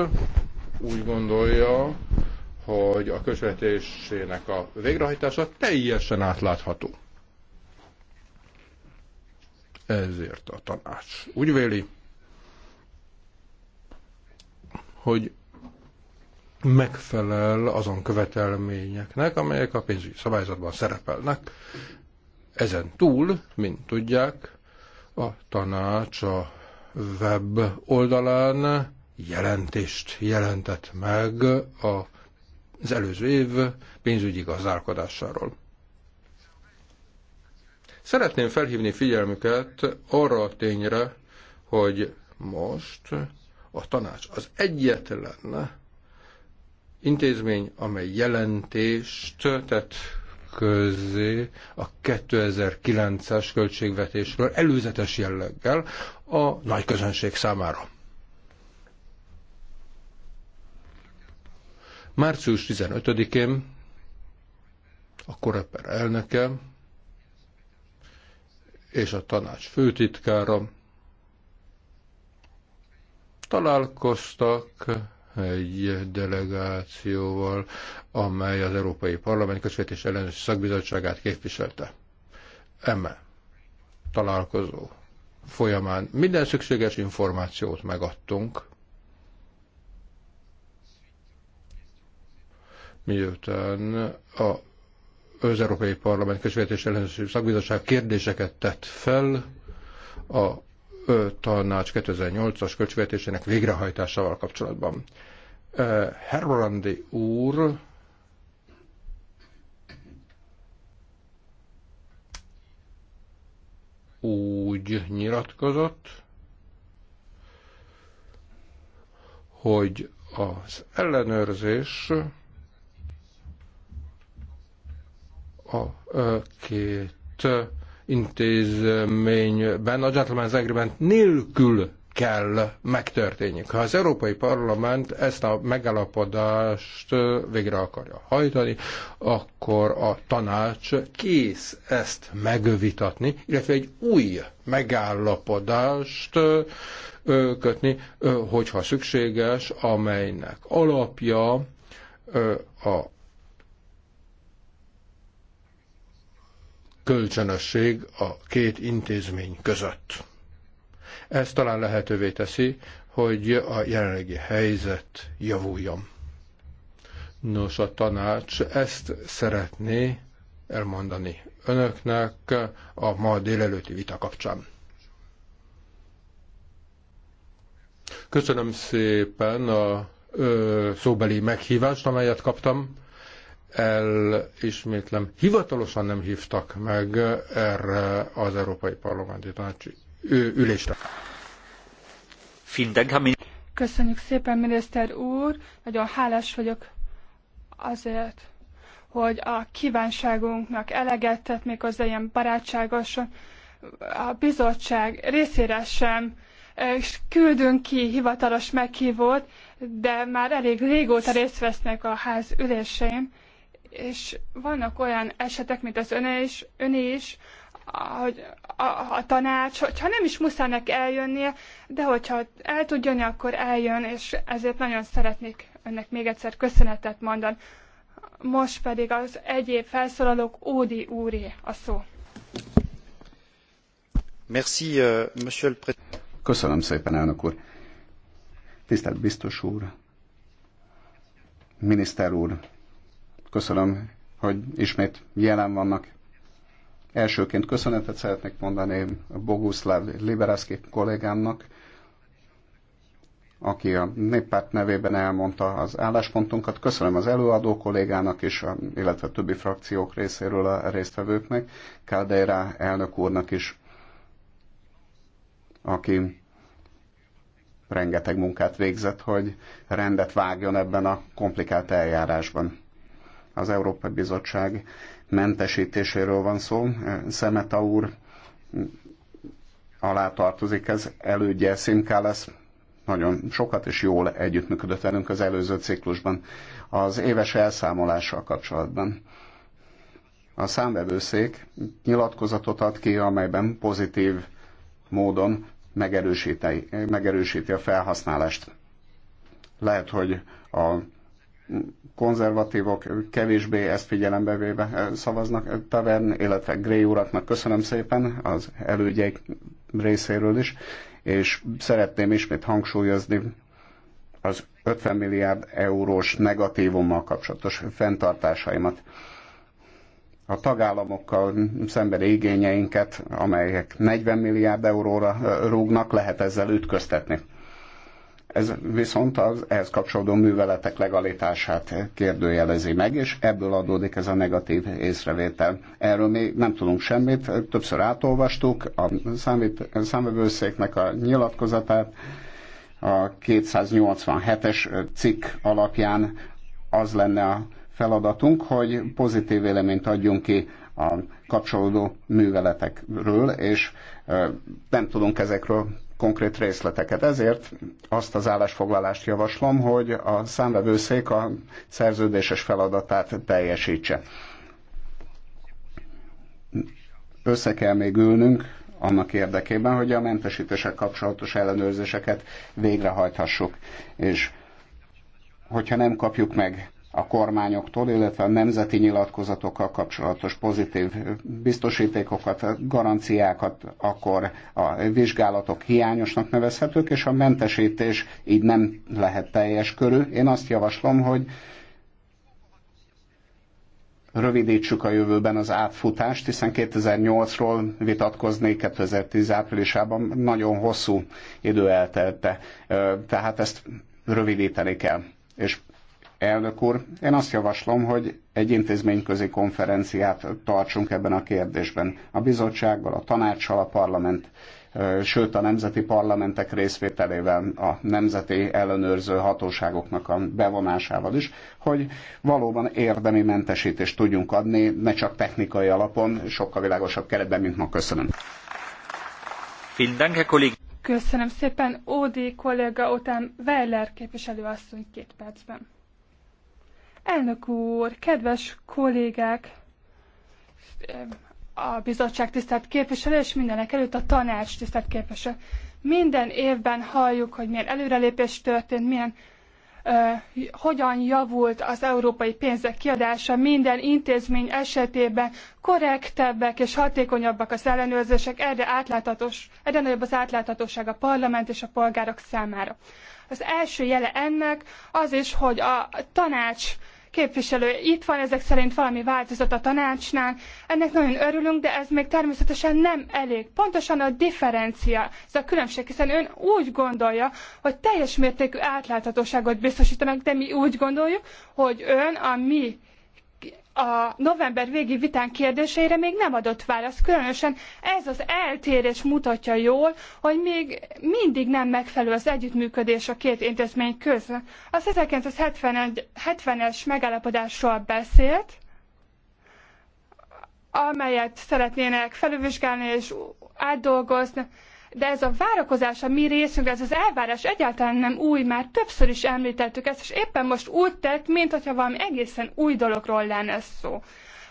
úgy gondolja, hogy a közvetésének a végrehajtása teljesen átlátható. Ezért a tanács úgy véli, hogy megfelel azon követelményeknek, amelyek a pénzügyi szabályzatban szerepelnek. Ezen túl, mint tudják, a tanács a web oldalán jelentést jelentett meg a az előző év pénzügyi gazdálkodásáról. Szeretném felhívni figyelmüket arra a tényre, hogy most a tanács az egyetlen intézmény, amely jelentést tett közé a 2009-es költségvetésről előzetes jelleggel a nagy közönség számára. Március 15-én a koreper elnöke és a tanács főtitkára találkoztak egy delegációval, amely az Európai Parlament Közvetés Ellenőrző Szakbizottságát képviselte. Eme találkozó folyamán minden szükséges információt megadtunk miután a az Európai Parlament Közvetés Ellenőrző Szakbizottság kérdéseket tett fel a tanács 2008-as költségvetésének végrehajtásával kapcsolatban. Herrolandi úr úgy nyilatkozott, hogy az ellenőrzés a két intézményben a Gentleman's Agreement nélkül kell megtörténjük. Ha az Európai Parlament ezt a megállapodást végre akarja hajtani, akkor a tanács kész ezt megvitatni, illetve egy új megállapodást kötni, hogyha szükséges, amelynek alapja a kölcsönösség a két intézmény között. Ez talán lehetővé teszi, hogy a jelenlegi helyzet javuljon. Nos, a tanács ezt szeretné elmondani önöknek a ma délelőtti vita kapcsán. Köszönöm szépen a ö, szóbeli meghívást, amelyet kaptam elismétlem, hivatalosan nem hívtak meg erre az Európai Parlamenti Tanácsi ülésre. Köszönjük szépen, miniszter úr! Nagyon hálás vagyok azért, hogy a kívánságunknak eleget tett, az ilyen barátságosan. A bizottság részére sem és küldünk ki hivatalos meghívót, de már elég régóta részt vesznek a ház ülésein, és vannak olyan esetek, mint az öné is, öné is hogy a, a, a tanács, hogyha nem is muszáj neki eljönnie, de hogyha el tud jönni, akkor eljön, és ezért nagyon szeretnék önnek még egyszer köszönetet mondani. Most pedig az egyéb felszólalók Ódi úré a szó. Merci, uh, monsieur le Köszönöm szépen, elnök úr. Tisztelt biztos úr, miniszter úr, Köszönöm, hogy ismét jelen vannak. Elsőként köszönetet szeretnék mondani Boguszláv Liberaszki kollégámnak, aki a néppárt nevében elmondta az álláspontunkat. Köszönöm az előadó kollégának és, illetve a többi frakciók részéről a résztvevőknek, Caldeira elnök úrnak is, aki rengeteg munkát végzett, hogy rendet vágjon ebben a komplikált eljárásban az Európai Bizottság mentesítéséről van szó. Szemeta úr alá tartozik ez, elődje lesz. nagyon sokat és jól együttműködött velünk az előző ciklusban az éves elszámolással kapcsolatban. A számvevőszék nyilatkozatot ad ki, amelyben pozitív módon megerősíti, megerősíti a felhasználást. Lehet, hogy a konzervatívok kevésbé ezt figyelembe véve szavaznak Tavern, illetve Gray uraknak köszönöm szépen az elődjeik részéről is, és szeretném ismét hangsúlyozni az 50 milliárd eurós negatívummal kapcsolatos fenntartásaimat. A tagállamokkal szembeni igényeinket, amelyek 40 milliárd euróra rúgnak, lehet ezzel ütköztetni. Ez viszont az ehhez kapcsolódó műveletek legalitását kérdőjelezi meg, és ebből adódik ez a negatív észrevétel. Erről még nem tudunk semmit, többször átolvastuk a számvevőszéknek a nyilatkozatát, a 287-es cikk alapján az lenne a feladatunk, hogy pozitív véleményt adjunk ki a kapcsolódó műveletekről, és nem tudunk ezekről konkrét részleteket. Ezért azt az állásfoglalást javaslom, hogy a számvevőszék a szerződéses feladatát teljesítse. Össze kell még ülnünk annak érdekében, hogy a mentesítések kapcsolatos ellenőrzéseket végrehajthassuk. És hogyha nem kapjuk meg a kormányoktól, illetve a nemzeti nyilatkozatokkal kapcsolatos pozitív biztosítékokat, garanciákat, akkor a vizsgálatok hiányosnak nevezhetők, és a mentesítés így nem lehet teljes körű. Én azt javaslom, hogy rövidítsük a jövőben az átfutást, hiszen 2008-ról vitatkozni 2010 áprilisában nagyon hosszú idő eltelte. Tehát ezt rövidíteni kell. És Elnök úr, én azt javaslom, hogy egy intézményközi konferenciát tartsunk ebben a kérdésben. A bizottsággal, a tanácssal, a parlament, sőt a nemzeti parlamentek részvételével, a nemzeti ellenőrző hatóságoknak a bevonásával is, hogy valóban érdemi mentesítést tudjunk adni, ne csak technikai alapon, sokkal világosabb keretben, mint ma. Köszönöm. Köszönöm szépen, Ódi kolléga után Weiler képviselő asszony két percben. Elnök úr, kedves kollégák, a bizottság tisztelt képviselő, és mindenek előtt a tanács tisztelt képviselő. Minden évben halljuk, hogy milyen előrelépés történt, milyen hogyan javult az európai pénzek kiadása, minden intézmény esetében korrektebbek és hatékonyabbak az ellenőrzések, erre, átláthatós, erre nagyobb az átláthatóság a parlament és a polgárok számára. Az első jele ennek az is, hogy a tanács képviselő itt van, ezek szerint valami változat a tanácsnál. Ennek nagyon örülünk, de ez még természetesen nem elég. Pontosan a differencia, ez a különbség, hiszen ön úgy gondolja, hogy teljes mértékű átláthatóságot biztosítanak, de mi úgy gondoljuk, hogy ön a mi a november végi vitán kérdéseire még nem adott választ. Különösen ez az eltérés mutatja jól, hogy még mindig nem megfelelő az együttműködés a két intézmény között. Az 70 es megállapodásról beszélt, amelyet szeretnének felülvizsgálni és átdolgozni, de ez a várakozás a mi részünkre, ez az elvárás egyáltalán nem új, már többször is említettük ezt, és éppen most úgy tett, mint hogyha valami egészen új dologról lenne szó.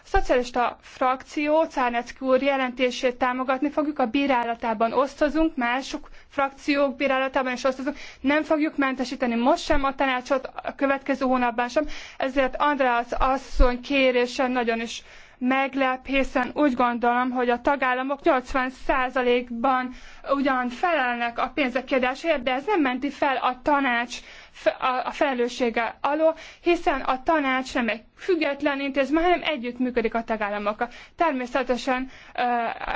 A szocialista frakció Czárnecki úr jelentését támogatni fogjuk, a bírálatában osztozunk, mások frakciók bírálatában is osztozunk, nem fogjuk mentesíteni most sem a tanácsot, a következő hónapban sem, ezért András asszony kérésen nagyon is meglep, hiszen úgy gondolom, hogy a tagállamok 80%-ban ugyan felelnek a pénzek kiadásáért, de ez nem menti fel a tanács a felelőssége alól, hiszen a tanács nem egy független intézmény, hanem együttműködik a tagállamokkal. Természetesen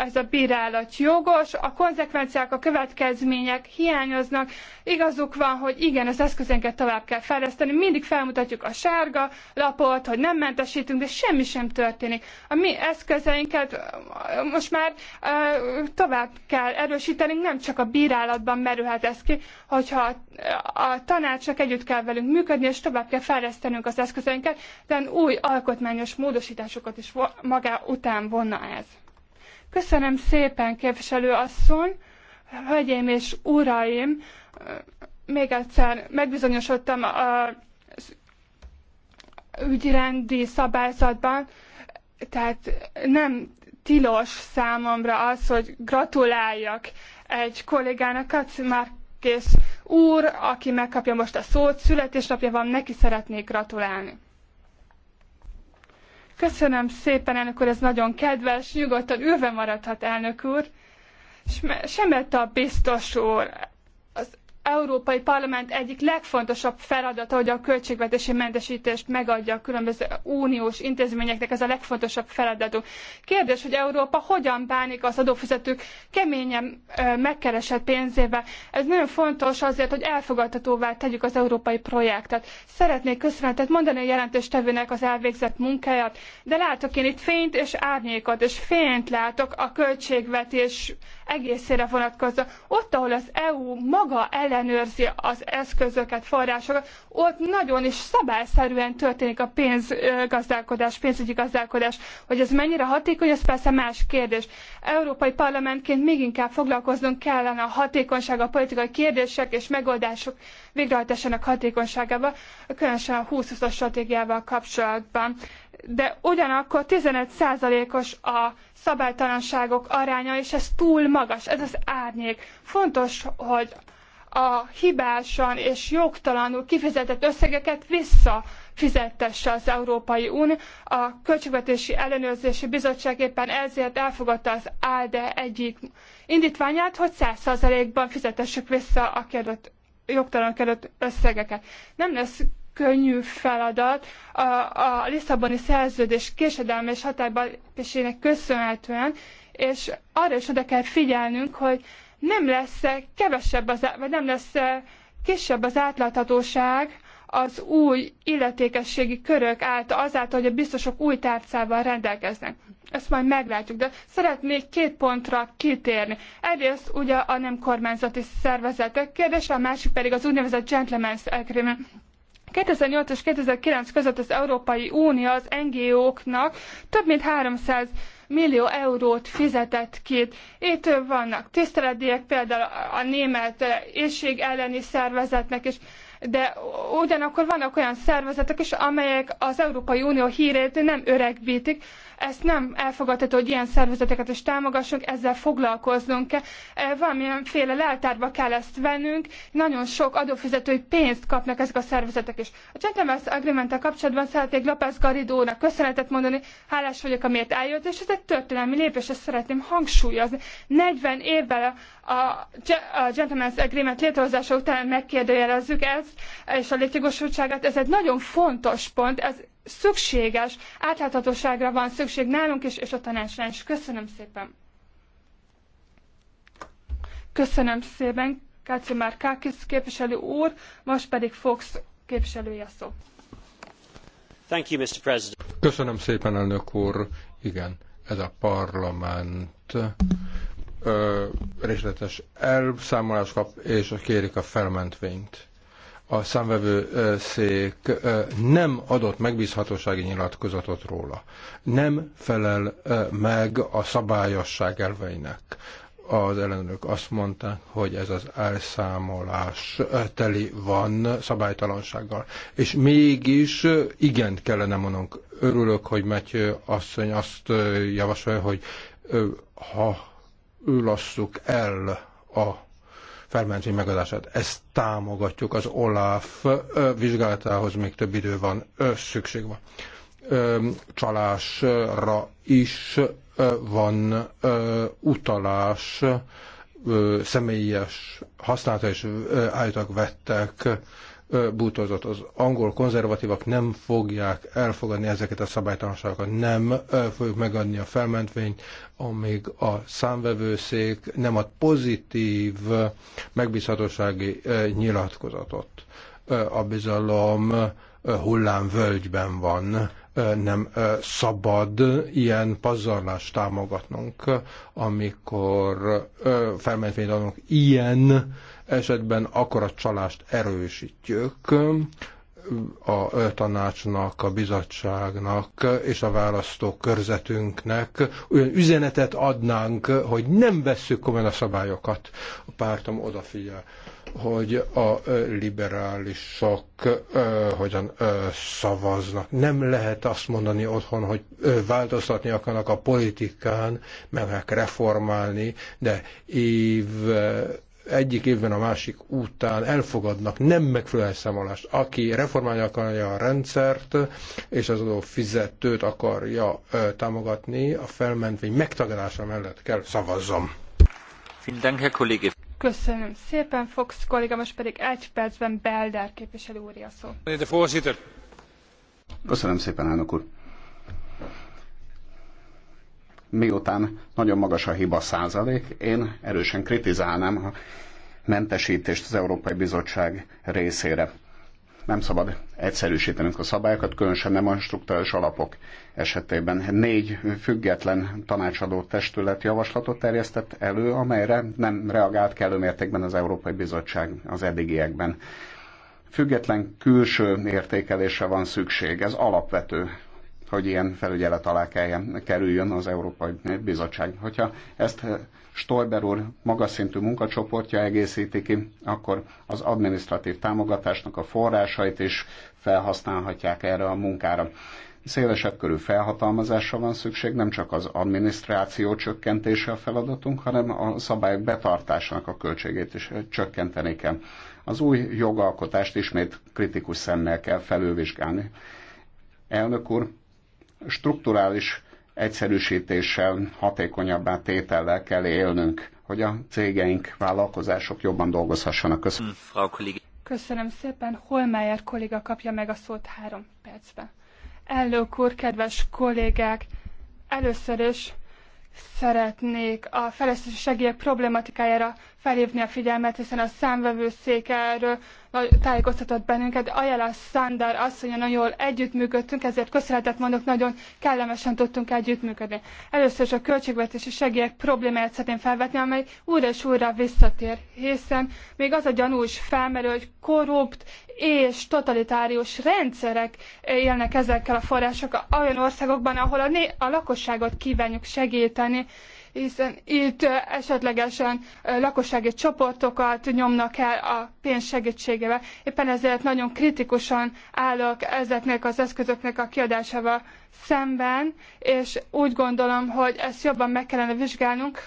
ez a bírálat jogos, a konzekvenciák, a következmények hiányoznak. Igazuk van, hogy igen, az eszközénket tovább kell fejleszteni. Mindig felmutatjuk a sárga lapot, hogy nem mentesítünk, de semmi sem történik. A mi eszközeinket most már tovább kell erősíteni. nem csak a bírálatban merülhet ez ki, hogyha a tanácsnak együtt kell velünk működni, és tovább kell fejlesztenünk az eszközeinket, de új alkotmányos módosításokat is magá után vonna ez. Köszönöm szépen, képviselő asszony, hölgyeim és uraim, még egyszer megbizonyosodtam a ügyrendi szabályzatban, tehát nem tilos számomra az, hogy gratuláljak egy kollégának, már kész úr, aki megkapja most a szót, születésnapja van, neki szeretnék gratulálni. Köszönöm szépen, elnök úr, ez nagyon kedves, nyugodtan ülve maradhat, elnök úr. Semmelt a biztos úr, Európai Parlament egyik legfontosabb feladata, hogy a költségvetési mentesítést megadja a különböző uniós intézményeknek, ez a legfontosabb feladatunk. Kérdés, hogy Európa hogyan bánik az adófizetők keményen megkeresett pénzével. Ez nagyon fontos azért, hogy elfogadhatóvá tegyük az európai projektet. Szeretnék köszönetet mondani a jelentéstevőnek az elvégzett munkáját, de látok én itt fényt és árnyékot, és fényt látok a költségvetés egészére vonatkozó. Ott, ahol az EU maga ellen ellenőrzi az eszközöket, forrásokat, ott nagyon is szabályszerűen történik a pénzgazdálkodás, pénzügyi gazdálkodás. Hogy ez mennyire hatékony, ez persze más kérdés. Európai Parlamentként még inkább foglalkoznunk kellene a hatékonyság, a politikai kérdések és megoldások végrehajtásának hatékonyságával, különösen a 20 as stratégiával kapcsolatban de ugyanakkor 15%-os a szabálytalanságok aránya, és ez túl magas, ez az árnyék. Fontos, hogy a hibásan és jogtalanul kifizetett összegeket visszafizettesse az Európai Unió. A Költségvetési Ellenőrzési Bizottság éppen ezért elfogadta az ALDE egyik indítványát, hogy 100%-ban fizetessük vissza a kérdött, jogtalanul kérdött összegeket. Nem lesz könnyű feladat. A, a Lisszaboni szerződés késedelmes hatályba köszönhetően, és arra is oda kell figyelnünk, hogy nem lesz kevesebb, az, vagy nem lesz kisebb az átláthatóság az új illetékességi körök által, azáltal, hogy a biztosok új tárcával rendelkeznek. Ezt majd meglátjuk, de szeretnék két pontra kitérni. Egyrészt ugye a nem kormányzati szervezetek kérdése, a másik pedig az úgynevezett gentleman's agreement. 2008 és 2009 között az Európai Unió az NGO-knak több mint 300 millió eurót fizetett ki. Itt vannak tiszteletdiek, például a német éjség elleni szervezetnek is, de ugyanakkor vannak olyan szervezetek is, amelyek az Európai Unió hírét nem öregbítik, ezt nem elfogadható, hogy ilyen szervezeteket is támogassunk, ezzel foglalkoznunk kell. E, valamilyenféle leltárba kell ezt vennünk, nagyon sok adófizetői pénzt kapnak ezek a szervezetek is. A Gentleman's agreement kapcsolatban szeretnék López Garidónak köszönetet mondani, hálás vagyok, amiért eljött, és ez egy történelmi lépés, ezt szeretném hangsúlyozni. 40 évvel a, a Gentleman's Agreement létrehozása után megkérdőjelezzük ezt, és a létjogosultságát, ez egy nagyon fontos pont, ez szükséges, átláthatóságra van szükség nálunk is, és a tanácsra is. Köszönöm szépen! Köszönöm szépen, Káci Márkákis képviselő úr, most pedig Fox képviselője szó. Thank you, Mr. President. Köszönöm szépen, elnök úr. Igen, ez a parlament részletes elszámolás kap, és kérik a felmentvényt a számvevőszék nem adott megbízhatósági nyilatkozatot róla. Nem felel meg a szabályosság elveinek. Az ellenőrök azt mondták, hogy ez az elszámolás teli van szabálytalansággal. És mégis igent kellene mondanunk. Örülök, hogy Mety asszony azt javasolja, hogy ha lasszuk el a felmentés megadását. Ezt támogatjuk, az OLAF vizsgálatához még több idő van, szükség van. Csalásra is van utalás, személyes használata és állítólag vettek bútorzott. Az angol konzervatívak nem fogják elfogadni ezeket a szabálytalanságokat, nem fogjuk megadni a felmentvényt, amíg a számvevőszék nem ad pozitív megbízhatósági nyilatkozatot. A bizalom hullámvölgyben van, nem szabad ilyen pazarlást támogatnunk, amikor felmentvényt adunk ilyen esetben akkor a csalást erősítjük a tanácsnak, a bizottságnak és a választókörzetünknek olyan üzenetet adnánk, hogy nem vesszük komolyan a szabályokat. A pártom odafigyel hogy a liberálisok hogyan szavaznak. Nem lehet azt mondani otthon, hogy változtatni akarnak a politikán, meg reformálni, de év egyik évben a másik után elfogadnak nem megfelelő elszámolást, Aki reformálni akarja a rendszert, és az adó fizetőt akarja ö, támogatni, a felmentvény megtagadása mellett kell szavazzam. Köszönöm szépen, Fox kolléga, most pedig egy percben Belder képviselő úr a szó. Köszönöm szépen, elnök úr miután nagyon magas a hiba százalék, én erősen kritizálnám a mentesítést az Európai Bizottság részére. Nem szabad egyszerűsítenünk a szabályokat, különösen nem a struktúrális alapok esetében. Négy független tanácsadó testület javaslatot terjesztett elő, amelyre nem reagált kellő mértékben az Európai Bizottság az eddigiekben. Független külső értékelésre van szükség, ez alapvető hogy ilyen felügyelet alá kelljen, kerüljön az Európai Bizottság. Hogyha ezt eh, Stolber úr magas szintű munkacsoportja egészíti ki, akkor az administratív támogatásnak a forrásait is felhasználhatják erre a munkára. Szélesebb körű felhatalmazásra van szükség, nem csak az adminisztráció csökkentése a feladatunk, hanem a szabályok betartásának a költségét is eh, csökkenteni kell. Az új jogalkotást ismét kritikus szemmel kell felülvizsgálni. Elnök úr, strukturális egyszerűsítéssel, hatékonyabbá tétellel kell élnünk, hogy a cégeink, vállalkozások jobban dolgozhassanak. Köszönöm. Mm, Köszönöm szépen. Holmeyer kolléga kapja meg a szót három percben. Elnök úr, kedves kollégák, először is szeretnék a fejlesztési segélyek problématikájára felhívni a figyelmet, hiszen a számvevőszék erről tájékoztatott bennünket. Ajala Szándár asszonya nagyon jól együttműködtünk, ezért köszönetet mondok, nagyon kellemesen tudtunk együttműködni. Először is a költségvetési segélyek problémáját szeretném felvetni, amely újra és újra visszatér, hiszen még az a gyanú is felmerül, hogy korrupt és totalitárius rendszerek élnek ezekkel a forrásokkal olyan országokban, ahol a, a lakosságot kívánjuk segíteni, hiszen itt esetlegesen lakossági csoportokat nyomnak el a pénz segítségével. Éppen ezért nagyon kritikusan állok ezeknek az eszközöknek a kiadásával szemben, és úgy gondolom, hogy ezt jobban meg kellene vizsgálnunk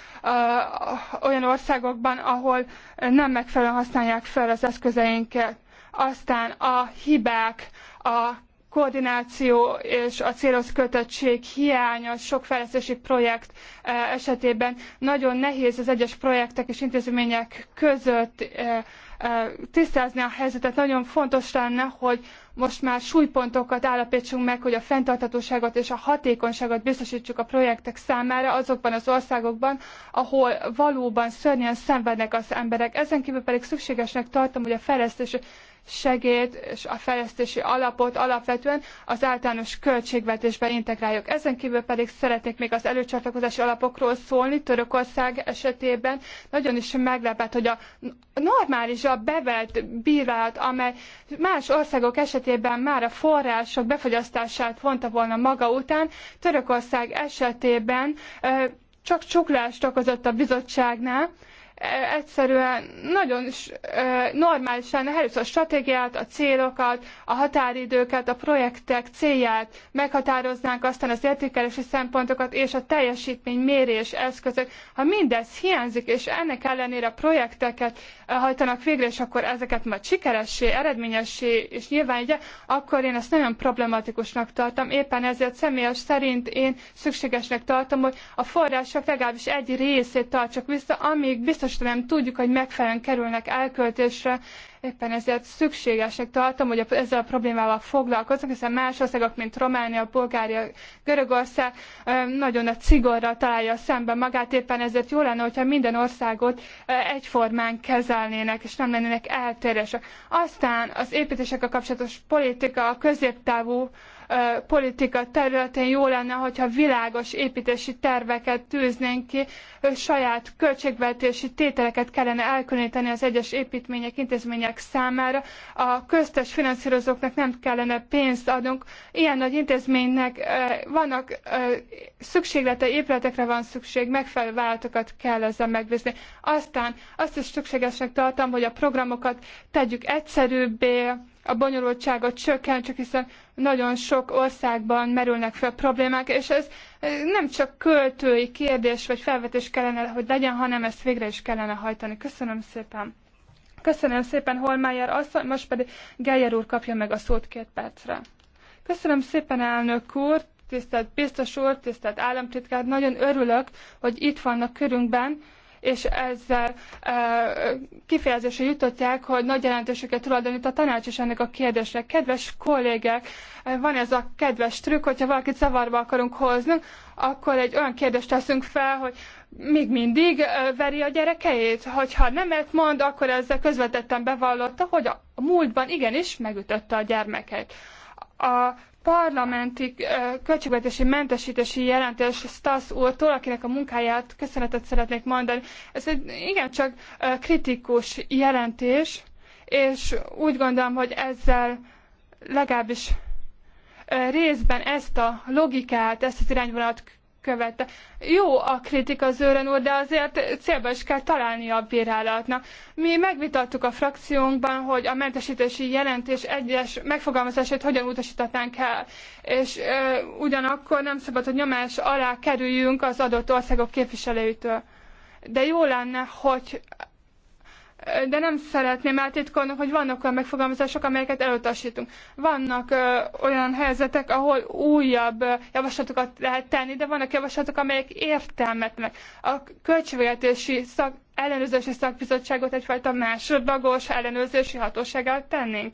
olyan országokban, ahol nem megfelelően használják fel az eszközeinket. Aztán a hibák, a koordináció és a célhoz kötöttség hiánya sok fejlesztési projekt eh, esetében nagyon nehéz az egyes projektek és intézmények között eh, eh, tisztázni a helyzetet. Nagyon fontos lenne, hogy most már súlypontokat állapítsunk meg, hogy a fenntarthatóságot és a hatékonyságot biztosítsuk a projektek számára azokban az országokban, ahol valóban szörnyen szenvednek az emberek. Ezen kívül pedig szükségesnek tartom, hogy a fejlesztési segélyt és a fejlesztési alapot alapvetően az általános költségvetésbe integráljuk. Ezen kívül pedig szeretnék még az előcsatlakozási alapokról szólni Törökország esetében. Nagyon is meglepett, hogy a normális, a bevelt bírálat, amely más országok esetében már a források befogyasztását vonta volna maga után, Törökország esetében csak csuklást okozott a bizottságnál, egyszerűen nagyon normálisan először a stratégiát, a célokat, a határidőket, a projektek célját meghatároznánk, aztán az értékelési szempontokat és a teljesítmény mérés eszközök. Ha mindez hiányzik, és ennek ellenére a projekteket hajtanak végre, és akkor ezeket majd sikeressé, eredményessé és ugye, akkor én ezt nagyon problematikusnak tartom. Éppen ezért személyes szerint én szükségesnek tartom, hogy a források legalábbis egy részét tartsak vissza, amíg biztosan nem tudjuk, hogy megfelelően kerülnek elköltésre, Éppen ezért szükségesnek tartom, hogy ezzel a problémával foglalkozunk, hiszen más országok, mint Románia, Bulgária, Görögország nagyon a cigorra találja szemben magát, éppen ezért jó lenne, hogyha minden országot egyformán kezelnének, és nem lennének eltérések. Aztán az építésekkel kapcsolatos politika a középtávú politika területén jó lenne, hogyha világos építési terveket tűznénk ki, saját költségvetési tételeket kellene elkülöníteni az egyes építmények, intézmények számára. A köztes finanszírozóknak nem kellene pénzt adnunk. Ilyen nagy intézménynek vannak szükséglete, épületekre van szükség, megfelelő vállalatokat kell ezzel megbízni. Aztán azt is szükségesnek tartom, hogy a programokat tegyük egyszerűbbé, a bonyolultságot csökkentsük, hiszen nagyon sok országban merülnek fel problémák, és ez eh, nem csak költői kérdés vagy felvetés kellene, hogy legyen, hanem ezt végre is kellene hajtani. Köszönöm szépen. Köszönöm szépen Holmájer asszony, most pedig Geyer úr kapja meg a szót két percre. Köszönöm szépen elnök úr, tisztelt biztos úr, tisztelt államtitkár, nagyon örülök, hogy itt vannak körünkben, és ezzel kifejezésre jutották, hogy nagy jelentőséget tulajdonít a tanács is ennek a kérdésnek. Kedves kollégák, van ez a kedves trükk, hogyha valakit zavarba akarunk hozni, akkor egy olyan kérdést teszünk fel, hogy még mindig veri a gyerekeit? Hogyha nemet mond, akkor ezzel közvetetten bevallotta, hogy a múltban igenis megütötte a gyermeket. A parlamenti költségvetési mentesítési jelentés Stasz úrtól, akinek a munkáját köszönetet szeretnék mondani. Ez egy igencsak kritikus jelentés, és úgy gondolom, hogy ezzel legalábbis részben ezt a logikát, ezt az irányvonalat követte. Jó a kritika Zőren úr, de azért célba is kell találni a bírálatnak. Mi megvitattuk a frakciónkban, hogy a mentesítési jelentés egyes megfogalmazását hogyan utasítatnánk el, és e, ugyanakkor nem szabad, hogy nyomás alá kerüljünk az adott országok képviselőitől. De jó lenne, hogy de nem szeretném eltitkolni, hogy vannak olyan megfogalmazások, amelyeket elutasítunk. Vannak ö, olyan helyzetek, ahol újabb ö, javaslatokat lehet tenni, de vannak javaslatok, amelyek értelmetlenek. A költségvetési szak, ellenőrzési szakbizottságot egyfajta másodlagos ellenőrzési hatóságát tennénk.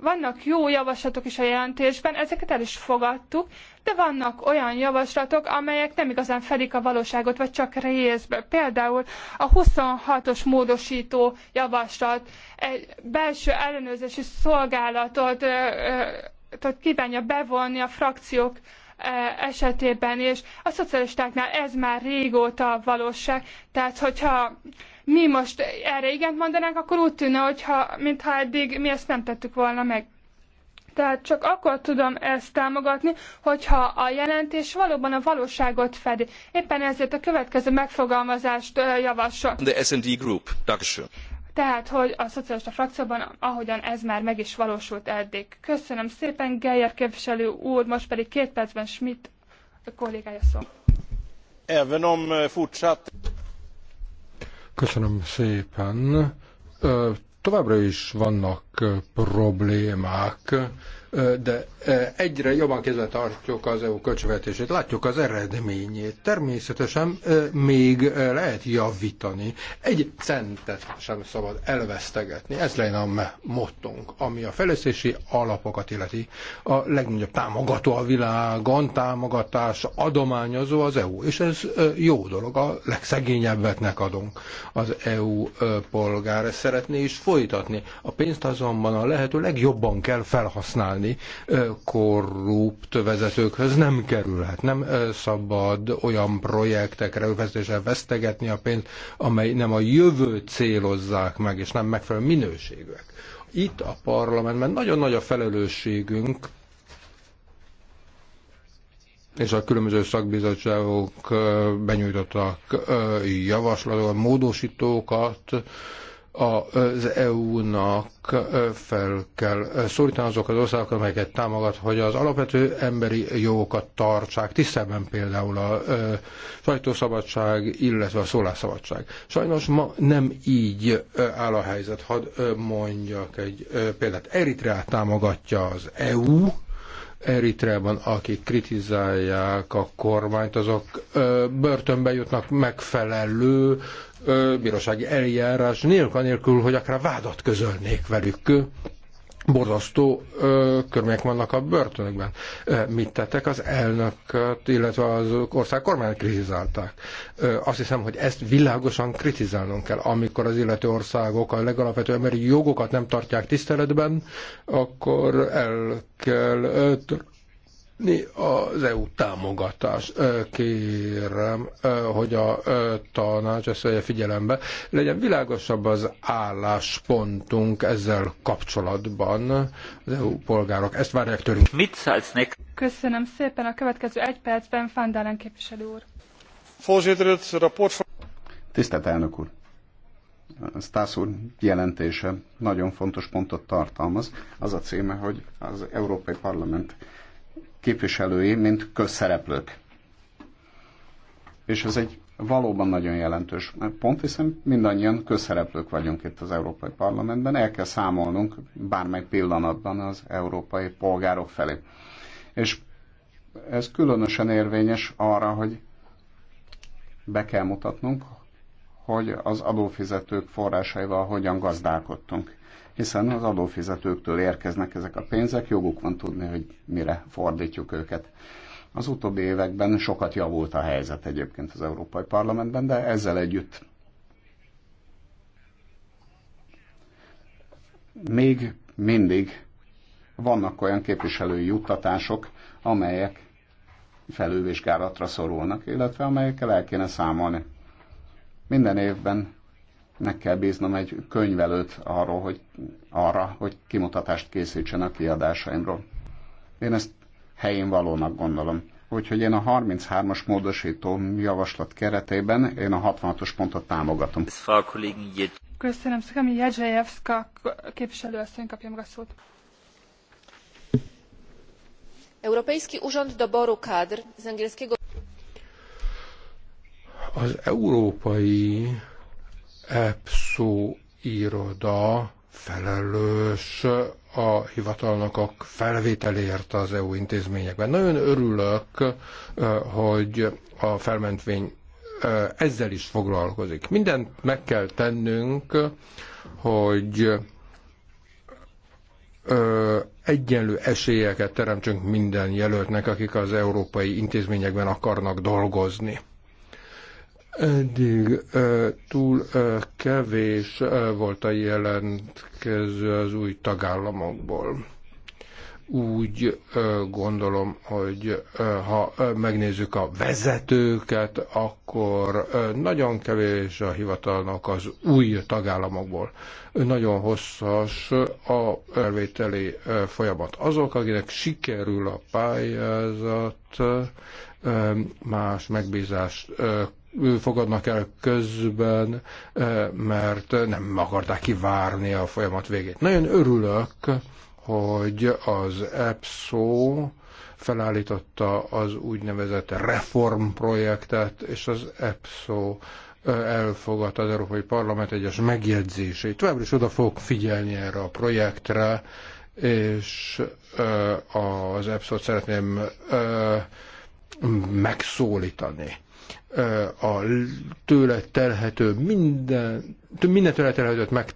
Vannak jó javaslatok is a jelentésben, ezeket el is fogadtuk, de vannak olyan javaslatok, amelyek nem igazán fedik a valóságot, vagy csak részben. Például a 26-os módosító javaslat egy belső ellenőrzési szolgálatot tehát kívánja bevonni a frakciók esetében, és a szocialistáknál ez már régóta a valóság. Tehát, hogyha mi most erre igent mondanánk, akkor úgy tűnne, hogyha, mintha eddig mi ezt nem tettük volna meg. Tehát csak akkor tudom ezt támogatni, hogyha a jelentés valóban a valóságot fedi. Éppen ezért a következő megfogalmazást javasol. The S&D Group. Dankeschön. Tehát, hogy a szocialista frakcióban, ahogyan ez már meg is valósult eddig. Köszönöm szépen, Geyer képviselő úr, most pedig két percben Schmidt kollégája szó. Even om eh, fortsatt Köszönöm szépen. Továbbra is vannak problémák de egyre jobban kézbe tartjuk az EU költségvetését. Látjuk az eredményét. Természetesen még lehet javítani. Egy centet sem szabad elvesztegetni. Ez lenne a mottunk, ami a fejlesztési alapokat illeti. A legnagyobb támogató a világon, támogatás, adományozó az EU. És ez jó dolog, a legszegényebbeknek adunk. Az EU polgár ezt szeretné is folytatni. A pénzt azonban a lehető legjobban kell felhasználni használni korrupt vezetőkhöz nem kerülhet. Nem szabad olyan projektekre öfesztéssel vesztegetni a pénzt, amely nem a jövő célozzák meg, és nem megfelelő minőségűek. Itt a parlamentben nagyon nagy a felelősségünk, és a különböző szakbizottságok benyújtottak javaslatokat, módosítókat, az EU-nak fel kell szólítani azokat, az országokat, amelyeket támogat, hogy az alapvető emberi jogokat tartsák, tisztában például a sajtószabadság, illetve a szólásszabadság. Sajnos ma nem így áll a helyzet. Hadd mondjak egy példát. Eritreát támogatja az EU, Eritreában, akik kritizálják a kormányt, azok börtönbe jutnak megfelelő ö, bírósági eljárás nélkül, anélkül, hogy akár vádat közölnék velük. Borzasztó ö, körmények vannak a börtönökben. mit tettek az elnököt, illetve az ország kormány kritizálták. azt hiszem, hogy ezt világosan kritizálnunk kell. Amikor az illető országok a legalapvető emberi jogokat nem tartják tiszteletben, akkor el kell ö, az EU támogatás. Kérem, hogy a tanács ezt vegye figyelembe. Legyen világosabb az álláspontunk ezzel kapcsolatban az EU polgárok. Ezt várják tőlünk. Mit szállsz Köszönöm szépen. A következő egy percben Fandalen képviselő úr. Tisztelt elnök úr! Stász úr jelentése nagyon fontos pontot tartalmaz. Az a címe, hogy az Európai Parlament képviselői, mint közszereplők. És ez egy valóban nagyon jelentős pont, hiszen mindannyian közszereplők vagyunk itt az Európai Parlamentben, el kell számolnunk bármely pillanatban az európai polgárok felé. És ez különösen érvényes arra, hogy be kell mutatnunk, hogy az adófizetők forrásaival hogyan gazdálkodtunk hiszen az adófizetőktől érkeznek ezek a pénzek, joguk van tudni, hogy mire fordítjuk őket. Az utóbbi években sokat javult a helyzet egyébként az Európai Parlamentben, de ezzel együtt még mindig vannak olyan képviselői juttatások, amelyek felülvizsgálatra szorulnak, illetve amelyekkel el kéne számolni. Minden évben meg kell bíznom egy könyvelőt arról, hogy, arra, hogy kimutatást készítsen a kiadásaimról. Én ezt helyén valónak gondolom. Úgyhogy én a 33-as módosító javaslat keretében én a 66-os pontot támogatom. Köszönöm szépen, Jadzsajevszka képviselőasszony kapja meg a szót. Európai Urząd Doboru Kadr az angielskiego... Az európai EPSZO iroda felelős a a felvételért az EU intézményekben. Nagyon örülök, hogy a felmentvény ezzel is foglalkozik. Mindent meg kell tennünk, hogy egyenlő esélyeket teremtsünk minden jelöltnek, akik az európai intézményekben akarnak dolgozni. Eddig túl kevés volt a jelentkező az új tagállamokból. Úgy gondolom, hogy ha megnézzük a vezetőket, akkor nagyon kevés a hivatalnak az új tagállamokból. Nagyon hosszas a elvételi folyamat. Azok, akinek sikerül a pályázat, más megbízást fogadnak el közben, eh, mert nem akarták kivárni a folyamat végét. Nagyon örülök, hogy az EPSO felállította az úgynevezett reformprojektet, és az EPSO eh, elfogadta az Európai Parlament egyes megjegyzéseit. Továbbra is oda fog figyelni erre a projektre, és eh, az EPSO-t szeretném megszólítani a tőle telhető minden, minden tőle telhetőt meg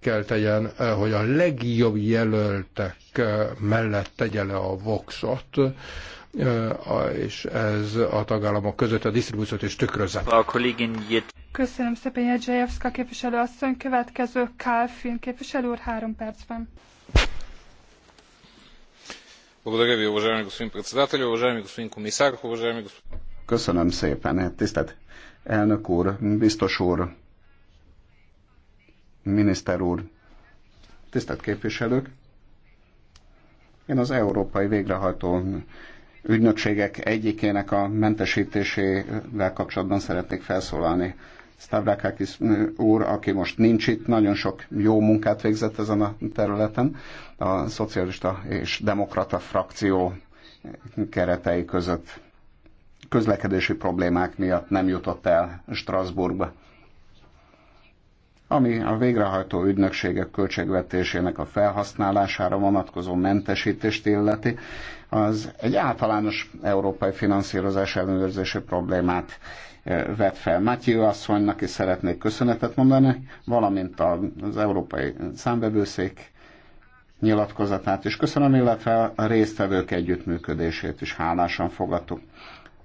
kell tegyen, hogy a legjobb jelöltek mellett tegye le a voxot, és ez a tagállamok között a disztribúciót is tükrözze. Köszönöm szépen, Jedzsajevszka képviselő asszony. Következő Kálfin képviselő úr három percben. Благодаря ви, уважаеми господин председател, уважаеми господин комисар, уважаеми господин... Köszönöm szépen, tisztelt elnök úr, biztos úr, miniszter úr, tisztelt képviselők. Én az Európai Végrehajtó Ügynökségek egyikének a mentesítésével kapcsolatban szeretnék felszólalni. Stavrakakis úr, aki most nincs itt, nagyon sok jó munkát végzett ezen a területen, a szocialista és demokrata frakció keretei között közlekedési problémák miatt nem jutott el Strasbourgba. Ami a végrehajtó ügynökségek költségvetésének a felhasználására vonatkozó mentesítést illeti, az egy általános európai finanszírozás ellenőrzési problémát eh, vet fel. Matthew asszonynak is szeretnék köszönetet mondani, valamint az Európai Számbevőszék nyilatkozatát is köszönöm, illetve a résztvevők együttműködését is hálásan fogadtuk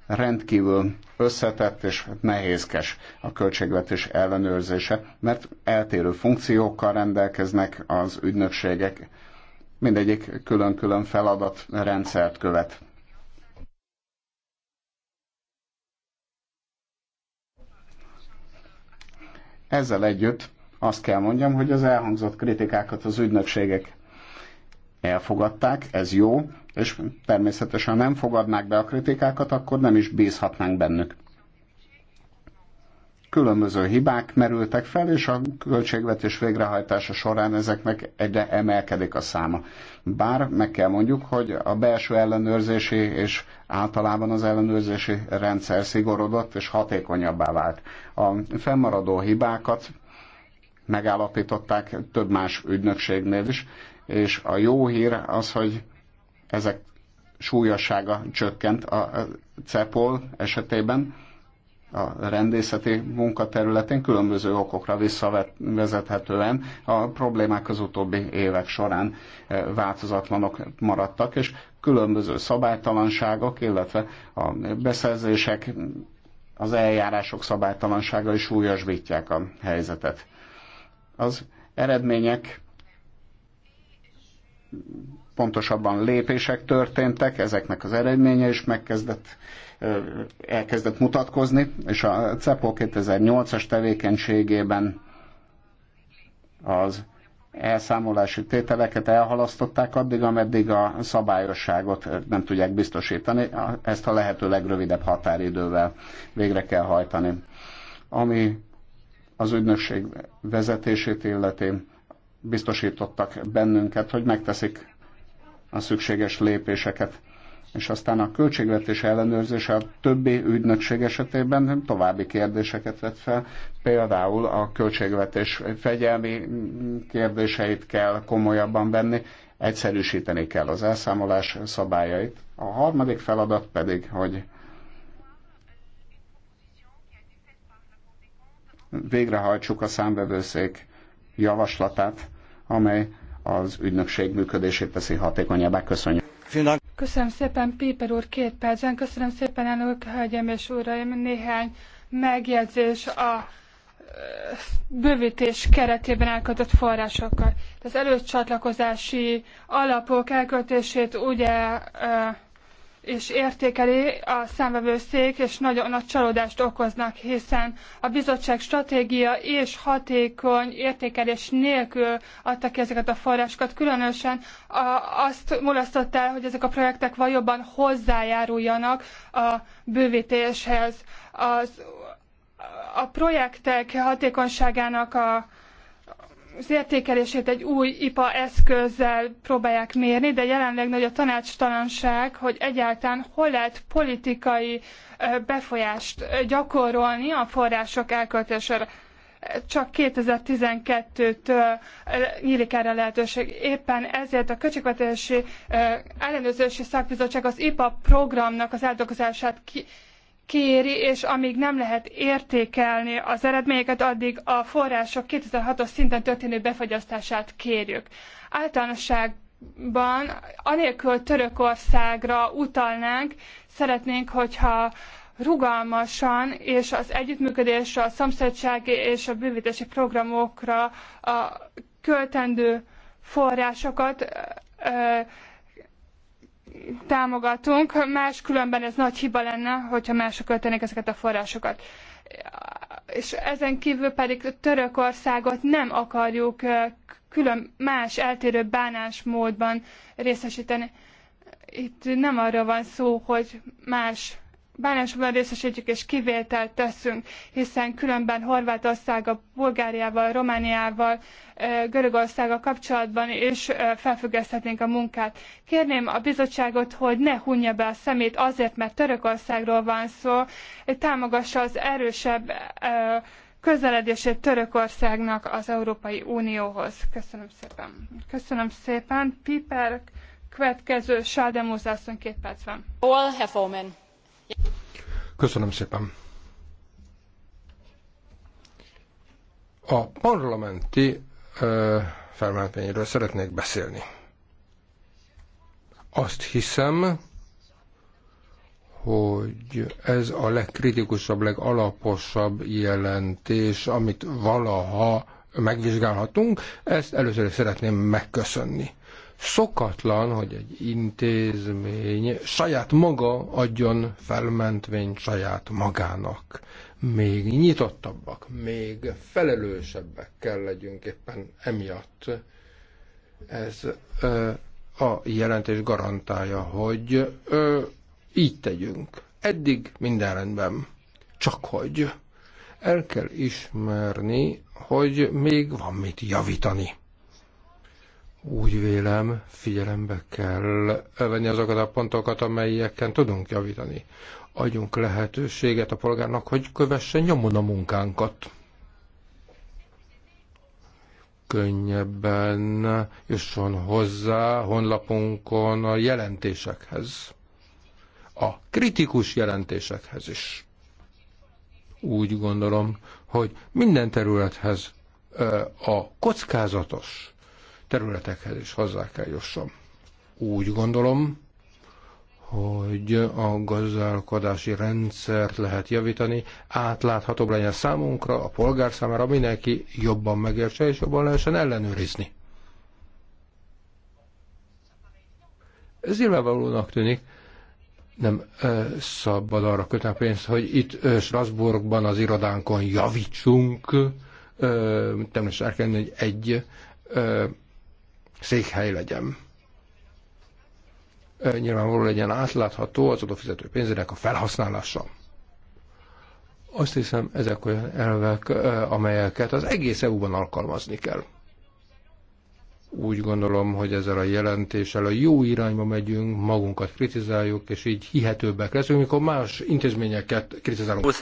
rendkívül összetett és nehézkes a költségvetés ellenőrzése, mert eltérő funkciókkal rendelkeznek az ügynökségek, mindegyik külön-külön feladat rendszert követ. Ezzel együtt azt kell mondjam, hogy az elhangzott kritikákat az ügynökségek elfogadták, ez jó, és természetesen nem fogadnák be a kritikákat, akkor nem is bízhatnánk bennük. Különböző hibák merültek fel, és a költségvetés végrehajtása során ezeknek egyre emelkedik a száma. Bár meg kell mondjuk, hogy a belső ellenőrzési és általában az ellenőrzési rendszer szigorodott és hatékonyabbá vált. A fennmaradó hibákat megállapították több más ügynökségnél is, és a jó hír az, hogy ezek súlyossága csökkent a CEPOL esetében, a rendészeti munkaterületén különböző okokra visszavezethetően a problémák az utóbbi évek során e, változatlanok maradtak, és különböző szabálytalanságok, illetve a beszerzések, az eljárások szabálytalansága is súlyosbítják a helyzetet. Az eredmények pontosabban lépések történtek, ezeknek az eredménye is megkezdett, elkezdett mutatkozni, és a CEPO 2008-as tevékenységében az elszámolási tételeket elhalasztották addig, ameddig a szabályosságot nem tudják biztosítani. Ezt a lehető legrövidebb határidővel végre kell hajtani. Ami az ügynökség vezetését illeti, biztosítottak bennünket, hogy megteszik a szükséges lépéseket. És aztán a költségvetés ellenőrzése a többi ügynökség esetében további kérdéseket vett fel. Például a költségvetés fegyelmi kérdéseit kell komolyabban venni, egyszerűsíteni kell az elszámolás szabályait. A harmadik feladat pedig, hogy végrehajtsuk a számvevőszék javaslatát, amely az ügynökség működését teszi hatékonyabbá. Köszönjük. Köszönöm szépen, Péper úr, két percen. Köszönöm szépen, elnök, hölgyem és uraim. Néhány megjegyzés a bővítés keretében elköltött forrásokkal. Az előcsatlakozási alapok elköltését ugye és értékeli a számvevőszék, és nagyon nagy csalódást okoznak, hiszen a bizottság stratégia és hatékony értékelés nélkül adta ki ezeket a forrásokat. Különösen a, azt mulasztott el, hogy ezek a projektek valóban hozzájáruljanak a bővítéshez. Az, a projektek hatékonyságának a az értékelését egy új IPA eszközzel próbálják mérni, de jelenleg nagy a tanácstalanság, hogy egyáltalán hol lehet politikai befolyást gyakorolni a források elköltésére. csak 2012-től nyílik erre lehetőség. Éppen ezért a Költségvetési Ellenőrzési Szakbizottság az IPA programnak az átdolgozását ki, kéri, és amíg nem lehet értékelni az eredményeket, addig a források 2006-os szinten történő befagyasztását kérjük. Általánosságban, anélkül Törökországra utalnánk, szeretnénk, hogyha rugalmasan és az együttműködésre, a szomszédsági és a bővítési programokra a költendő forrásokat támogatunk, más különben ez nagy hiba lenne, hogyha mások költenék ezeket a forrásokat. És ezen kívül pedig Törökországot nem akarjuk külön más eltérő bánásmódban részesíteni. Itt nem arra van szó, hogy más bánásban részesítjük és kivételt teszünk, hiszen különben a Bulgáriával, Romániával, Görögországgal kapcsolatban is felfüggeszthetnénk a munkát. Kérném a bizottságot, hogy ne hunja be a szemét azért, mert Törökországról van szó, támogassa az erősebb közeledését Törökországnak az Európai Unióhoz. Köszönöm szépen. Köszönöm szépen. Piper következő Sáldemózászon két percben. Hol, Herr Köszönöm szépen. A parlamenti felmenetményről szeretnék beszélni. Azt hiszem, hogy ez a legkritikusabb, legalaposabb jelentés, amit valaha megvizsgálhatunk, ezt először is szeretném megköszönni. Szokatlan, hogy egy intézmény saját maga adjon felmentvényt saját magának. Még nyitottabbak, még felelősebbek kell legyünk éppen emiatt. Ez ö, a jelentés garantálja, hogy ö, így tegyünk. Eddig minden rendben. Csak hogy el kell ismerni, hogy még van mit javítani úgy vélem, figyelembe kell venni azokat a pontokat, amelyeken tudunk javítani. Adjunk lehetőséget a polgárnak, hogy kövessen nyomon a munkánkat. Könnyebben jusson hozzá honlapunkon a jelentésekhez, a kritikus jelentésekhez is. Úgy gondolom, hogy minden területhez a kockázatos területekhez is hozzá kell jusson. Úgy gondolom, hogy a gazdálkodási rendszert lehet javítani, átláthatóbb legyen számunkra, a polgár számára mindenki jobban megértse és jobban lehessen ellenőrizni. Ez nyilvánvalónak tűnik, nem ö, szabad arra kötni a pénzt, hogy itt ö, Strasbourgban az irodánkon javítsunk, ö, természetesen el kell, hogy egy ö, székhely legyen. Nyilvánvaló legyen átlátható az adófizető pénzének a felhasználása. Azt hiszem, ezek olyan elvek, amelyeket az egész EU-ban alkalmazni kell. Úgy gondolom, hogy ezzel a jelentéssel a jó irányba megyünk, magunkat kritizáljuk, és így hihetőbbek leszünk, amikor más intézményeket kritizálunk.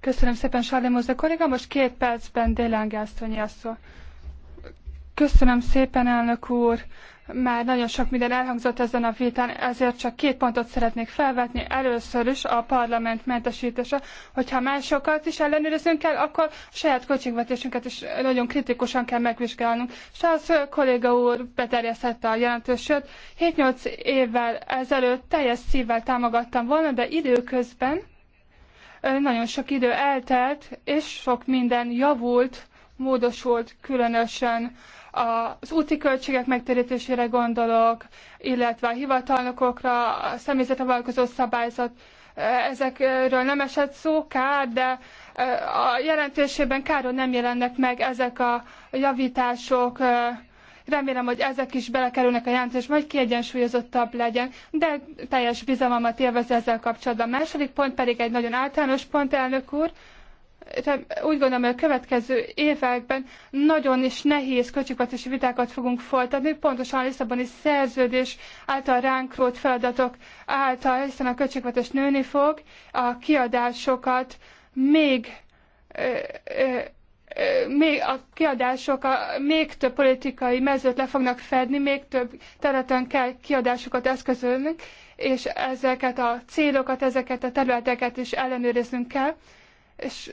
Köszönöm szépen, Sárlémozda kolléga. Most két percben Délen Gásztonyi Köszönöm szépen, elnök úr! Már nagyon sok minden elhangzott ezen a vitán, ezért csak két pontot szeretnék felvetni. Először is a parlament mentesítése. Hogyha másokat is ellenőriznünk kell, akkor a saját költségvetésünket is nagyon kritikusan kell megvizsgálnunk. És az kolléga úr beterjesztette a jelentősöt. 7-8 évvel ezelőtt teljes szívvel támogattam volna, de időközben nagyon sok idő eltelt, és sok minden javult, módosult, különösen az úti költségek megtérítésére gondolok, illetve a hivatalnokokra, a személyzetre vállalkozó szabályzat, ezekről nem esett szó, kár, de a jelentésében káron nem jelennek meg ezek a javítások, remélem, hogy ezek is belekerülnek a jelentésbe, hogy kiegyensúlyozottabb legyen, de teljes bizalmamat élvez ezzel kapcsolatban. A második pont pedig egy nagyon általános pont, elnök úr, úgy gondolom, hogy a következő években nagyon is nehéz költségvetési vitákat fogunk folytatni, pontosan a Lisszaboni szerződés által ránk rót feladatok által, hiszen a költségvetés nőni fog, a kiadásokat még ö, ö, még a kiadások a, még több politikai mezőt le fognak fedni, még több területen kell kiadásokat eszközölnünk, és ezeket a célokat, ezeket a területeket is ellenőriznünk kell és,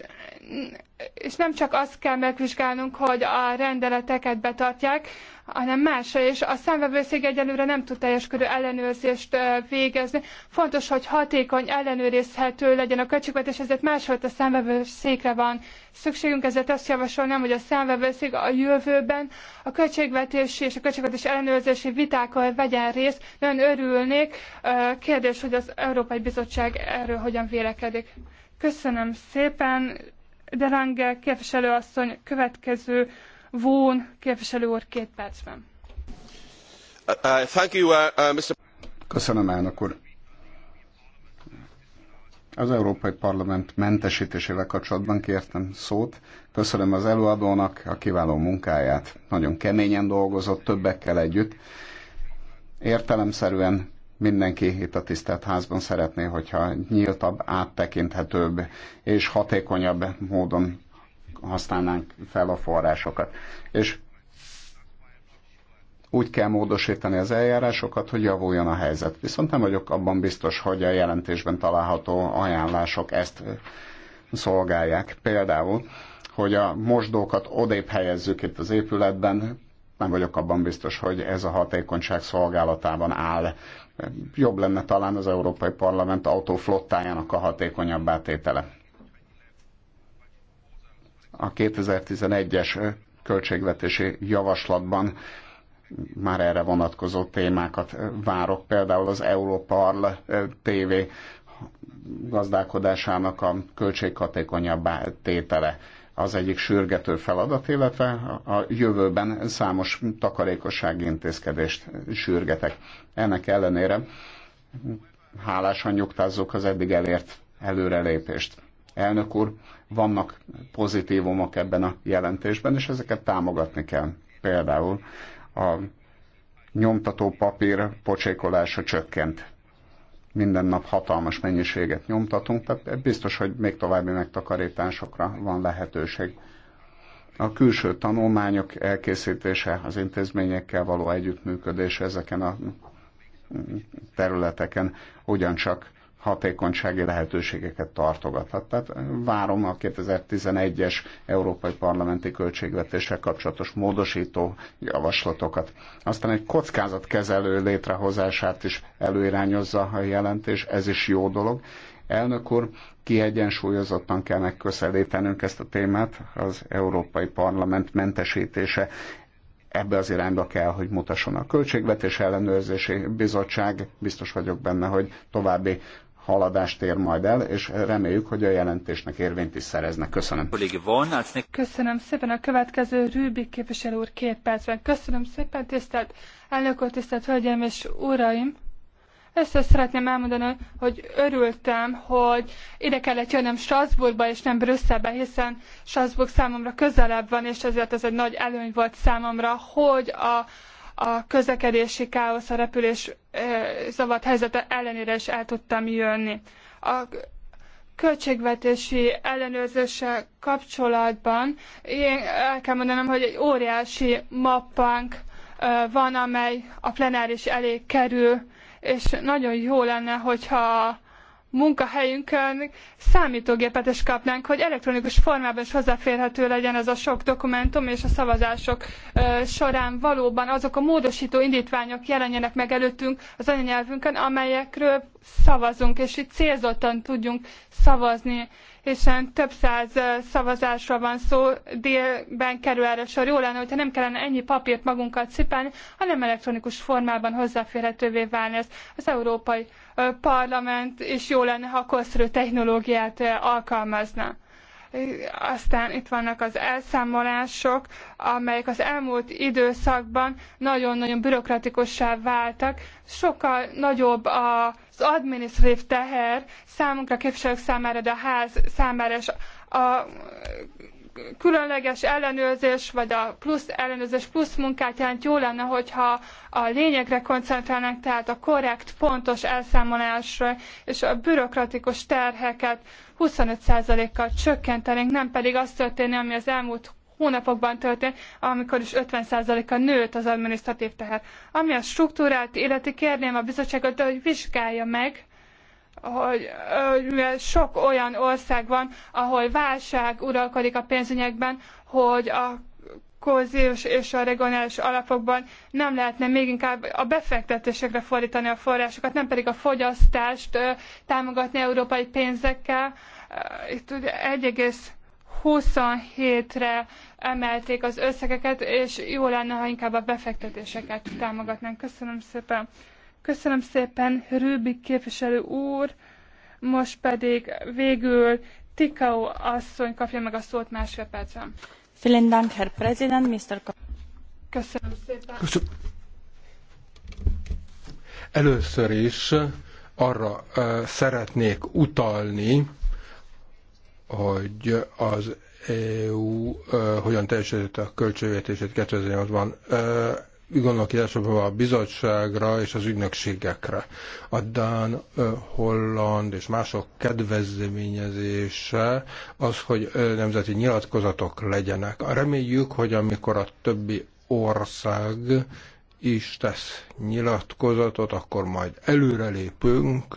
és nem csak azt kell megvizsgálnunk, hogy a rendeleteket betartják, hanem másra, és a számvevőszék egyelőre nem tud teljes körű ellenőrzést végezni. Fontos, hogy hatékony, ellenőrizhető legyen a költségvetés, ezért máshogy a számvevőszékre van szükségünk, ezért azt javasolnám, hogy a számvevőszék a jövőben a költségvetési és a költségvetés ellenőrzési vitákkal vegyen részt. Nagyon örülnék. Kérdés, hogy az Európai Bizottság erről hogyan vélekedik. Köszönöm szépen. De képviselőasszony következő Vón képviselő úr két percben. Uh, uh, uh, Köszönöm, elnök úr. Az Európai Parlament mentesítésével kapcsolatban kértem szót. Köszönöm az előadónak a kiváló munkáját. Nagyon keményen dolgozott többekkel együtt. Értelemszerűen mindenki itt a tisztelt házban szeretné, hogyha nyíltabb, áttekinthetőbb és hatékonyabb módon használnánk fel a forrásokat. És úgy kell módosítani az eljárásokat, hogy javuljon a helyzet. Viszont nem vagyok abban biztos, hogy a jelentésben található ajánlások ezt szolgálják. Például, hogy a mosdókat odébb helyezzük itt az épületben, nem vagyok abban biztos, hogy ez a hatékonyság szolgálatában áll jobb lenne talán az Európai Parlament autóflottájának a hatékonyabb átétele. A 2011-es költségvetési javaslatban már erre vonatkozó témákat várok, például az Európarl TV gazdálkodásának a költséghatékonyabb tétele az egyik sürgető feladat, illetve a jövőben számos takarékossági intézkedést sürgetek. Ennek ellenére hálásan nyugtázzuk az eddig elért előrelépést. Elnök úr, vannak pozitívumok ebben a jelentésben, és ezeket támogatni kell. Például a nyomtató papír pocsékolása csökkent minden nap hatalmas mennyiséget nyomtatunk, tehát biztos, hogy még további megtakarításokra van lehetőség. A külső tanulmányok elkészítése, az intézményekkel való együttműködés ezeken a területeken ugyancsak hatékonysági lehetőségeket tartogathat. Tehát várom a 2011-es Európai Parlamenti Költségvetéssel kapcsolatos módosító javaslatokat. Aztán egy kockázatkezelő létrehozását is előirányozza a jelentés, ez is jó dolog. Elnök úr, kiegyensúlyozottan kell megközelítenünk ezt a témát, az Európai Parlament mentesítése ebbe az irányba kell, hogy mutasson a Költségvetés Ellenőrzési Bizottság. Biztos vagyok benne, hogy további haladást ér majd el, és reméljük, hogy a jelentésnek érvényt is szereznek. Köszönöm. Köszönöm szépen a következő Rübik képviselő úr két percben. Köszönöm szépen, tisztelt elnök úr, tisztelt hölgyeim és uraim! Össze szeretném elmondani, hogy örültem, hogy ide kellett jönnöm Strasbourgba és nem Brüsszelbe, hiszen Strasbourg számomra közelebb van, és ezért ez egy nagy előny volt számomra, hogy a a közlekedési káosz, a repülés zavart helyzete ellenére is el tudtam jönni. A költségvetési ellenőrzéssel kapcsolatban én el kell mondanom, hogy egy óriási mappánk van, amely a plenáris elé kerül, és nagyon jó lenne, hogyha munkahelyünkön számítógépet is kapnánk, hogy elektronikus formában is hozzáférhető legyen ez a sok dokumentum, és a szavazások során valóban azok a módosító indítványok jelenjenek meg előttünk az anyanyelvünkön, amelyekről szavazunk, és itt célzottan tudjunk szavazni hiszen több száz szavazásra van szó, délben kerül erre sor. Jó lenne, hogyha nem kellene ennyi papírt magunkat cipelni, hanem elektronikus formában hozzáférhetővé válni ez az Európai Parlament, és jó lenne, ha korszerű technológiát alkalmazna aztán itt vannak az elszámolások, amelyek az elmúlt időszakban nagyon-nagyon bürokratikussá váltak. Sokkal nagyobb a az adminisztrív teher számunkra, képviselők számára, de a ház számára és a különleges ellenőrzés, vagy a plusz ellenőrzés plusz munkát jelent, jó lenne, hogyha a lényegre koncentrálnánk, tehát a korrekt, pontos elszámolásra, és a bürokratikus terheket 25%-kal csökkentenénk, nem pedig az történne, ami az elmúlt hónapokban történt, amikor is 50%-a nőtt az adminisztratív teher. Ami a struktúrát illeti, kérném a bizottságot, hogy vizsgálja meg, hogy, hogy sok olyan ország van, ahol válság uralkodik a pénzügyekben, hogy a kohéziós és a regionális alapokban nem lehetne még inkább a befektetésekre fordítani a forrásokat, nem pedig a fogyasztást támogatni európai pénzekkel. Itt ugye 1,27-re emelték az összegeket, és jó lenne, ha inkább a befektetéseket támogatnánk. Köszönöm szépen. Köszönöm szépen, Rübik képviselő úr. Most pedig végül Tikau asszony kapja meg a szót másfél percben. Vielen Dank, Herr Präsident, Mr. Köszönöm szépen. Köszönöm. Először is arra uh, szeretnék utalni, hogy az EU e, hogyan teljesítette a költségvetését 2008-ban. Gondolok elsősorban a bizottságra és az ügynökségekre. A Dán, e, Holland és mások kedvezményezése az, hogy e, nemzeti nyilatkozatok legyenek. Reméljük, hogy amikor a többi ország is tesz nyilatkozatot, akkor majd előrelépünk,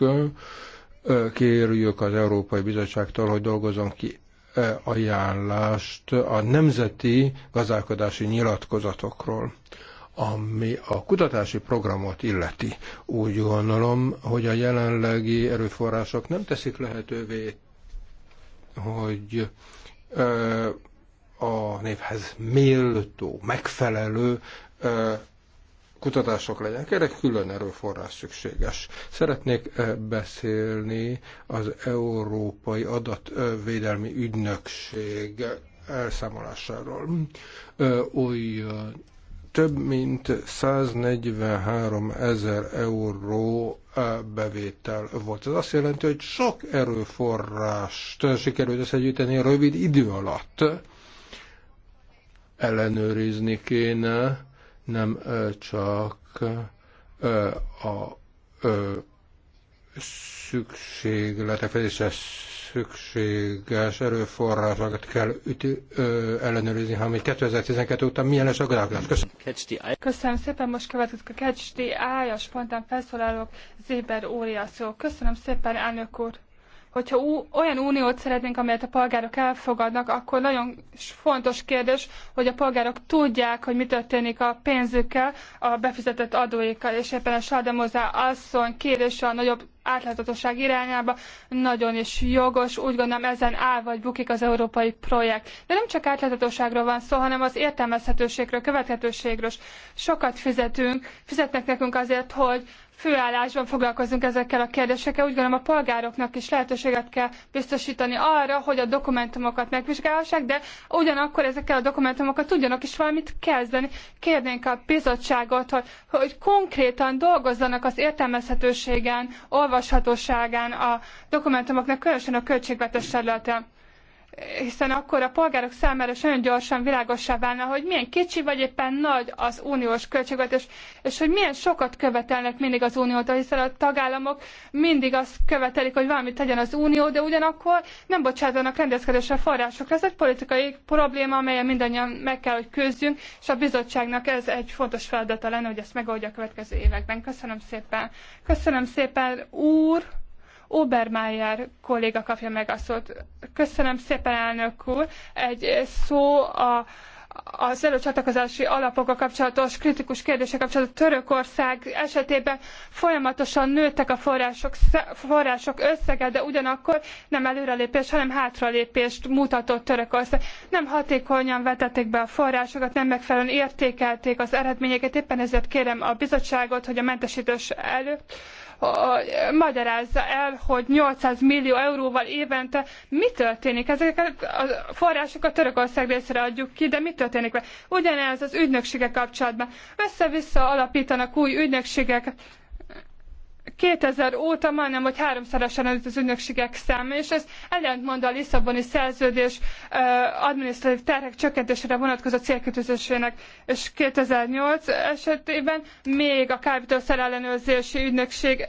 kérjük az Európai Bizottságtól, hogy dolgozzon ki ajánlást a nemzeti gazdálkodási nyilatkozatokról ami a kutatási programot illeti. Úgy gondolom, hogy a jelenlegi erőforrások nem teszik lehetővé, hogy a névhez méltó, megfelelő kutatások legyenek, erre külön erőforrás szükséges. Szeretnék beszélni az Európai Adatvédelmi Ügynökség elszámolásáról. Olyan több mint 143 ezer euró bevétel volt. Ez azt jelenti, hogy sok erőforrást sikerült összegyűjteni rövid idő alatt. Ellenőrizni kéne nem csak a szükségletek fedése szükséges erőforrásokat kell üti, ö, ellenőrizni, ha még 2012 után milyen lesz a gazdálkodás. Köszönöm. Köszönöm szépen, most következik a Catch the Eye, a spontán felszólalók, Zéber óriászó. Köszönöm szépen, elnök úr hogyha olyan uniót szeretnénk, amelyet a polgárok elfogadnak, akkor nagyon fontos kérdés, hogy a polgárok tudják, hogy mi történik a pénzükkel, a befizetett adóikkal, és éppen a Sádemozá asszony kérdése a nagyobb átláthatóság irányába nagyon is jogos, úgy gondolom ezen áll vagy bukik az európai projekt. De nem csak átláthatóságról van szó, hanem az értelmezhetőségről, követhetőségről. Sokat fizetünk, fizetnek nekünk azért, hogy, főállásban foglalkozunk ezekkel a kérdésekkel. Úgy gondolom a polgároknak is lehetőséget kell biztosítani arra, hogy a dokumentumokat megvizsgálhassák, de ugyanakkor ezekkel a dokumentumokkal tudjanak is valamit kezdeni. Kérnénk a bizottságot, hogy, hogy konkrétan dolgozzanak az értelmezhetőségen, olvashatóságán a dokumentumoknak, különösen a költségvetés területen hiszen akkor a polgárok számára is nagyon gyorsan világossá válna, hogy milyen kicsi vagy éppen nagy az uniós költségvetés, és hogy milyen sokat követelnek mindig az uniótól, hiszen a tagállamok mindig azt követelik, hogy valamit tegyen az unió, de ugyanakkor nem bocsátanak rendezkedésre forrásokra. Ez egy politikai probléma, amelyen mindannyian meg kell, hogy küzdjünk, és a bizottságnak ez egy fontos feladata lenne, hogy ezt megoldja a következő években. Köszönöm szépen. Köszönöm szépen, úr! Obermeier kolléga kapja meg a szót. Köszönöm szépen, elnök úr. Egy szó a az előcsatlakozási alapokkal kapcsolatos kritikus kérdése kapcsolatban Törökország esetében folyamatosan nőttek a források, források összege, de ugyanakkor nem előrelépés, hanem hátralépést mutatott Törökország. Nem hatékonyan vetették be a forrásokat, nem megfelelően értékelték az eredményeket, éppen ezért kérem a bizottságot, hogy a mentesítés előtt magyarázza el, hogy 800 millió euróval évente mi történik. Ezeket a forrásokat Törökország részre adjuk ki, de mi történik vele? Ugyanez az ügynöksége kapcsolatban. Össze-vissza alapítanak új ügynökségeket, 2000 óta majdnem, hogy háromszorosan előtt az ügynökségek száma, és ez ellentmond a Lisszaboni szerződés uh, adminisztratív terhek csökkentésére vonatkozó célkötőzésének, és 2008 esetében még a kábítószer ellenőrzési ügynökség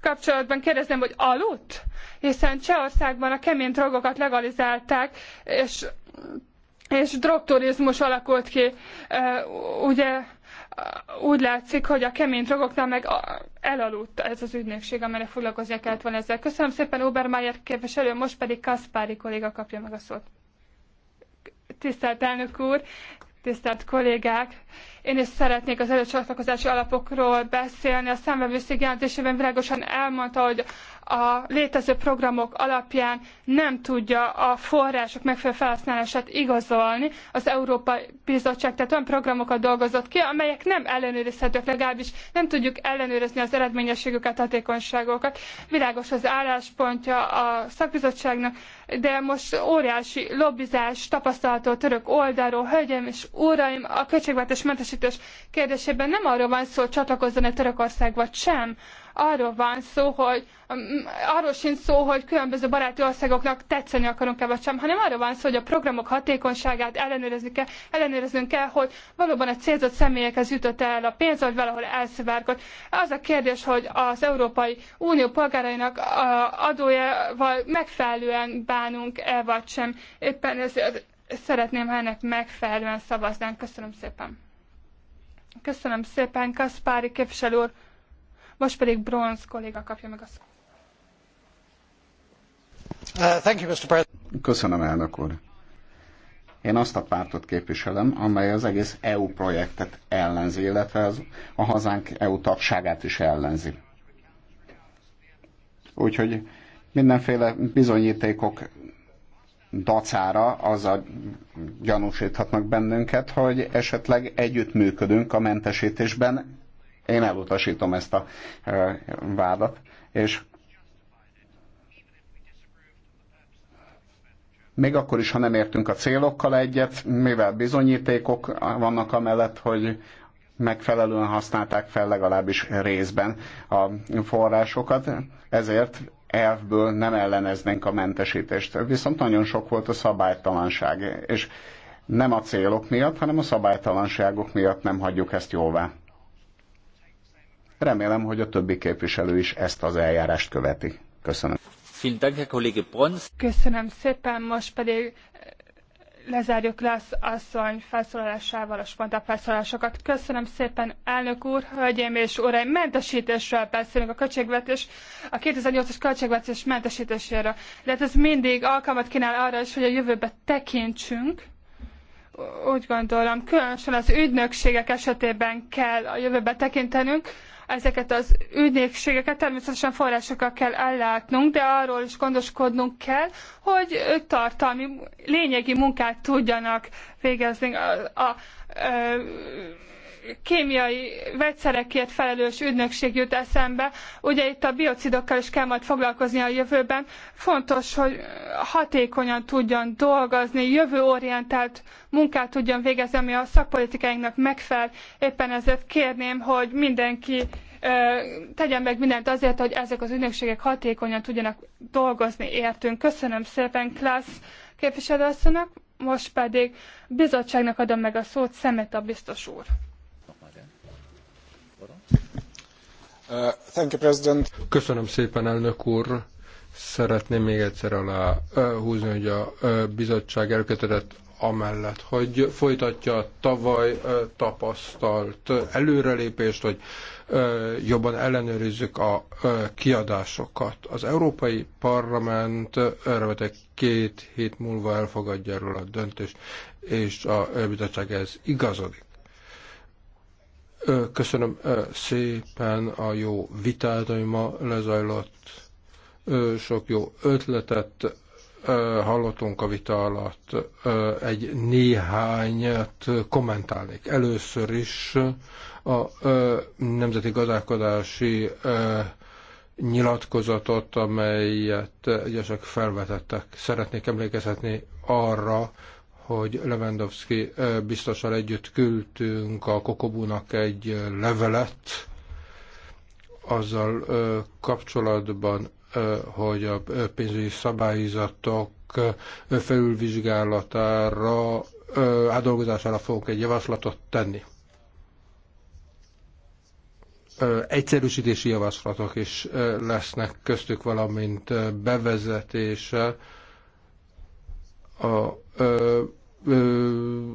kapcsolatban kérdezném, hogy aludt? Hiszen Csehországban a kemény drogokat legalizálták, és, és drogturizmus alakult ki. ugye úgy látszik, hogy a kemény drogoknál meg elaludt ez az ügynökség, amire foglalkozni kellett volna ezzel. Köszönöm szépen Obermeyer képviselő, most pedig Kaspári kolléga kapja meg a szót. Tisztelt elnök úr, tisztelt kollégák! Én is szeretnék az előcsatlakozási alapokról beszélni. A számvevőszék jelentésében világosan elmondta, hogy a létező programok alapján nem tudja a források megfelelő felhasználását igazolni. Az Európai Bizottság tehát olyan programokat dolgozott ki, amelyek nem ellenőrizhetők, legalábbis nem tudjuk ellenőrizni az eredményességüket, hatékonyságokat. Világos az álláspontja a szakbizottságnak, de most óriási lobbizás tapasztalható török oldalról, hölgyeim és uraim, a költségvetés mentesítés kérdésében nem arról van szó, hogy csatlakozzon-e Törökország vagy sem, arról van szó, hogy mm, arról sincs szó, hogy különböző baráti országoknak tetszeni akarunk-e vagy sem, hanem arról van szó, hogy a programok hatékonyságát ellenőrizni kell, ellenőriznünk kell, hogy valóban a célzott személyekhez jutott el a pénz, vagy valahol elszivárgott. Az a kérdés, hogy az Európai Unió polgárainak adójával megfelelően bánunk-e vagy sem. Éppen ezért szeretném, ha ennek megfelelően szavaznánk. Köszönöm szépen. Köszönöm szépen, Kaspári képviselő úr. Most pedig Bronz kolléga kapja meg a szót. Uh, Köszönöm, elnök úr. Én azt a pártot képviselem, amely az egész EU projektet ellenzi, illetve az, a hazánk EU tagságát is ellenzi. Úgyhogy mindenféle bizonyítékok dacára a gyanúsíthatnak bennünket, hogy esetleg együttműködünk a mentesítésben én elutasítom ezt a vádat, és még akkor is, ha nem értünk a célokkal egyet, mivel bizonyítékok vannak amellett, hogy megfelelően használták fel legalábbis részben a forrásokat, ezért elfből nem elleneznénk a mentesítést. Viszont nagyon sok volt a szabálytalanság, és nem a célok miatt, hanem a szabálytalanságok miatt nem hagyjuk ezt jóvá. Remélem, hogy a többi képviselő is ezt az eljárást követi. Köszönöm. Köszönöm szépen, most pedig eh, lezárjuk lesz asszony felszólalásával a spontán felszólalásokat. Köszönöm szépen, elnök úr, hölgyeim és uraim, mentesítésről beszélünk a költségvetés, a 2008-as költségvetés mentesítéséről. De hát ez mindig alkalmat kínál arra is, hogy a jövőbe tekintsünk. Úgy gondolom, különösen az ügynökségek esetében kell a jövőbe tekintenünk, ezeket az ügynökségeket természetesen forrásokkal kell ellátnunk, de arról is gondoskodnunk kell, hogy tartalmi, lényegi munkát tudjanak végezni. A, a, a kémiai vegyszerekért felelős ügynökség jut eszembe. Ugye itt a biocidokkal is kell majd foglalkozni a jövőben. Fontos, hogy hatékonyan tudjon dolgozni, jövőorientált munkát tudjon végezni, ami a szakpolitikáinknak megfelel. Éppen ezért kérném, hogy mindenki tegyen meg mindent azért, hogy ezek az ügynökségek hatékonyan tudjanak dolgozni értünk. Köszönöm szépen, Klassz képviselőasszonynak, most pedig bizottságnak adom meg a szót, a biztos úr. Uh, Köszönöm szépen, elnök úr. Szeretném még egyszer alá húzni, hogy a bizottság elkötelezett amellett, hogy folytatja a tavaly tapasztalt előrelépést, hogy jobban ellenőrizzük a kiadásokat. Az Európai Parlament örövetek két hét múlva elfogadja erről a döntést, és a bizottság ez igazodik. Köszönöm szépen a jó vitát, ami ma lezajlott. Sok jó ötletet hallottunk a vita alatt. Egy néhányat kommentálnék. Először is a nemzeti gazdálkodási nyilatkozatot, amelyet egyesek felvetettek. Szeretnék emlékezhetni arra, hogy Lewandowski biztosan együtt küldtünk a Kokobúnak egy levelet azzal kapcsolatban, hogy a pénzügyi szabályzatok felülvizsgálatára, átdolgozására fogunk egy javaslatot tenni. Egyszerűsítési javaslatok is lesznek köztük, valamint bevezetése a ö,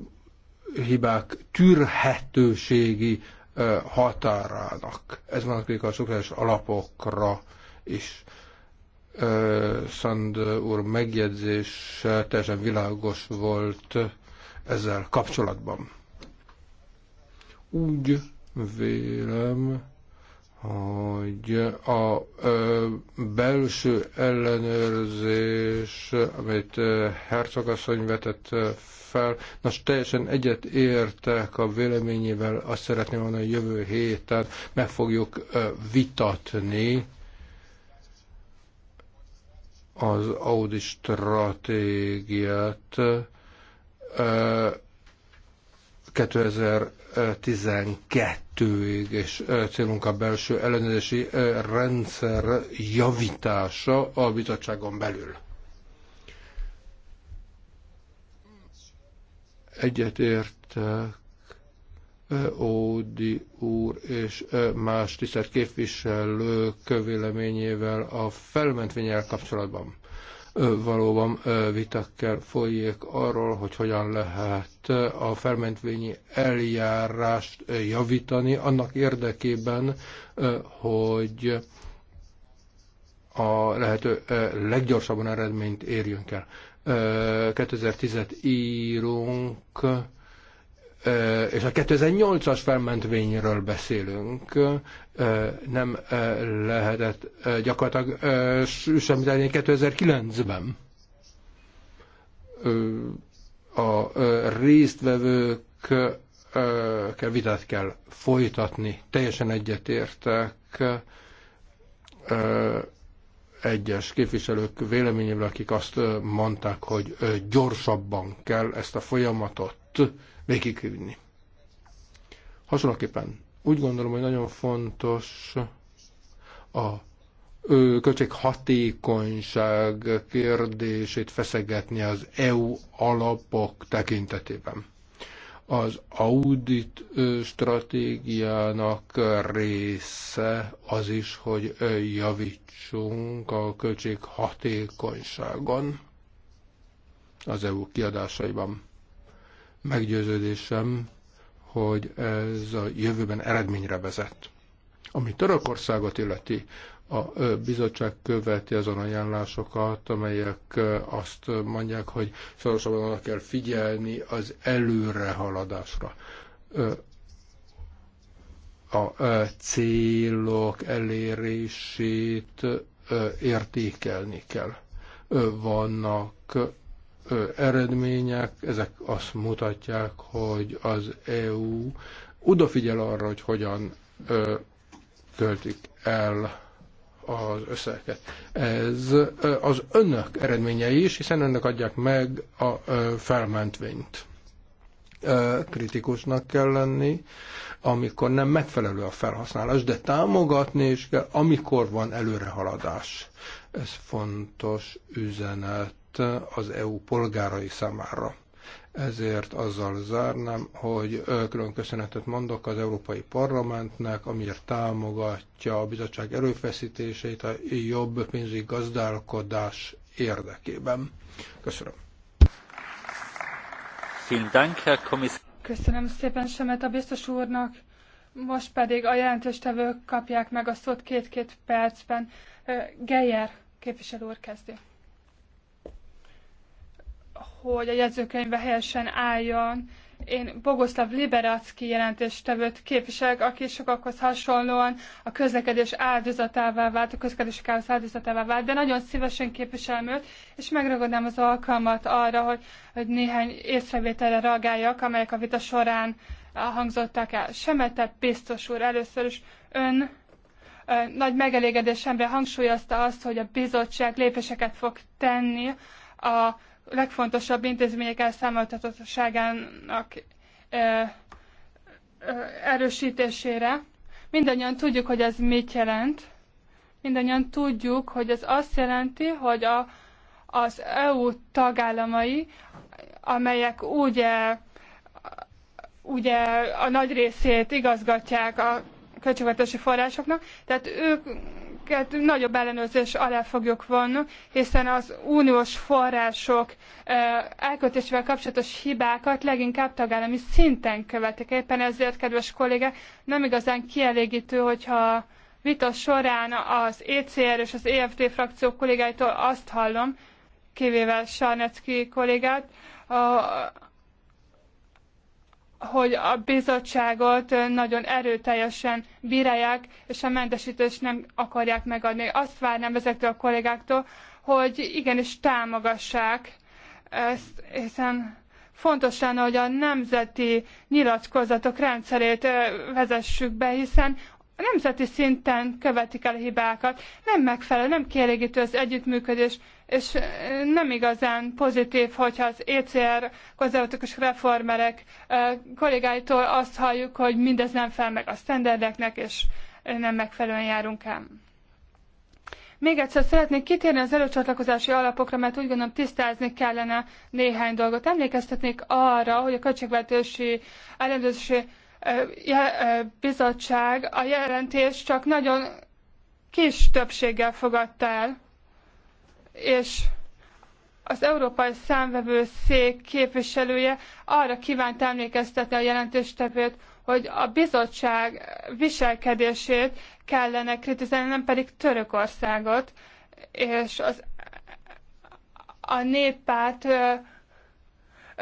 hibák tűrhetőségi ö, határának. Ez vonatkozik a szokás alapokra is. Szand úr megjegyzés teljesen világos volt ezzel kapcsolatban. Úgy vélem, hogy a belső ellenőrzés, amit Hercogasszony vetett fel, most teljesen egyet értek a véleményével, azt szeretném mondani, hogy jövő héten meg fogjuk vitatni az Audi stratégiát 2000 12-ig, és célunk a belső ellenőrzési rendszer javítása a bizottságon belül. Egyetértek Ódi úr és más tisztelt képviselők véleményével a felmentvényel kapcsolatban valóban vitak kell folyjék arról, hogy hogyan lehet a fermentvényi eljárást javítani annak érdekében, hogy a lehető leggyorsabban eredményt érjünk el. 2010-et írunk, és a 2008-as felmentvényről beszélünk, nem lehetett gyakorlatilag semmit elérni 2009-ben. A résztvevőkkel vitát kell folytatni, teljesen egyetértek egyes képviselők véleményével, akik azt mondták, hogy gyorsabban kell ezt a folyamatot végigvinni. Hasonlóképpen úgy gondolom, hogy nagyon fontos a költség hatékonyság kérdését feszegetni az EU alapok tekintetében. Az audit stratégiának része az is, hogy javítsunk a költség hatékonyságon az EU kiadásaiban Meggyőződésem, hogy ez a jövőben eredményre vezet. Ami Törökországot illeti, a bizottság követi azon ajánlásokat, amelyek azt mondják, hogy szorosabban oda kell figyelni az előrehaladásra. A célok elérését értékelni kell. Vannak eredmények, ezek azt mutatják, hogy az EU odafigyel arra, hogy hogyan költik el az összeget. Ez az önök eredményei is, hiszen önök adják meg a felmentvényt. Kritikusnak kell lenni, amikor nem megfelelő a felhasználás, de támogatni is kell, amikor van előrehaladás. Ez fontos üzenet az EU polgárai számára. Ezért azzal zárnám, hogy külön köszönetet mondok az Európai Parlamentnek, amiért támogatja a bizottság erőfeszítéseit a jobb pénzügyi gazdálkodás érdekében. Köszönöm. Köszönöm szépen Semet a biztos úrnak. Most pedig a jelentéstevők kapják meg a szót két-két percben. Geyer képviselő úr kezdi hogy a jegyzőkönyvbe helyesen álljon. Én Bogoszláv Liberacki jelentéstevőt képviselek, aki sokakhoz hasonlóan a közlekedés áldozatává vált, a közlekedési káosz áldozatává vált, de nagyon szívesen képviselem őt, és megragadnám az alkalmat arra, hogy, hogy néhány észrevételre reagáljak, amelyek a vita során eh, hangzottak el. Semete biztos úr először is ön ö, eh, nagy megelégedésemre hangsúlyozta azt, hogy a bizottság lépéseket fog tenni a legfontosabb intézmények elszámoltatottságának erősítésére. Mindannyian tudjuk, hogy ez mit jelent. Mindannyian tudjuk, hogy ez azt jelenti, hogy a, az EU tagállamai, amelyek ugye, ugye a nagy részét igazgatják a költségvetési forrásoknak, tehát ők ezeket nagyobb ellenőrzés alá fogjuk vonni, hiszen az uniós források elköltésével kapcsolatos hibákat leginkább tagállami szinten követik. Éppen ezért, kedves kollégák, nem igazán kielégítő, hogyha vita során az ECR és az EFT frakció kollégáitól azt hallom, kivéve Sarnecki kollégát, hogy a bizottságot nagyon erőteljesen bírálják, és a mentesítést nem akarják megadni. Azt várnám ezektől a kollégáktól, hogy igenis támogassák ezt, hiszen fontos lenne, hogy a nemzeti nyilatkozatok rendszerét vezessük be, hiszen a nemzeti szinten követik el hibákat, nem megfelelő, nem kielégítő az együttműködés, és nem igazán pozitív, hogyha az ECR konzervatikus reformerek kollégáitól azt halljuk, hogy mindez nem fel meg a sztenderdeknek, és nem megfelelően járunk el. Még egyszer szeretnék kitérni az előcsatlakozási alapokra, mert úgy gondolom tisztázni kellene néhány dolgot. Emlékeztetnék arra, hogy a költségvetési ellenőrzési bizottság a jelentés csak nagyon kis többséggel fogadta el, és az Európai Számvevőszék képviselője arra kívánt emlékeztetni a jelentéstevőt, hogy a bizottság viselkedését kellene kritizálni, nem pedig Törökországot, és az, a néppárt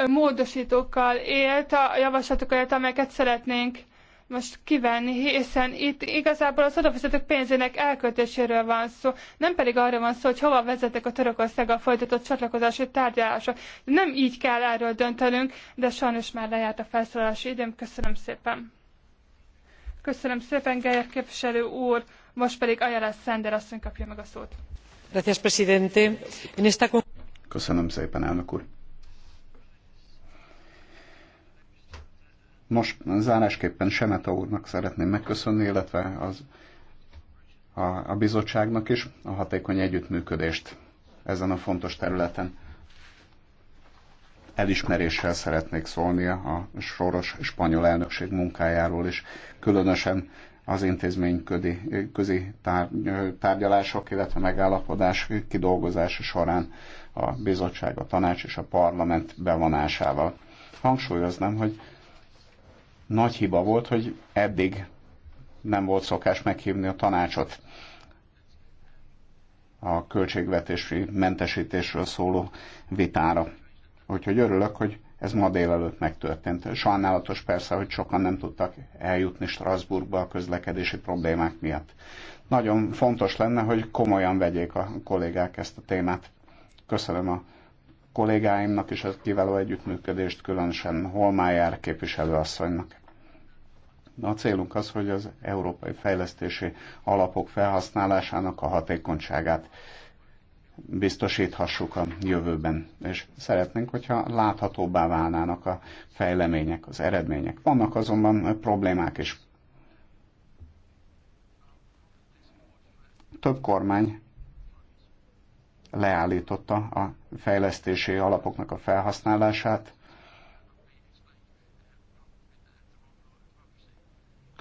módosítókkal élt, a javaslatokkal élt, amelyeket szeretnénk most kivenni, hiszen itt igazából az adófizetők pénzének elköltéséről van szó, nem pedig arra van szó, hogy hova vezetek a Törökországgal folytatott csatlakozási tárgyalások. Nem így kell erről döntenünk, de sajnos már lejárt a felszólalási időm. Köszönöm szépen. Köszönöm szépen, Geyer képviselő úr. Most pedig Ajala Szender asszony kapja meg a szót. Köszönöm szépen, elnök úr. Nos, zárásképpen Semeta úrnak szeretném megköszönni, illetve az, a, a bizottságnak is a hatékony együttműködést ezen a fontos területen. Elismeréssel szeretnék szólni a soros spanyol elnökség munkájáról is, különösen az intézmény ködi, közi tár, tárgyalások, illetve megállapodás kidolgozása során a bizottság, a tanács és a parlament bevonásával. Hangsúlyoznám, hogy nagy hiba volt, hogy eddig nem volt szokás meghívni a tanácsot a költségvetési mentesítésről szóló vitára. Úgyhogy örülök, hogy ez ma délelőtt megtörtént. Sajnálatos persze, hogy sokan nem tudtak eljutni Strasbourgba a közlekedési problémák miatt. Nagyon fontos lenne, hogy komolyan vegyék a kollégák ezt a témát. Köszönöm a kollégáimnak is a kiváló együttműködést, különösen Holmájár képviselőasszonynak. A célunk az, hogy az európai fejlesztési alapok felhasználásának a hatékonyságát biztosíthassuk a jövőben. És szeretnénk, hogyha láthatóbbá válnának a fejlemények, az eredmények. Vannak azonban problémák is. Több kormány leállította a fejlesztési alapoknak a felhasználását,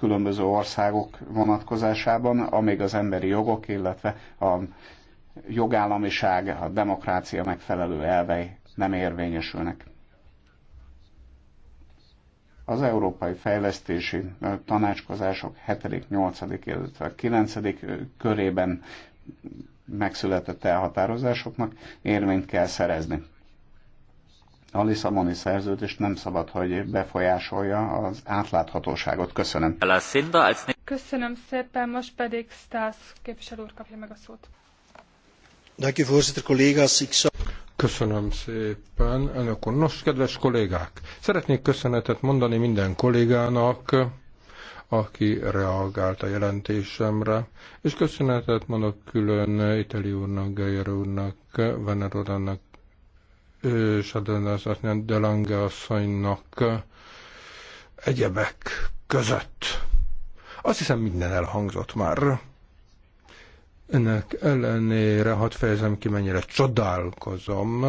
különböző országok vonatkozásában, amíg az emberi jogok, illetve a jogállamiság, a demokrácia megfelelő elvei nem érvényesülnek. Az Európai Fejlesztési Tanácskozások 7., 8., illetve 9. körében megszületett elhatározásoknak érvényt kell szerezni a Lisszaboni szerződést nem szabad, hogy befolyásolja az átláthatóságot. Köszönöm. Köszönöm szépen, most pedig Stász képviselő úr kapja meg a szót. Köszönöm szépen, elnök úr. Nos, kedves kollégák, szeretnék köszönetet mondani minden kollégának, aki reagált a jelentésemre, és köszönetet mondok külön Iteli úrnak, Geyer úrnak, Venner úrnak, Sadona asszonynak, Delange asszonynak, egyebek között. Azt hiszem minden elhangzott már. Ennek ellenére hadd fejezem ki, mennyire csodálkozom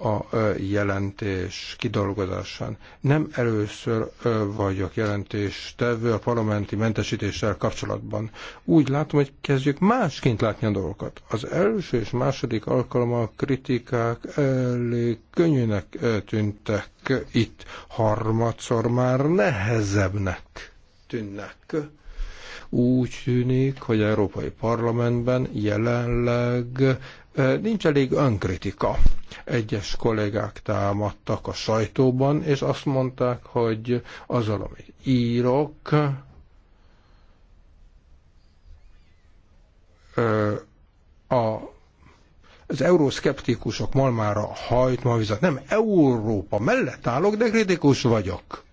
a jelentés kidolgozásán. Nem először vagyok jelentéstevő a parlamenti mentesítéssel kapcsolatban. Úgy látom, hogy kezdjük másként látni a dolgokat. Az első és második alkalommal a kritikák elég könnyűnek tűntek itt, harmadszor már nehezebbnek tűnnek. Úgy tűnik, hogy Európai Parlamentben jelenleg Nincs elég önkritika. Egyes kollégák támadtak a sajtóban, és azt mondták, hogy azzal, amit írok, a az euroszkeptikusok malmára hajt ma vizet. Nem, Európa mellett állok, de kritikus vagyok.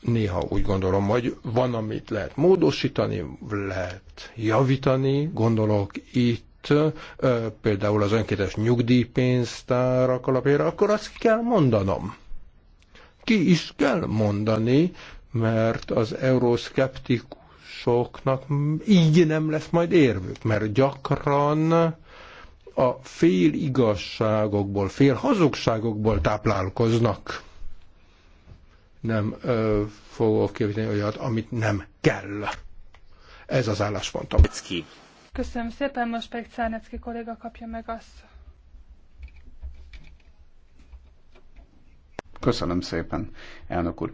Néha úgy gondolom, hogy van, amit lehet módosítani, lehet javítani. Gondolok itt például az önkéntes nyugdíjpénztárak alapjára, akkor azt kell mondanom. Ki is kell mondani, mert az euroszkeptikusoknak így nem lesz majd érvük, mert gyakran a fél igazságokból, fél hazugságokból táplálkoznak. Nem ö, fogok képíteni olyat, amit nem kell. Ez az álláspontom. Köszönöm szépen, most pedig Czárnecki kolléga kapja meg azt. Köszönöm szépen, elnök úr.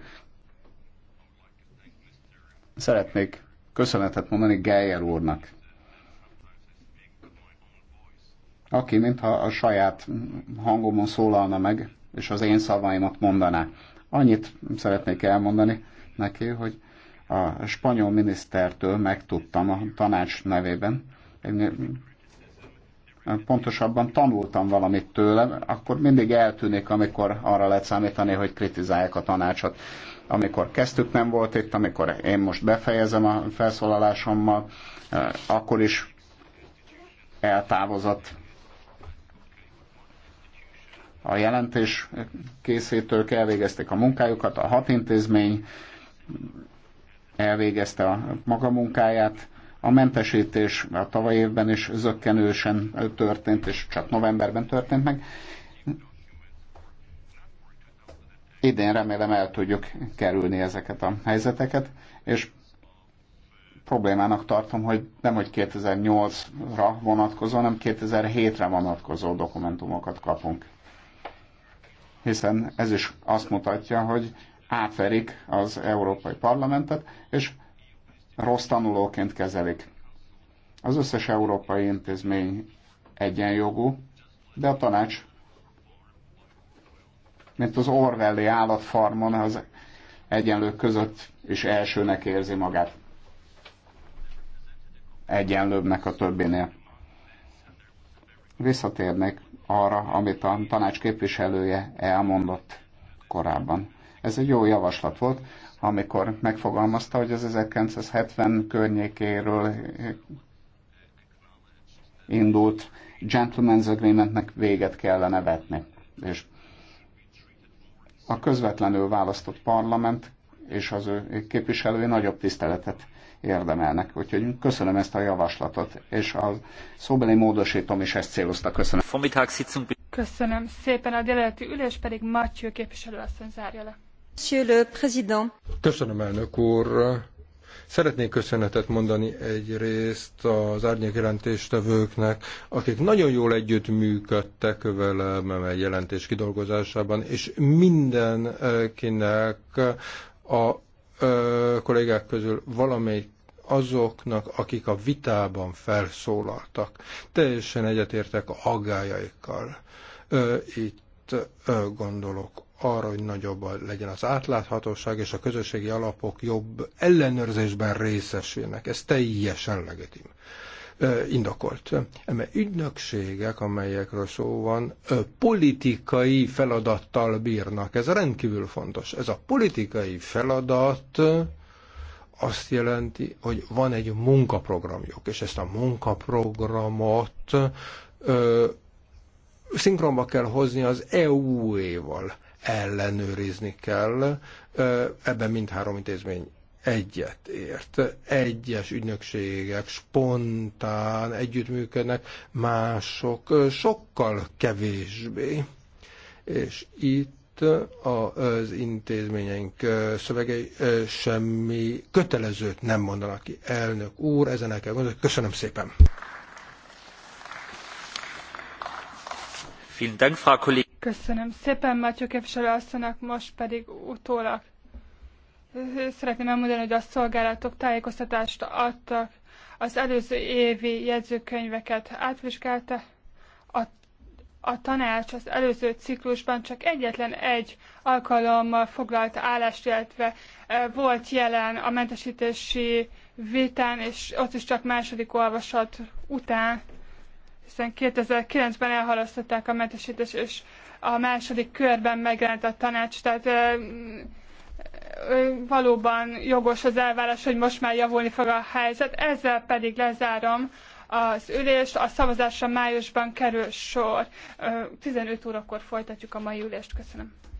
Szeretnék köszönetet mondani Geyer úrnak, aki mintha a saját hangomon szólalna meg, és az én szavaimat mondaná. Annyit szeretnék elmondani neki, hogy a spanyol minisztertől megtudtam a tanács nevében, pontosabban tanultam valamit tőle, akkor mindig eltűnik, amikor arra lehet számítani, hogy kritizálják a tanácsot. Amikor kezdtük nem volt itt, amikor én most befejezem a felszólalásommal, eh, akkor is eltávozott a jelentés készítők elvégezték a munkájukat, a hat intézmény elvégezte a maga munkáját. A mentesítés a tavaly évben is zöggenősen történt, és csak novemberben történt meg. Idén remélem el tudjuk kerülni ezeket a helyzeteket, és problémának tartom, hogy nem hogy 2008-ra vonatkozó, hanem 2007-re vonatkozó dokumentumokat kapunk. Hiszen ez is azt mutatja, hogy átverik az Európai Parlamentet, és rossz tanulóként kezelik. Az összes európai intézmény egyenjogú, de a tanács, mint az Orwelli állatfarmon, az egyenlők között is elsőnek érzi magát. Egyenlőbbnek a többinél. Visszatérnék arra, amit a tanács képviselője elmondott korábban. Ez egy jó javaslat volt, amikor megfogalmazta, hogy az 1970 környékéről indult gentleman's agreementnek véget kellene vetni. És a közvetlenül választott parlament és az ő képviselői nagyobb tiszteletet érdemelnek. Úgyhogy köszönöm ezt a javaslatot, és a szóbeli módosítom is ezt célozta. Köszönöm. Köszönöm szépen. A délelőtti ülés pedig Matthew asszony zárja le. Köszönöm, elnök úr. Szeretnék köszönetet mondani egyrészt az árnyékjelentéstevőknek, jelentéstevőknek, akik nagyon jól együttműködtek velem a jelentés kidolgozásában, és mindenkinek a kollégák közül valamelyik azoknak, akik a vitában felszólaltak. Teljesen egyetértek a aggájaikkal. Itt gondolok arra, hogy nagyobb legyen az átláthatóság, és a közösségi alapok jobb ellenőrzésben részesülnek. Ez teljesen legitim indokolt. Mert ügynökségek, amelyekről szó van, politikai feladattal bírnak. Ez rendkívül fontos. Ez a politikai feladat azt jelenti, hogy van egy munkaprogramjuk, és ezt a munkaprogramot ö, szinkronba kell hozni az EU-éval ellenőrizni kell. Ebben mindhárom intézmény egyet ért. Egyes ügynökségek spontán együttműködnek, mások sokkal kevésbé. És itt az intézményeink szövegei semmi kötelezőt nem mondanak ki. Elnök úr, ezen el kell gondolni. Köszönöm szépen! Köszönöm szépen Mátyó képviselő asszonynak, most pedig utólag szeretném elmondani, hogy a szolgálatok tájékoztatást adtak, az előző évi jegyzőkönyveket átvizsgálta, a, a tanács az előző ciklusban csak egyetlen egy alkalommal foglalt állást, illetve e, volt jelen a mentesítési vitán, és ott is csak második olvasat után hiszen 2009-ben elhalasztották a mentesítést, és a második körben megjelent a tanács, tehát e, valóban jogos az elvárás, hogy most már javulni fog a helyzet. Ezzel pedig lezárom az ülést, a szavazásra májusban kerül sor. 15 órakor folytatjuk a mai ülést. Köszönöm.